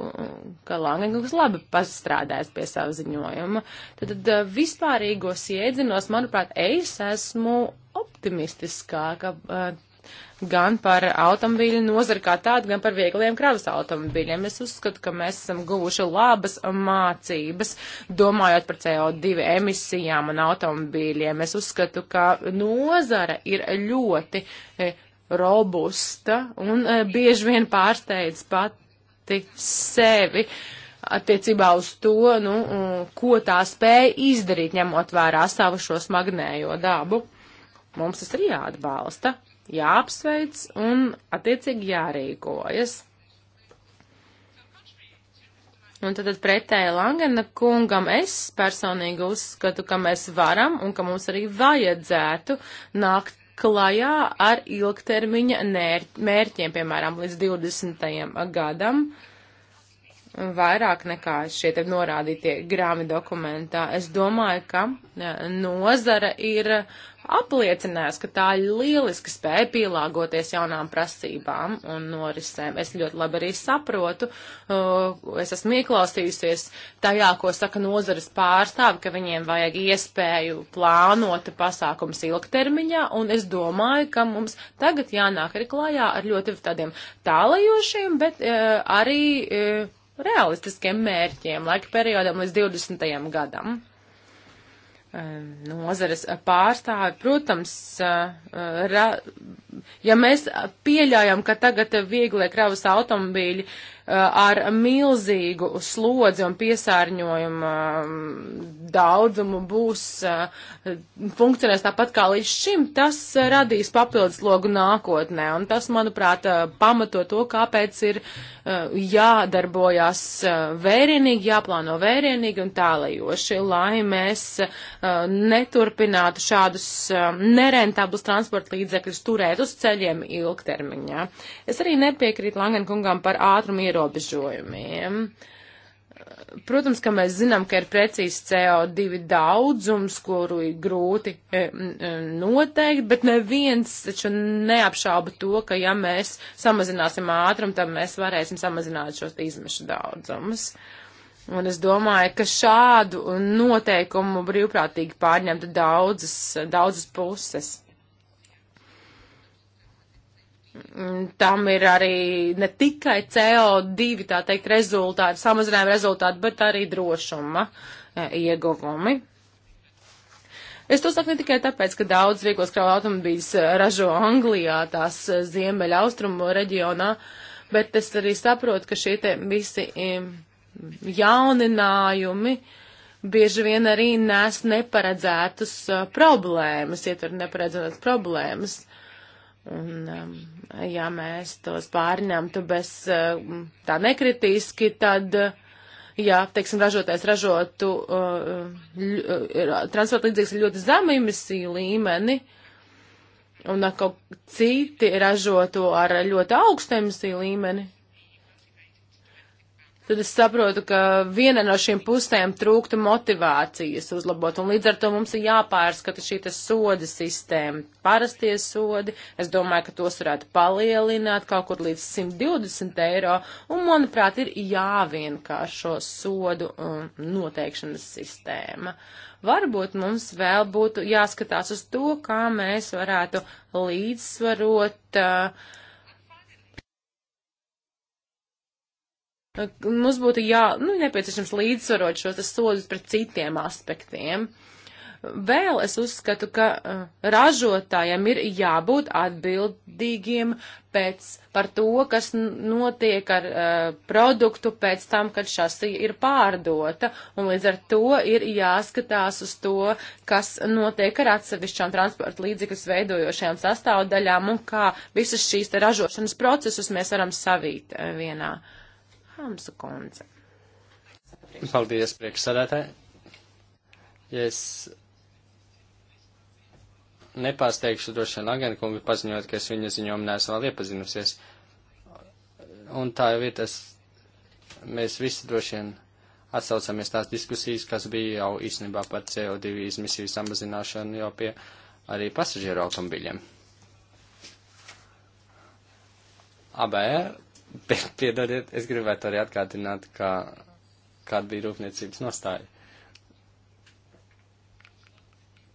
ka Langenkungs labi pastrādājas pie savu ziņojumu. Tad, tad eh, vispārīgos iedzinos, manuprāt, es esmu optimistiskāka eh, gan par automobīļu nozari kā tādu, gan par viegliem kravas automobīļiem. Es uzskatu, ka mēs esam guvuši labas mācības, domājot par CO2 emisijām un automobīļiem. Es uzskatu, ka nozara ir ļoti eh, robusta un eh, bieži vien pārsteidz pati sevi attiecībā uz to, nu, ko tā spēja izdarīt, ņemot vērā savu šo smagnējo dabu. Mums tas ir jāatbalsta, jāapsveic un attiecīgi jārīkojas. Un tad pretēji Langena kungam es personīgi uzskatu, ka mēs varam un ka mums arī vajadzētu nākt klajā ar ilgtermiņa mērķiem, piemēram, līdz 20. gadam, vairāk nekā šie te norādītie grāmi dokumentā. Es domāju, ka eh, nozara ir apliecinās, ka tā lieliski spēja pielāgoties jaunām prasībām un norisēm. Es ļoti labi arī saprotu, uh, es esmu ieklausījusies tajā, ko saka nozares pārstāvi, ka viņiem vajag iespēju plānot pasākums ilgtermiņā, un es domāju, ka mums tagad jānāk arī klājā ar ļoti tādiem tālajošiem, bet uh, arī uh, realistiskiem mērķiem laika periodam līdz 20. gadam. Eh, nozares pārstāvi. Protams, eh, ra, ja mēs pieļaujam, ka tagad vieglie kravas automobīļi Uh, ar milzīgu slodzi un piesārņojumu um, daudzumu būs uh, funkcionēs tāpat kā līdz šim, tas uh, radīs papildus logu nākotnē. Un tas, manuprāt, pamato to, kāpēc ir jādarbojās vērienīgi, jāplāno vērienīgi un tālajoši, lai mēs neturpinātu šādus nerentablus transporta līdzekļus turēt uz ceļiem ilgtermiņā. Es arī nepiekrītu Langenkungam par ātrumu ierobežojumu ierobežojumiem. Protams, ka mēs zinām, ka ir precīzi CO2 daudzums, kuru ir grūti e, e, noteikt, bet neviens taču neapšauba to, ka ja mēs samazināsim ātrumu, tad mēs varēsim samazināt šos izmešu daudzumus. Un es domāju, ka šādu noteikumu brīvprātīgi pārņemtu daudzas, daudzas puses. Mm, tam ir arī ne tikai CO2, tā teikt, rezultāti, samazinājuma rezultāti, bet arī drošuma e, ieguvumi. Es to saku ne tikai tāpēc, ka daudz vieglos kravu automobīļus e, ražo Anglijā, tās e, ziemeļa austrumu reģionā, bet es arī saprotu, ka šie te visi jauninājumi bieži vien arī nes neparedzētas problēmas, ietver neparedzētas problēmas. Uh, Un, um, ja mēs tos pārņemtu bez uh, tā nekritiski, tad, uh, ja, teiksim, ražotājs ražotu uh, transporta līdzīgs ar ļoti zemu emisiju līmeni, un kaut citi ražotu ar ļoti augstu emisiju līmeni, tad es saprotu, ka viena no šīm pusēm trūktu motivācijas uzlabot, un līdz ar to mums ir jāpārskata šī soda sistēma. Parastie sodi, es domāju, ka tos varētu palielināt kaut kur līdz 120 eiro, un, manuprāt, ir jāvienkāršo sodu um, noteikšanas sistēma. Varbūt mums vēl būtu jāskatās uz to, kā mēs varētu līdzsvarot uh, Mums būtu jā, nu, nepieciešams līdzsvarot šos soļus pret citiem aspektiem. Vēl es uzskatu, ka uh, ražotājiem ir jābūt atbildīgiem pēc par to, kas notiek ar uh, produktu pēc tam, kad šasija ir pārdota, un līdz ar to ir jāskatās uz to, kas notiek ar atsevišķām transporta līdzekļus veidojošajām sastāvdaļām, un kā visas šīs te ražošanas procesus mēs varam savīt uh, vienā. Uh, Hamsa kundze. Paldies, priekšsādātāji. Ja es nepārsteigšu droši vien Langēna kungu paziņot, ka es viņa ziņojumu neesmu vēl iepazinusies. Un tā jau ir tas, mēs visi droši vien atsaucamies tās diskusijas, kas bija jau īstenībā par CO2 izmisiju samazināšanu jau pie arī pasažieru automobiļiem. ABR Bet, piedodiet, es gribētu arī atgādināt, kā, kāda bija rūpniecības nostāja.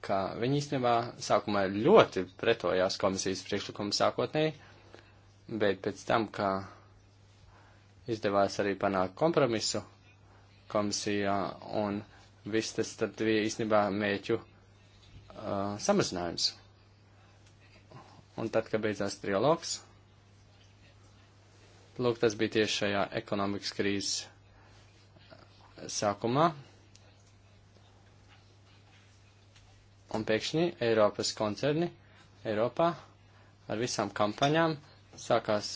Kā viņi īstenībā sākumā ļoti pretojās komisijas priekšlikumu sākotnēji, bet pēc tam, kā izdevās arī panākt kompromisu komisijā, un viss tas tad bija īstenībā mēķu uh, samazinājums. Un tad, kad beidzās trialogs, Lūk, tas bija tieši šajā ekonomikas krīzes eh, sākumā. Un pēkšņi Eiropas koncerni Eiropā ar visām kampaņām sākās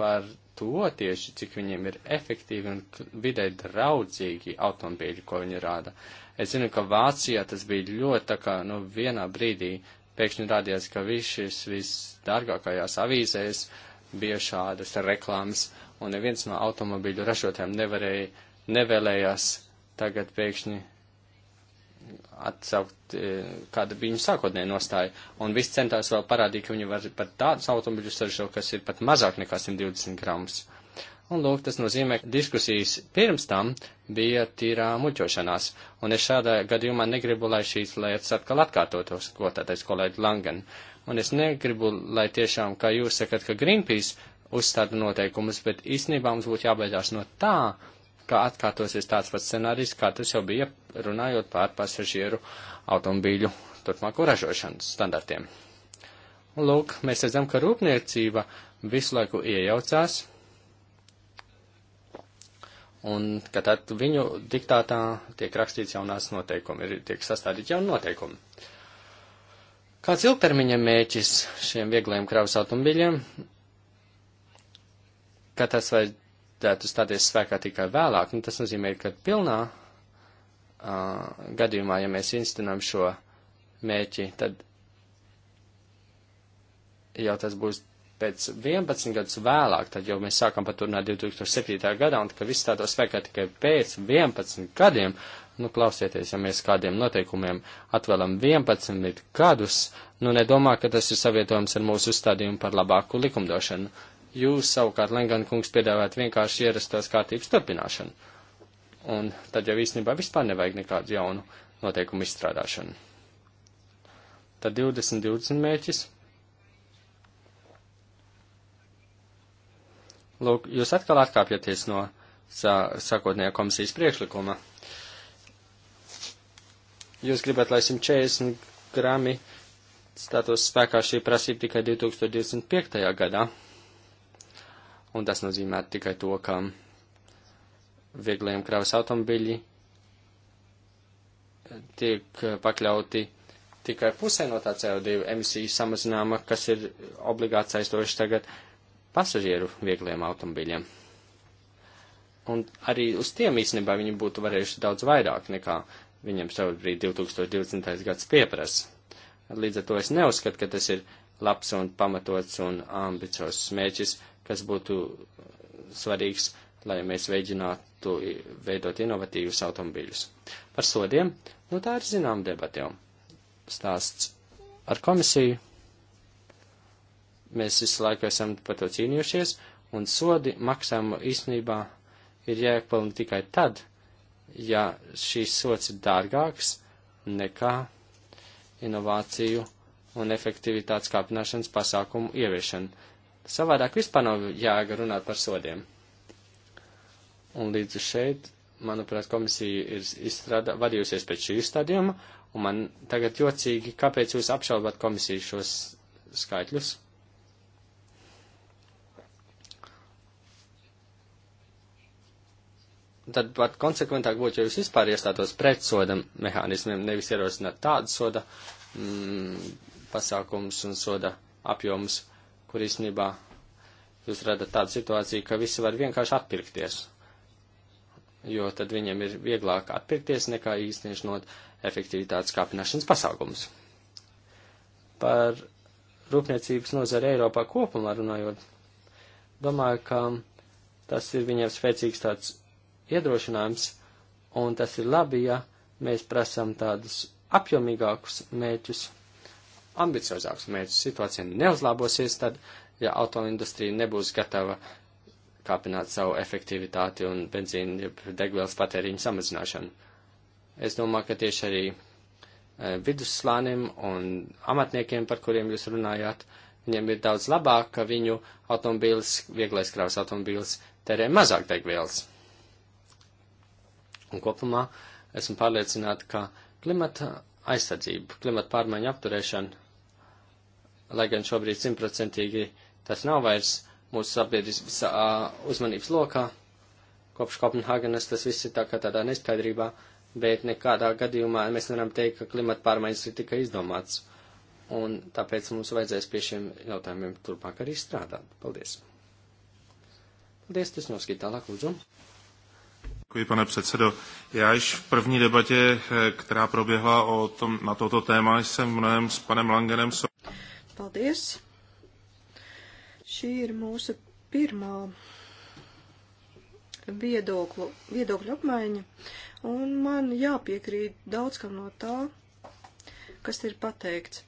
par to tieši, cik viņiem ir efektīvi un vidē draudzīgi automobīļi, ko viņi rāda. Es zinu, ka Vācijā tas bija ļoti tā kā, nu, vienā brīdī pēkšņi rādījās, ka viss šis visdārgākajās avīzēs uh, bija šādas reklāmas, un neviens no automobīļu ražotājiem nevarēja, nevēlējās tagad pēkšņi atsaukt e, kādu viņu sākotnēju nostāju, un viss centās vēl parādīt, ka viņi var pat tādus automobiļus saržo, kas ir pat mazāk nekā 120 gramus. Un lūk, tas nozīmē, ka diskusijas pirms tam bija tīrā muļķošanās, un es šādā gadījumā negribu, lai šīs lietas atkal atkārtotos, ko tātais kolēģi Langen. Uh, un es negribu, lai tiešām, kā jūs sakat, ka Greenpeace uzstāda noteikumus, bet īstenībā mums būtu jābeidzās no tā, ka atkārtosies tāds pats scenārijs, kā tas jau bija runājot pār pasažieru automobīļu turpmāko ražošanas standartiem. Un lūk, mēs redzam, ka rūpniecība visu laiku iejaucās, un ka tad viņu diktātā tiek rakstīts jaunās noteikumi, ir, tiek sastādīti jauni noteikumi. Uh, Kāds ilgtermiņa mēķis šiem viegliem kravas automobiļiem, ka tas vajadzētu stāties spēkā tikai vēlāk, nu, tas nozīmē, ka pilnā uh, gadījumā, ja mēs instinām šo mēķi, tad jau tas būs pēc 11 gadus vēlāk, tad jau mēs sākam paturnāt 2007. gadā, un ka viss stātos spēkā tikai pēc 11 gadiem, Nu, klausieties, ja mēs kādiem noteikumiem atvēlam 11 gadus, nu nedomā, ka tas ir savietojams ar mūsu uzstādījumu par labāku likumdošanu. Jūs savukārt, Lengan kungs, piedāvājat vienkārši ierastās kārtības turpināšanu. Un tad jau īstenībā vispār nevajag nekādu jaunu noteikumu izstrādāšanu. Tad 20-20 mērķis. Lūk, jūs atkal atkāpjaties no sākotnējā komisijas priekšlikuma. Jūs gribat, lai 140 grami status spēkā šī prasība tikai 2025. gadā. Un tas nozīmē tikai to, ka viegliem kravas automobiļi tiek pakļauti tikai pusē no tā CO2 emisiju samazinājuma, kas ir obligāti saistoši tagad pasažieru viegliem automobiļiem. Un arī uz tiem īstenībā viņi būtu varējuši daudz vairāk nekā viņam šobrīd 2020. gads pieprasa. Līdz ar to es neuzskatu, ka tas ir labs un pamatots un ambiciozs mērķis, kas būtu svarīgs, lai mēs veģinātu veidot inovatīvus automobīļus. Par sodiem, nu tā ir zinām debat jau. Stāsts ar komisiju. Mēs visu laiku esam par to cīnījušies, un sodi maksājumu īstenībā ir jāiepilna tikai tad, ja šīs sots ir dārgāks nekā inovāciju un efektivitātes kāpināšanas pasākumu ieviešana. Savādāk vispār nav jāga runāt par sodiem. Un līdz šeit, manuprāt, komisija ir izstrādā, vadījusies pēc šī stadiuma, un man tagad jocīgi, kāpēc jūs apšaubat komisiju šos skaitļus? tad pat konsekventāk būtu, ja jūs vispār iestātos pret soda mehānismiem, nevis ierosināt tādu soda mm, pasākums un soda apjomus, kur īstenībā jūs radat tādu situāciju, ka visi var vienkārši atpirkties, jo tad viņiem ir vieglāk atpirkties nekā īstenot efektivitātes kāpināšanas pasākumus. Par rūpniecības nozari Eiropā kopumā runājot, domāju, ka tas ir viņiem spēcīgs tāds iedrošinājums, un tas ir labi, ja mēs prasam tādus apjomīgākus mērķus, ambiciozākus mērķus. Situācija neuzlabosies, tad, ja autoindustrija nebūs gatava kāpināt savu efektivitāti un benzīna degvielas patēriņu samazināšanu. Es domāju, ka tieši arī e, vidusslānim un amatniekiem, par kuriem jūs runājāt, viņiem ir daudz labāk, ka viņu automobīls, vieglais krāvas automobīls, tērē mazāk degvielas. Un kopumā esmu pārliecināta, ka klimata aizsardzība, klimata pārmaiņu apturēšana, lai gan šobrīd simtprocentīgi tas nav vairs mūsu sabiedrības uzmanības lokā, kopš Kopenhāgenes tas viss ir tā kā tādā neskaidrībā, bet nekādā gadījumā mēs nevaram teikt, ka klimata pārmaiņas ir tikai izdomāts. Un tāpēc mums vajadzēs pie šiem jautājumiem turpmāk arī strādāt. Paldies! Paldies, tas noskīt tālāk, lūdzu! Děkuji, pane předsedo. Já již v první debatě, eh, která proběhla o tom, na toto téma, jsem mnohem s panem Langenem. Paldies. Šī ir mūsu pirmā viedokļu, viedokļu apmaiņa, un man jāpiekrīt daudz kam no tā, kas ir pateikts.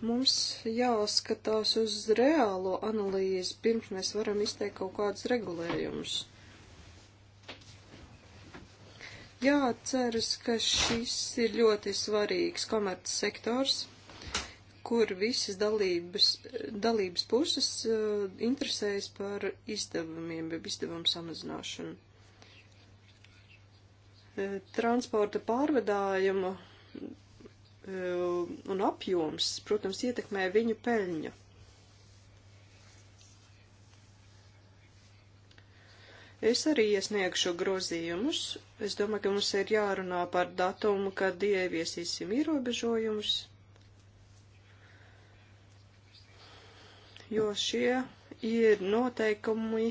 Mums jāskatās uz reālo analīzi, pirms mēs varam izteikt kaut kādus regulējumus. Jāceras, ka šis ir ļoti svarīgs komerces sektors, kur visas dalības, dalības puses uh, interesējas par izdevumiem, jeb izdevumu samazināšanu. Uh, transporta pārvedājuma uh, eh, un apjoms, protams, ietekmē viņu peļņu. Es arī iesniegšu grozījumus. Es domāju, ka mums ir jārunā par datumu, kad ieviesīsim ierobežojumus, jo šie ir noteikumi,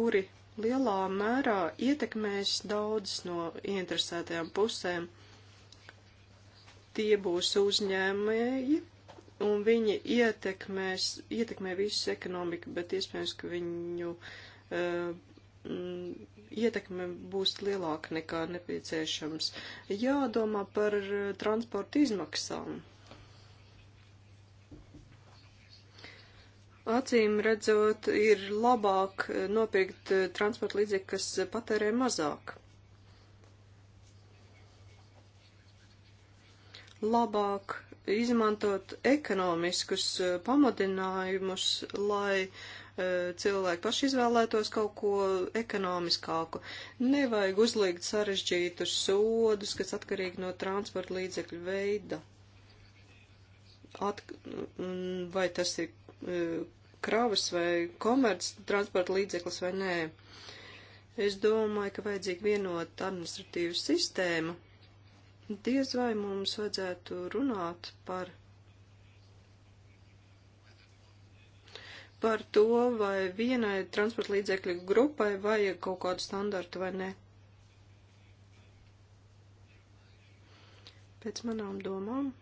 kuri lielā mērā ietekmēs daudzas no interesētajām pusēm. Tie būs uzņēmēji, un viņi ietekmēs, ietekmē visu ekonomiku, bet iespējams, ka viņu uh, Mm, ietekme būs lielāka nekā nepieciešams. Jādomā par eh, transporta izmaksām. Acīm redzot, ir labāk eh, nopirkt eh, transporta līdzekļu, kas patērē mazāk. Labāk izmantot ekonomiskus pamudinājumus, lai uh, E, cilvēki paši izvēlētos kaut ko ekonomiskāku. Nevajag uzlikt sarežģītus sodus, kas atkarīgi no transporta līdzekļu veida. At, vai tas ir e, kravas vai komerc transporta līdzeklis vai nē. Es domāju, ka vajadzīga vienota administratīva sistēma. Diez vai mums vajadzētu runāt par par to, vai vienai transporta līdzekļu grupai vajag kaut kādu standartu vai ne. Pēc manām domām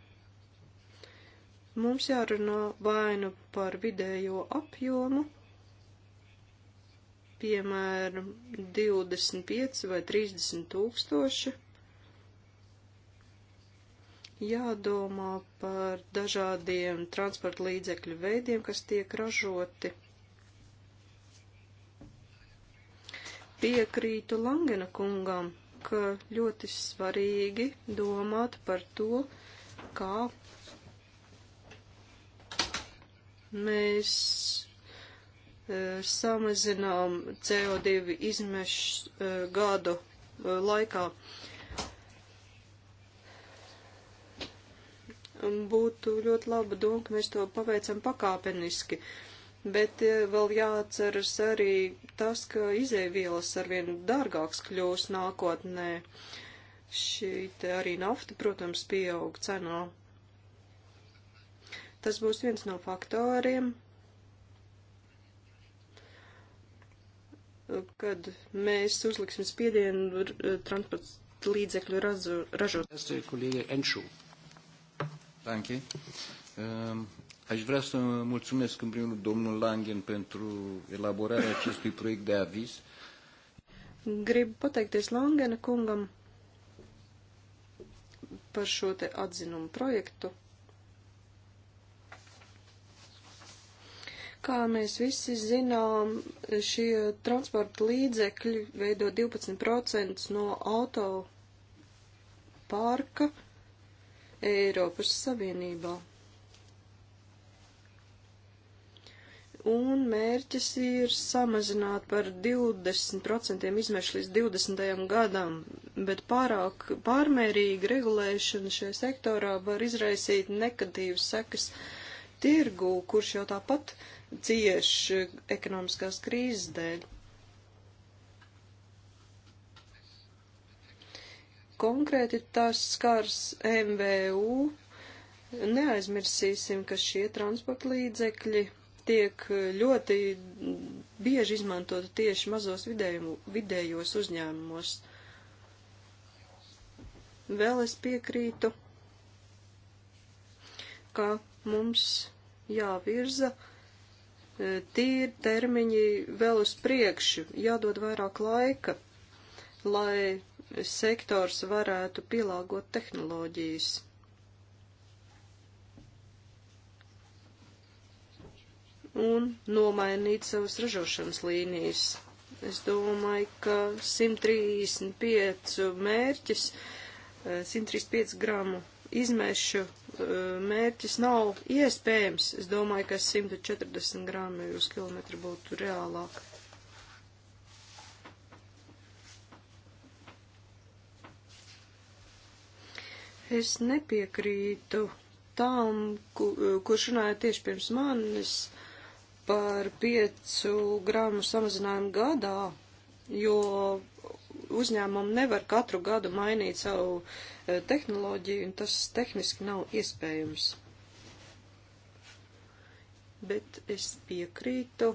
mums jārunā vainu par vidējo apjomu, piemēram, 25 vai 30 tūkstoši jādomā par dažādiem transporta līdzekļu veidiem, kas tiek ražoti. Piekrītu Langena kungam, ka ļoti svarīgi domāt par to, kā mēs e, samazinām CO2 izmešus e, gadu e, laikā. E, būtu ļoti laba doma, ka mēs to paveicam pakāpeniski. Bet eh, vēl jāatceras arī tas, ka izēvielas arvien dārgāks kļūs nākotnē. Šī te arī nafta, protams, pieaug cenā. Tas būs viens no faktoriem, kad mēs uzliksim spiedienu eh, transporta līdzekļu ražotājiem. Danke. Ehm, aș vrea să mulțumesc în primul rând domnul Langen pentru elaborarea acestui proiect de aviz. Gribu pateikties Langena kungam par šo te atzinumu projektu. Kā mēs visi zinām, šie transporta līdzekļi veido 12% no auto parka Eiropas Savienībā. Un mērķis ir samazināt par 20% izmešu līdz 20. gadam, bet pārāk pārmērīga regulēšana šajā sektorā var izraisīt negatīvas sekas tirgu, kurš jau tāpat cieš ekonomiskās krīzes dēļ. konkrēti tas skars MVU. Neaizmirsīsim, ka šie transporta līdzekļi tiek ļoti bieži izmantoti tieši mazos vidējumu, vidējos uzņēmumos. Vēl es piekrītu, ka mums jāvirza e, tīri termiņi vēl uz priekšu, jādod vairāk laika, lai sektors varētu pielāgot tehnoloģijas. Un nomainīt savas ražošanas līnijas. Es domāju, ka 135 mērķis, 135 eh, gramu izmešu eh, mērķis nav iespējams. Es domāju, ka 140 gramu uz kilometru būtu reālāk. Es nepiekrītu tam, kurš runāja tieši pirms manis par 5 gramu samazinājumu gadā, jo uzņēmumi nevar katru gadu mainīt savu e, tehnoloģiju, un tas tehniski nav iespējams. Bet es piekrītu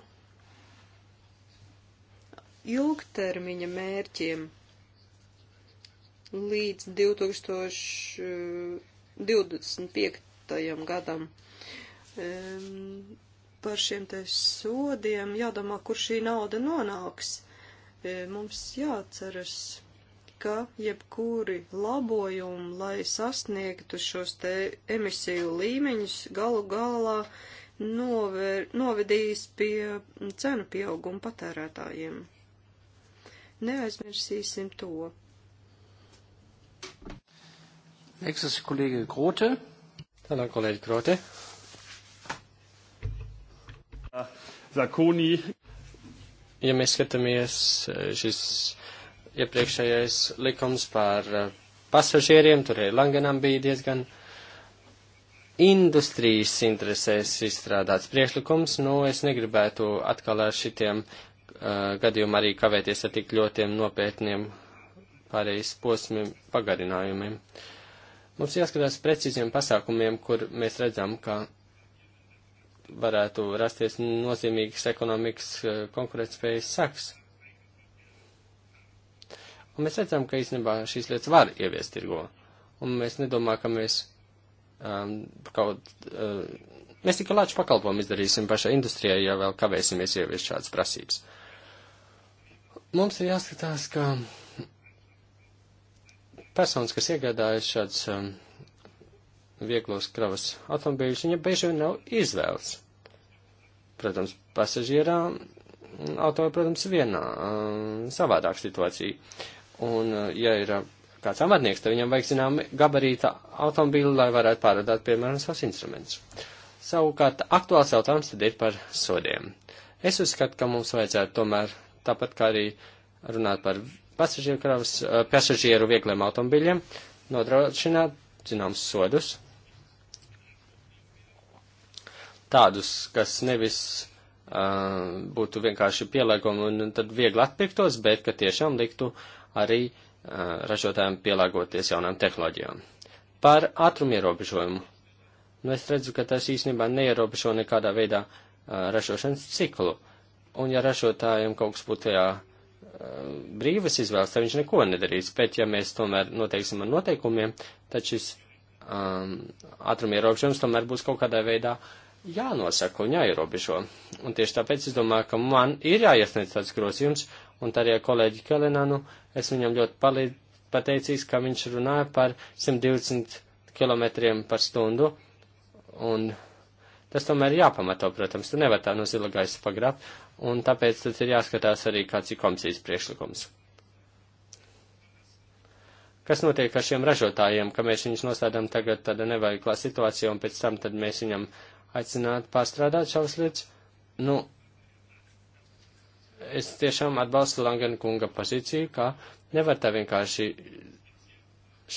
ilgtermiņa mērķiem līdz 2025. Eh, gadam. Par šiem te sodiem jādomā, kur šī nauda nonāks. Mums jāatceras, ka jebkuri labojumi, lai sasniegtu šos te emisiju līmeņus, galu galā nover, novedīs pie cenu pieauguma patērētājiem. Neaizmirsīsim to Nächstes Kollege Grote. Tänan, kolleeg Grote. Zakoni. Ja mēs skatāmies eh, šis iepriekšējais likums par eh, pasažieriem, tur ir Langenam bija diezgan industrijas interesēs izstrādāts priekšlikums, nu es negribētu atkal ar šitiem uh, gadījumiem arī kavēties ar tik ļotiem nopietniem pārējais posmiem pagarinājumiem. Uh, Mums jāskatās precīziem pasākumiem, kur mēs redzam, ka varētu rasties nozīmīgas ekonomikas eh, konkurētspējas saks. Un mēs redzam, ka īstenībā šīs lietas var ieviest tirgo. Un mēs nedomājam, ka mēs um, kaut. Uh, mēs tikai lāču pakalpojumu izdarīsim pašai industrijai, ja vēl kavēsimies ieviest šādas prasības. Mums ir jāskatās, ka Personas, kas iegādājas šāds um, vieglos kravas automobīļus, viņam bieži vien nav izvēles. Protams, pasažierā mm, auto ir, protams, vienā um, savādāk situācija. Un, uh, ja ir uh, kāds amatnieks, tad viņam vajag, zinām, gabarīta automobīli, lai varētu pārādāt, piemēram, savus instrumentus. Savukārt, aktuāls jautājums tad ir par sodiem. Es uzskatu, ka mums vajadzētu tomēr, tāpat kā arī runāt par pasažieru kravas, eh, pasažieru viegliem automobiļiem nodrošināt zināms sodus. Tādus, kas nevis uh, būtu vienkārši pielāgojumi un tad viegli atpirktos, bet ka tiešām liktu arī uh, ražotājiem pielāgoties jaunām tehnoloģijām. Par ātrumu ierobežojumu. Nu, es redzu, ka tas īstenībā neierobežo nekādā veidā uh, ražošanas ciklu. Un ja ražotājiem kaut kas būtu tajā uh, brīvas izvēles, tad viņš neko nedarīs. Bet, ja mēs tomēr noteiksim ar noteikumiem, tad šis um, ātruma ierobežojums tomēr būs kaut kādā veidā jānosaka un jāierobežo. Un tieši tāpēc es domāju, ka man ir jāiesniedz tāds grozījums, un arī ar kolēģi Kalinanu es viņam ļoti pateicīgs, ka viņš runāja par 120 km par stundu, un tas tomēr jāpamato, protams, tu nevar tā no zila gaisa pagrābt, un tāpēc tad ir jāskatās arī, kāds ir komisijas priekšlikums. Kas notiek ar šiem ražotājiem, ka mēs viņus nostādām tagad tāda nevajagklā situācija, un pēc tam tad mēs viņam aicinātu pārstrādāt šavas lietas? Nu, es tiešām atbalstu Langena kunga pozīciju, ka nevar tā vienkārši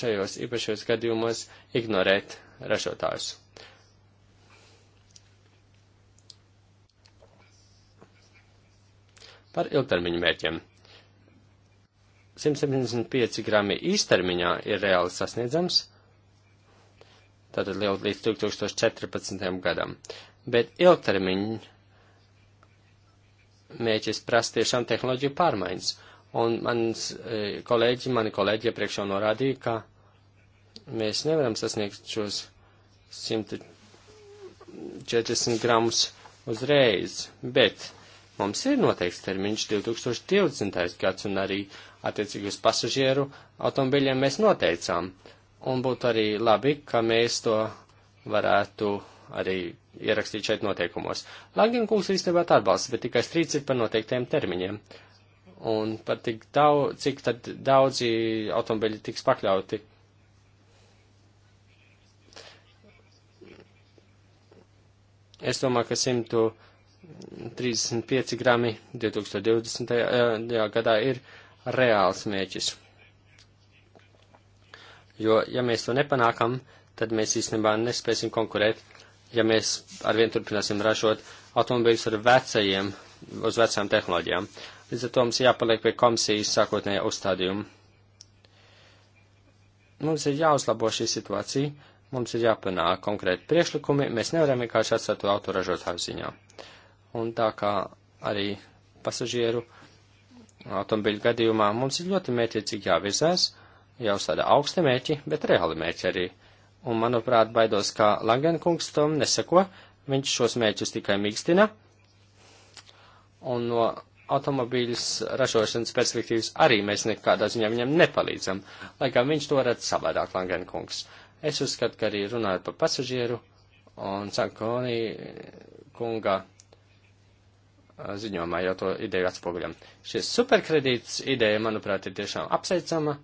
šajos īpašajos gadījumos ignorēt ražotājus. Par ilgtermiņu mērķiem. 175 grami īstermiņā ir reāli sasniedzams, tātad jau līdz 2014. gadam. Bet ilgtermiņu mērķis prasa tiešām tehnoloģiju pārmaiņas. Un mans e, kolēģi, mani kolēģi iepriekš jau norādīja, ka mēs nevaram sasniegt šos 140 gramus uzreiz, bet Mums ir noteikts termiņš 2020. gads un arī attiecīgi uz pasažieru automobiļiem mēs noteicām. Un būtu arī labi, ka mēs to varētu arī ierakstīt šeit noteikumos. Lagina kungs īstenībā atbalsta, bet tikai strīds ir par noteiktiem termiņiem. Un par tik daudz, cik tad daudzi automobiļi tiks pakļauti. Es domāju, ka 100. 35 grami 2020. Eh, gadā ir reāls mērķis. Jo, ja mēs to nepanākam, tad mēs īstenībā nespēsim konkurēt, ja mēs arvien turpināsim ražot automobīļus ar vecajiem, uz vecām tehnoloģijām. Līdz ar to mums jāpaliek pie komisijas sākotnējā uzstādījuma. Mums ir jāuzlabo šī situācija, mums ir jāpanāk konkrēti priekšlikumi, mēs nevaram vienkārši atstāt to autoražotāju ziņā un tā kā arī pasažieru automobiļu gadījumā mums ir ļoti mērķiecīgi jāvirzās, jau tāda augsta mērķi, bet reāli mērķi arī. Un, manuprāt, baidos, ka Langenkungs tam neseko, viņš šos mērķus tikai mīkstina, un no automobīļas ražošanas perspektīvas arī mēs nekādā ziņā viņam nepalīdzam, lai gan viņš to redz savādāk, Langenkungs. Es uzskatu, ka arī runājot par pasažieru un Sankonī kunga ziņojumā jau to ideju atspoguļam. Šis superkredīts ideja, manuprāt, ir tiešām apsveicama,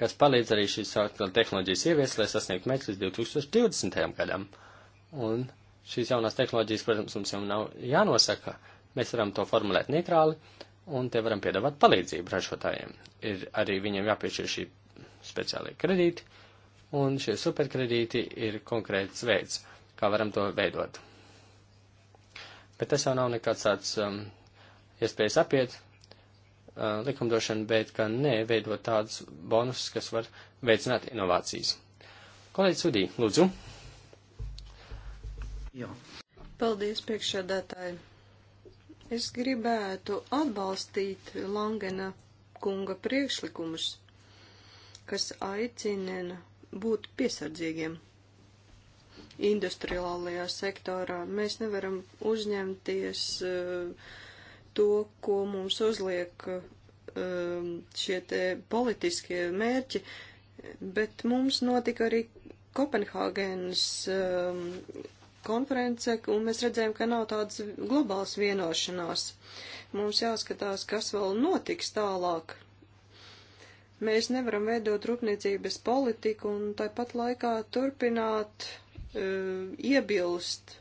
kas palīdz arī šīs tehnoloģijas ievies, lai sasniegtu mērķus 2020. gadam. Un šīs jaunās tehnoloģijas, protams, mums jau nav jānosaka, mēs varam to formulēt neitrāli, un te varam piedāvāt palīdzību ražotājiem. Ir arī viņiem jāpiešķir šī speciālie kredīti, un šie superkredīti ir konkrēts veids, kā varam to veidot. Bet tas jau nav nekāds tāds um, iespējas apiet uh, likumdošanu, bet gan nē, veidot tādus bonusus, kas var veicināt inovācijas. Kolēģis Udī, lūdzu. Jā. Paldies, priekšsēdētāji. Es gribētu atbalstīt Langena kunga priekšlikumus, kas aicina būt piesardzīgiem industriālajā sektorā. Mēs nevaram uzņemties eh, to, ko mums uzliek eh, šie te politiskie mērķi, bet mums notika arī Kopenhāgenes eh, konference, un mēs redzējām, ka nav tādas globālas vienošanās. Mums jāskatās, kas vēl notiks tālāk, mēs nevaram veidot rūpniecības politiku un tāpat laikā turpināt Eh, iebilst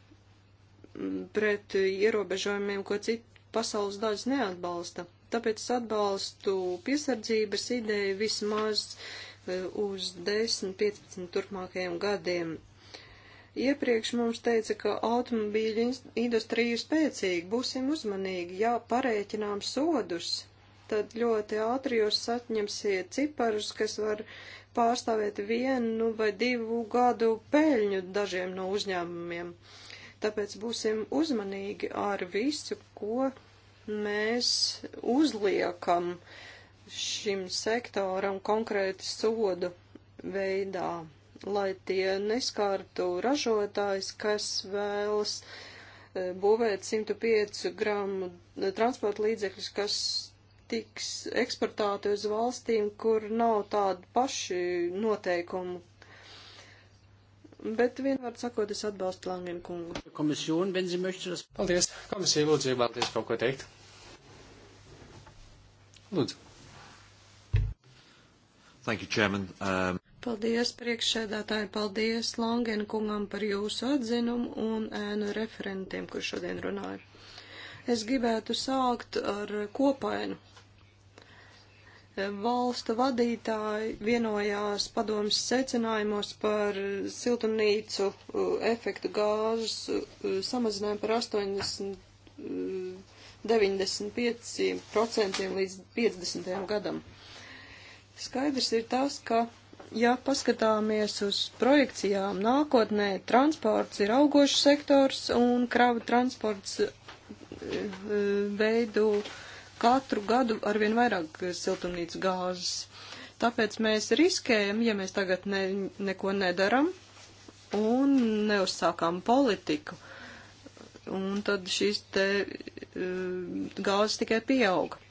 mm, pret ierobežojumiem, ko citu pasaules daļas neatbalsta. Tāpēc atbalstu piesardzības ideju vismaz eh, uz 10-15 turpmākajiem gadiem. Iepriekš mums teica, ka automobīļu industrija ir spēcīga, būsim uzmanīgi, ja parēķinām sodus, tad ļoti ātri jūs atņemsiet ciparus, kas var pārstāvēt vienu vai divu gadu peļņu dažiem no uzņēmumiem. Tāpēc būsim uzmanīgi ar visu, ko mēs uzliekam šim sektoram konkrēti sodu veidā, lai tie neskārtu ražotājs, kas vēlas eh, būvēt 105 gramu transporta līdzekļus, kas tiks eksportēti uz valstīm, kur nav tādu paši noteikumu. Bet vienvārds sakot, es atbalstu Langenu kungu. Komisjon, möchtas... Paldies. Komisija, lūdzu, ievēlties kaut ko teikt. Lūdzu. Thank you, Chairman. Um... Paldies, priekšsēdētāji, paldies Langenu kungam par jūsu atzinumu un ēnu referentiem, kur šodien runāju es gribētu sākt ar kopainu valstu vadītāji vienojās padomas secinājumos par siltumnīcu uh, efektu gāzes uh, samazinājumu par 80, 95% uh, līdz 50. gadam. Skaidrs ir tas, ka, ja paskatāmies uz projekcijām nākotnē, transports ir augošs sektors un krava transports veidu uh, katru gadu arvien vairāk eh, siltumnīcas gāzes. Tāpēc mēs riskējam, ja mēs tagad ne, neko nedaram un neuzsākām politiku. Un tad šīs te eh, gāzes tikai pieauga.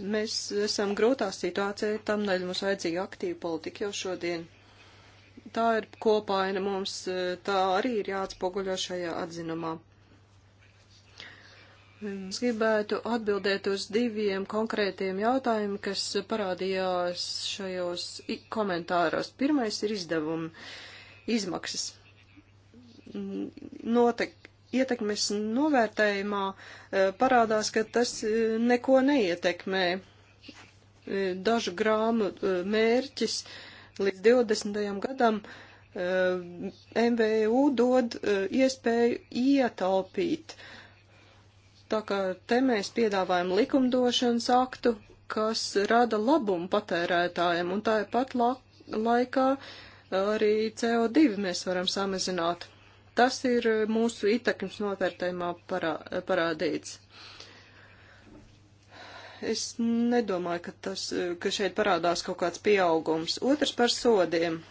Mēs esam grūtā situācijā, tamdēļ mums vajadzīga aktīva politika jau šodien. Tā ir kopaina mums, eh, tā arī ir jāatspoguļo šajā atzinumā. Es gribētu atbildēt uz diviem konkrētiem jautājumiem, kas parādījās šajos komentāros. Pirmais ir izdevumi, izmaksas. Notek, ietekmes novērtējumā e, parādās, ka tas e, neko neietekmē. E, dažu grāmu mērķis līdz 20. gadam MVU dod iespēju ietaupīt uh, Tā kā te mēs piedāvājam likumdošanas aktu, kas rada labumu patērētājiem, un tāpat la laikā uh, arī CO2 mēs varam samazināt. Tas ir uh, mūsu ietekmes novērtējumā parā uh, parādīts. Es nedomāju, ka, tas, ka šeit parādās kaut kāds pieaugums. Otrs par sodiem.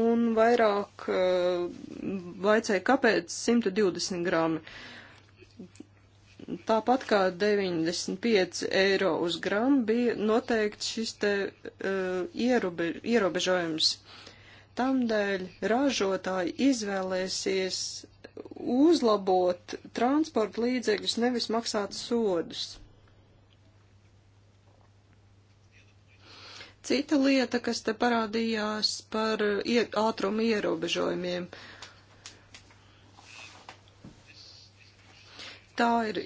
Un vairāk uh, vaicēja, kāpēc 120 gramu. Uh, Tāpat kā 95 eiro uz gramu bija noteikts šis te uh, ierobe, ierobežojums. Tamdēļ ražotāji izvēlēsies uzlabot transporta līdzekļus, nevis maksāt sodus. Cita lieta, kas te parādījās par ātrumu ierobežojumiem. Uh, tā ir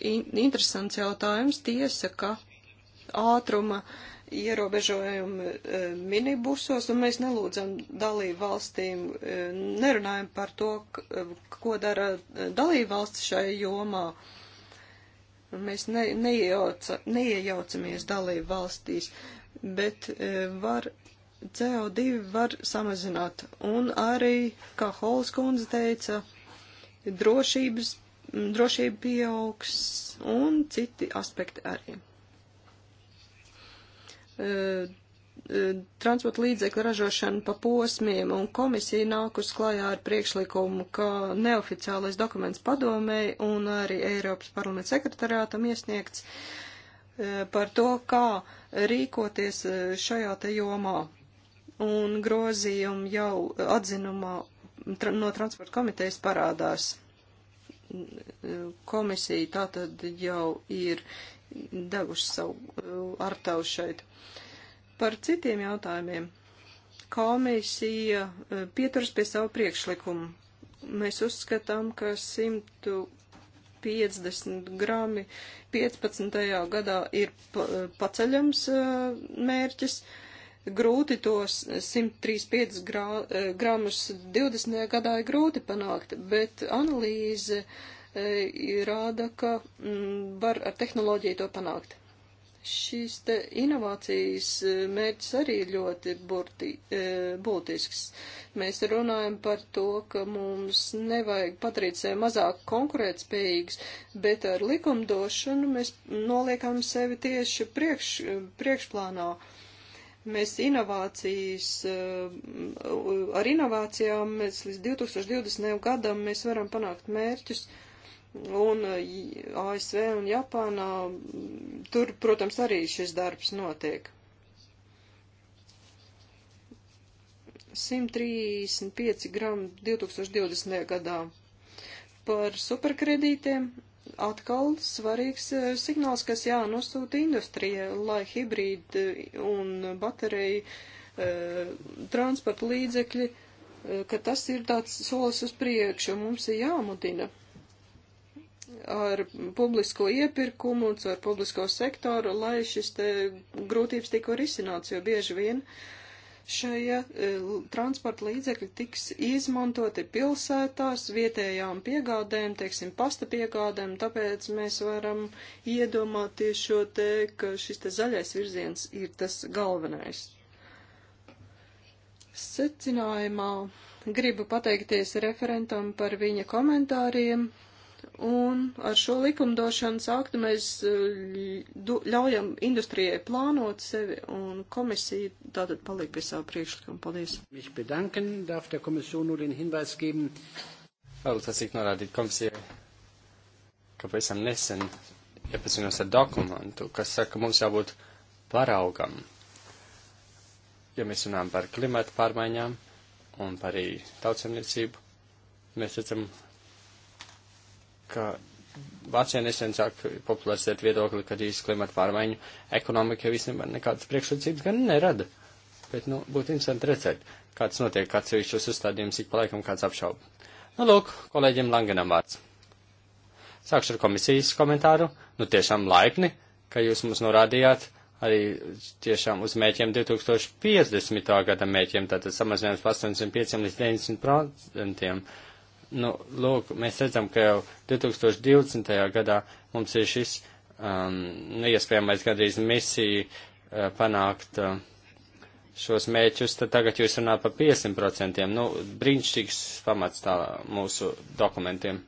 interesants jautājums. Tiesa, ka ātruma ierobežojumi e, minibusos, un mēs nelūdzam dalību valstīm, e, nerunājam par to, e, ko dara dalību valsts šai jomā. Mēs ne, neiejauca, neiejaucamies dalību valstīs, bet var, CO2 var samazināt. Un arī, kā Hols kundze teica, drošības drošība pieaugs un citi aspekti arī. E, e, transporta līdzekļu ražošana pa posmiem un komisija nāk uz klājā ar priekšlikumu, ka neoficiālais dokuments padomēji un arī Eiropas parlamenta sekretariātam iesniegts e, par to, kā rīkoties šajā te jomā. Un grozījumi jau atzinumā no transporta komitejas parādās komisija tātad jau ir devuši savu eh, artavu šeit. Par citiem jautājumiem. Komisija eh, pieturas pie savu priekšlikumu. Mēs uzskatām, ka 150 grami 15. gadā ir paceļams eh, mērķis. Uh, grūti tos 135 grā, e, gramus 20. gadā ir grūti panākt, bet analīze e, rāda, ka mm, var ar tehnoloģiju to panākt. Šīs te inovācijas e, mērķis arī ļoti burti, būtisks. Mēs runājam par to, ka mums nevajag padarīt sevi mazāk konkurētspējīgs, bet ar likumdošanu mēs noliekam sevi tieši priekš, priekšplānā. Uh, Mēs inovācijas, eh, ar inovācijām mēs līdz 2020. gadam mēs varam panākt mērķus, un eh, ASV un Japānā tur, protams, arī šis darbs notiek. 135 gramu 2020. gadā par superkredītiem atkal svarīgs eh, signāls, kas jānosūta industrijai, lai hibrīdi un bateriju eh, transporta līdzekļi, eh, ka tas ir tāds solis uz priekšu, mums ir jāmudina ar publisko iepirkumu, ar publisko sektoru, lai šis te grūtības tikko risināts, jo bieži vien uh, Šie e, transporta līdzekļi tiks izmantoti pilsētās vietējām piegādēm, teiksim, pasta piegādēm, tāpēc mēs varam iedomāties šo te, ka šis te zaļais virziens ir tas galvenais. Secinājumā gribu pateikties referentam par viņa komentāriem Un ar šo likumdošanas aktu mēs eh, ļaujam industrijai plānot sevi, un komisija tātad paliek pie savu priekšlikumu. Paldies! Vēlos atsīk norādīt komisijai, ka pavisam nesen iepazinos ar dokumentu, kas saka, ka mums jābūt paraugam. Ja mēs runājam par klimatu pārmaiņām un par arī tautsemniecību, mēs redzam, ka Vācijā nesen sāk popularizēt viedokli, ka šīs klimata pārmaiņu ekonomika visnībā nekādas priekšrocības gan nerada. Bet, nu, būtu interesanti redzēt, kāds notiek atsevišķos uzstādījumus, ik pa laikam kāds apšauba. Nu, lūk, kolēģiem Langanam vārds. Sākšu ar komisijas komentāru. Nu, tiešām laipni, ka jūs mums norādījāt arī tiešām uz mēķiem 2050. gada mēķiem, tātad samazinājums par 805 līdz 90 procentiem. Uh, Nu, lūk, mēs redzam, ka jau 2020. gadā mums ir šis um, neiespējamais gadījis misija uh, panākt uh, šos mēķus, tad tagad jūs runājat par 500%. Nu, brīnišķīgs pamats tā mūsu dokumentiem.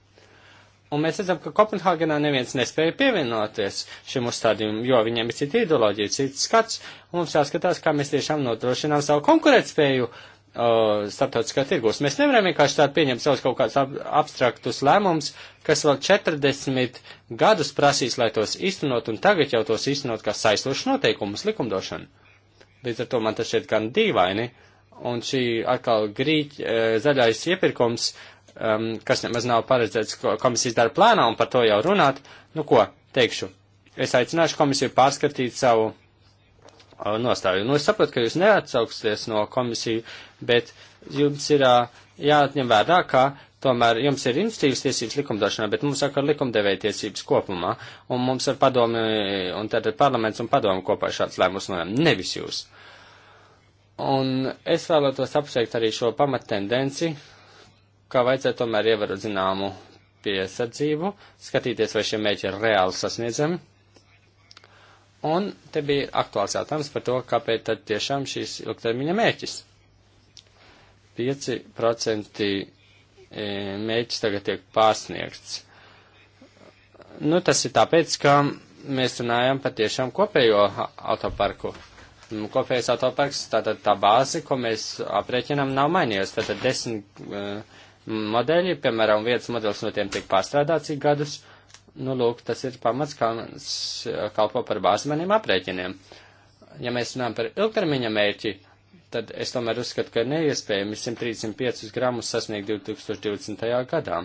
Un mēs redzam, ka Kopenhāgenā neviens nespēja pievienoties šim uzstādījumam, jo viņiem ir cita ideoloģija, cits skats, un mums jāskatās, kā mēs tiešām nodrošinām savu konkurētspēju uh, uh, starptautiskā tirgos. Mēs nevaram vienkārši tādu pieņemt savus kaut kādus ab abstraktus lēmumus, kas vēl 40 gadus prasīs, lai tos īstenot, un tagad jau tos īstenot kā saistošus noteikumus likumdošanu. Līdz ar to man tas šķiet gan dīvaini, un šī atkal grīķ, uh, zaļais iepirkums, um, kas nemaz nav paredzēts komisijas darba plānā, un par to jau runāt, nu ko, teikšu, es aicināšu komisiju pārskatīt savu nostāju. Nu, es saprotu, ka jūs neatsauksties no komisiju, bet jums ir jāatņem vērā, ka tomēr jums ir institīvas tiesības likumdošanā, bet mums saka likumdevēja tiesības kopumā, un mums ar padomi, un tātad parlaments un padomi kopā šāds lēmums noņem, nevis jūs. Un es vēlētos apsveikt arī šo pamattendenci, kā vajadzētu tomēr ievarot zināmu piesardzību, skatīties, vai šie mēģi ir reāli sasniedzami Un te bija aktuāls jautājums par to, kāpēc tad tiešām šīs ilgtermiņa mēķis. 5% mēķis tagad tiek pārsniegts. Nu, tas ir tāpēc, ka mēs runājam par tiešām kopējo autoparku. Nu, kopējais autoparks, tātad tā bāze, ko mēs aprēķinām, nav mainījusi. Tātad desmit uh, modeļi, piemēram, viens modelis no tiem tiek pārstrādāts ik gadus. Uh, nu, lūk, tas ir pamats, kas eh, kalpo par bāzi maniem aprēķiniem. Ja mēs runājam par ilgtermiņa mērķi, tad es tomēr uzskatu, ka ir neiespējami 135 gramus sasniegt 2020. gadā,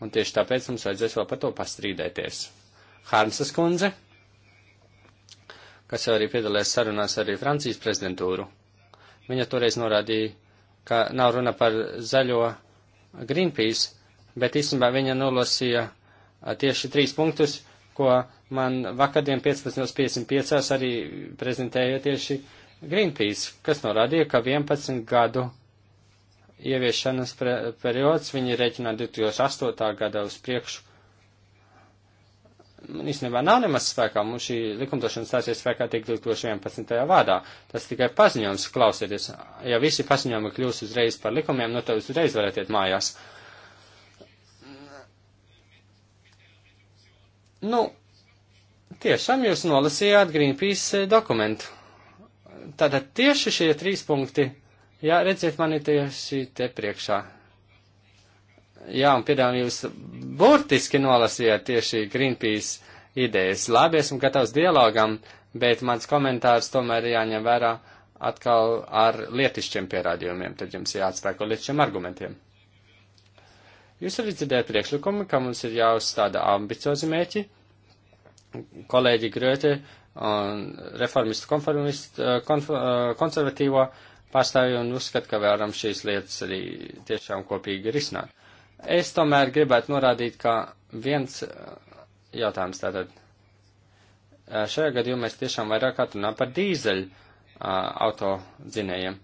un tieši tāpēc mums vajadzēs vēl par to pastrīdēties. Hārnsas kundze, kas jau arī piedalījās sarunās arī Francijas prezidentūru, viņa toreiz norādīja, ka nav runa par zaļo Greenpeace, bet īstenībā viņa nolasīja tieši trīs punktus, ko man vakardien 15.55 arī prezentēja tieši Greenpeace, kas norādīja, ka 11 gadu ieviešanas periods viņi rēķina 2008. gada uz priekšu. Un nu, īstenībā nav nemaz spēkā, mums šī likumdošana stāsies spēkā tik 2011. vārdā. Tas tikai paziņojums, klausieties, ja visi paziņojumi kļūs uzreiz par likumiem, no nu tad uzreiz varētiet mājās. Uh, Nu, tiešām jūs nolasījāt Greenpeace eh, dokumentu. Tātad tieši šie trīs punkti, jā, redziet mani tieši te priekšā. Jā, un piedāvājam jūs burtiski nolasījāt tieši Greenpeace idejas. Labi, esmu gatavs dialogam, bet mans komentārs tomēr jāņem vērā atkal ar lietišķiem pierādījumiem, tad jums jāatspēko lietišķiem argumentiem. Jūs arī dzirdējat priekšlikumu, ka mums ir jāuzstāda ambiciozi mēķi. Kolēģi Gröte un reformistu eh, konf, eh, konservatīvo pārstāvju un uzskat, ka varam šīs lietas arī tiešām kopīgi risināt. Es tomēr gribētu norādīt, ka viens eh, jautājums tātad. Šajā gadījumā mēs tiešām vairāk atrunājam par dīzeļu auto dzinējiem.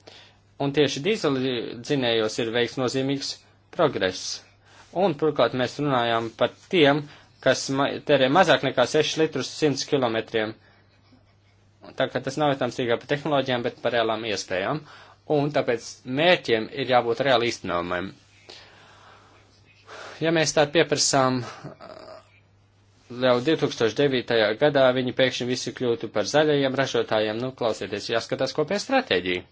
Un tieši dīzeļu dzinējos ir veiks nozīmīgs progress. Un, turklāt, mēs runājām par tiem, kas ma tērē mazāk nekā 6 litrus 100 km. Tā kā tas nav jautājums tikai par tehnoloģijām, bet par reālām iespējām. Un tāpēc mērķiem ir jābūt reāli īstenojumiem. Ja mēs tā pieprasām, jau 2009. gadā viņi pēkšņi visi kļūtu par zaļajiem ražotājiem, nu klausieties, jāskatās kopējā stratēģija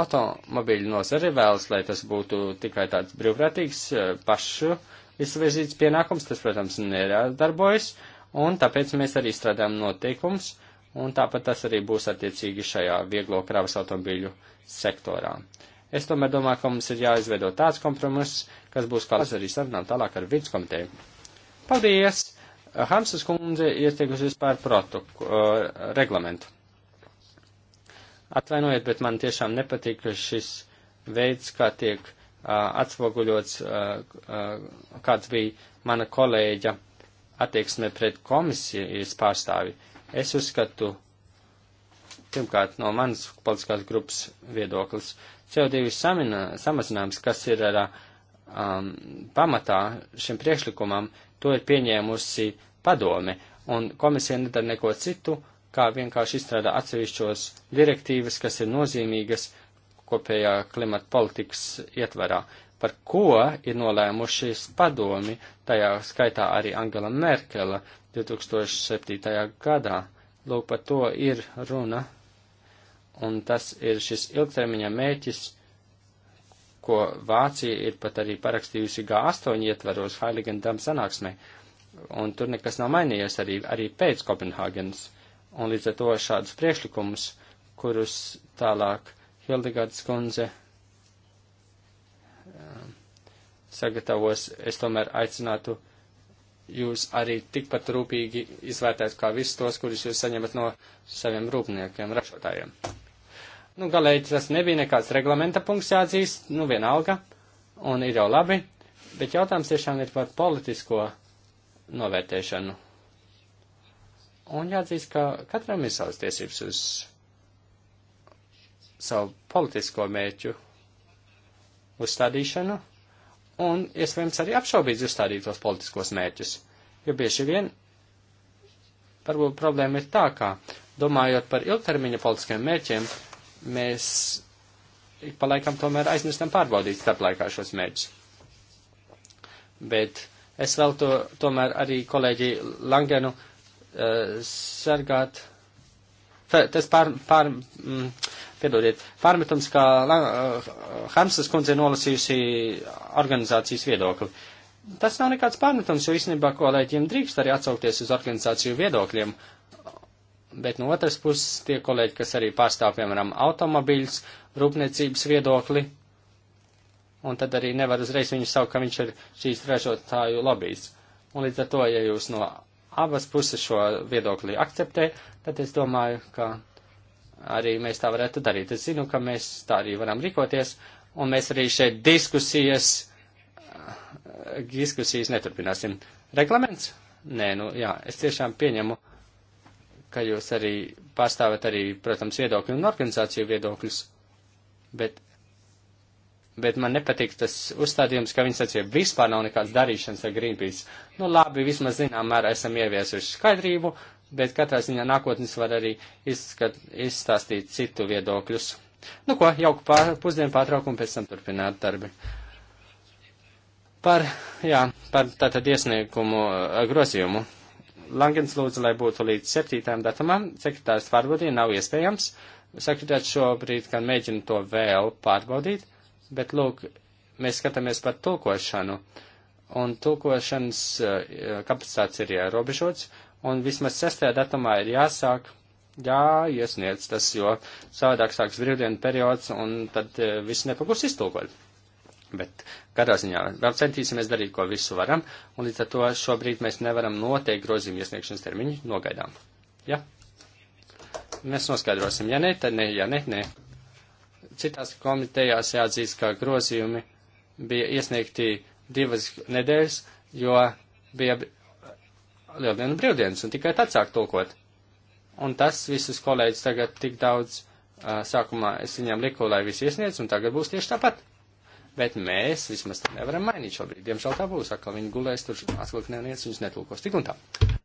Automobīļu nozare vēlas, lai tas būtu tikai tāds brīvprātīgs eh, pašu izvirzīts pienākums, tas, protams, nedarbojas, un tāpēc mēs arī strādājam noteikums, un tāpat tas arī būs attiecīgi šajā vieglo kravas automobīļu sektorā. Es tomēr domāju, ka mums ir jāizveido tāds kompromiss, kas būs kāds arī sarunām tālāk ar vidas komiteju. Paldies! Hamsas kundze ieteikusies par protoku, uh, reglamentu. Atvainojiet, bet man tiešām nepatīk šis veids, kā tiek uh, atspoguļots, uh, uh, kāds bija mana kolēģa attieksme pret komisijas pārstāvi. Es uzskatu, pirmkārt, no manas politiskās grupas viedoklis, CO2 samina, samazinājums, kas ir ar, um, pamatā šim priekšlikumam, to ir pieņēmusi padome, un komisija nedara neko citu, uh, kā vienkārši izstrādā atsevišķos direktīvas, kas ir nozīmīgas kopējā klimata politikas ietverā, par ko ir nolēmušies padomi, tajā skaitā arī Angela Merkela 2007. gadā. Lūk, par to ir runa, un tas ir šis ilgtermiņa mēķis, ko Vācija ir pat arī parakstījusi G8 ietvaros Heiligendam sanāksmē, un tur nekas nav mainījies arī, arī pēc Kopenhāgenes Un līdz ar to šādus priekšlikumus, kurus tālāk Hildegards kundze um, sagatavos, es tomēr aicinātu jūs arī tikpat rūpīgi izvērtēt kā visus tos, kurus jūs saņemat no saviem rūpniekiem, ražotājiem. Nu, galēji tas nebija nekāds reglamenta punkts jāatzīst, nu vienalga, un ir jau labi, bet jautājums tiešām ir par politisko novērtēšanu. Un jāatzīst, ka katram ir savas tiesības uz savu politisko mērķu uzstādīšanu un iespējams arī apšaubīt uzstādītos politiskos mērķus. Jo bieži vien varbūt problēma ir tā, ka domājot par ilgtermiņa politiskiem mērķiem, mēs ik pa laikam tomēr aizmirstam pārbaudīt starp laikā šos mērķus. Bet es vēl to tomēr arī kolēģi Langenu Eh, sargāt. Tas pār, pār, mm, piedodiet, pārmetums, kā uh, eh, Hamsas kundze nolasījusi organizācijas viedokli. Tas nav nekāds pārmetums, jo īstenībā kolēģiem drīkst arī atsaukties uz organizāciju viedokļiem, bet no otras puses tie kolēģi, kas arī pārstāv, piemēram, automobīļus, rūpniecības viedokli, un tad arī nevar uzreiz viņu saukt, ka viņš ir šīs ražotāju lobbyis. Un līdz ar to, ja jūs no abas puses šo viedokli akceptē, tad es domāju, ka arī mēs tā varētu darīt. Es zinu, ka mēs tā arī varam rīkoties, un mēs arī šeit diskusijas, diskusijas neturpināsim. Reglaments? Nē, nu jā, es tiešām pieņemu, ka jūs arī pārstāvat arī, protams, viedokļu un organizāciju viedokļus, bet bet man nepatīk tas uzstādījums, ka viņi sacīja, vispār nav nekādas darīšanas ar Greenpeace. Nu labi, vismaz zinām mērā esam ieviesuši skaidrību, bet katrā ziņā nākotnes var arī izskat, izstāstīt citu viedokļus. Nu ko, jauku pār, pusdienu pārtraukumu, pēc tam turpināt darbi. Par, jā, par tātad iesniegumu eh, grozījumu. Langens lūdzu, lai būtu līdz 7. datumam, sekretārs pārbaudīja, nav iespējams. Sekretārs šobrīd, kad mēģina to vēl pārbaudīt, Bet, lūk, mēs skatāmies par tulkošanu, un tulkošanas eh, kapacitāts ir ierobežots, un vismaz 6. datumā ir jāsāk, jāiesniedz tas, jo savādāk sāks brīvdienu periods, un tad eh, viss nepagūs iztulkot. Bet katrā ziņā vēl centīsimies darīt, ko visu varam, un līdz ar to šobrīd mēs nevaram noteikt grozījumu iesniegšanas termiņu, nogaidām. Ja? Mēs noskaidrosim, ja nē, tad nē, ja nē, nē. Citās komitejās jāatzīst, ka grozījumi bija iesniegti divas nedēļas, jo bija lieldienu brīvdienas un tikai tad sāk tulkot. Un tas visus kolēģis tagad tik daudz uh, sākumā es viņam liku, lai visi iesniedz, un tagad būs tieši tāpat. Bet mēs vismaz nevaram mainīt šobrīd. Diemžēl tā būs, ka viņi gulēs tur, atkal neviens viņus netulkos. Tik un tā.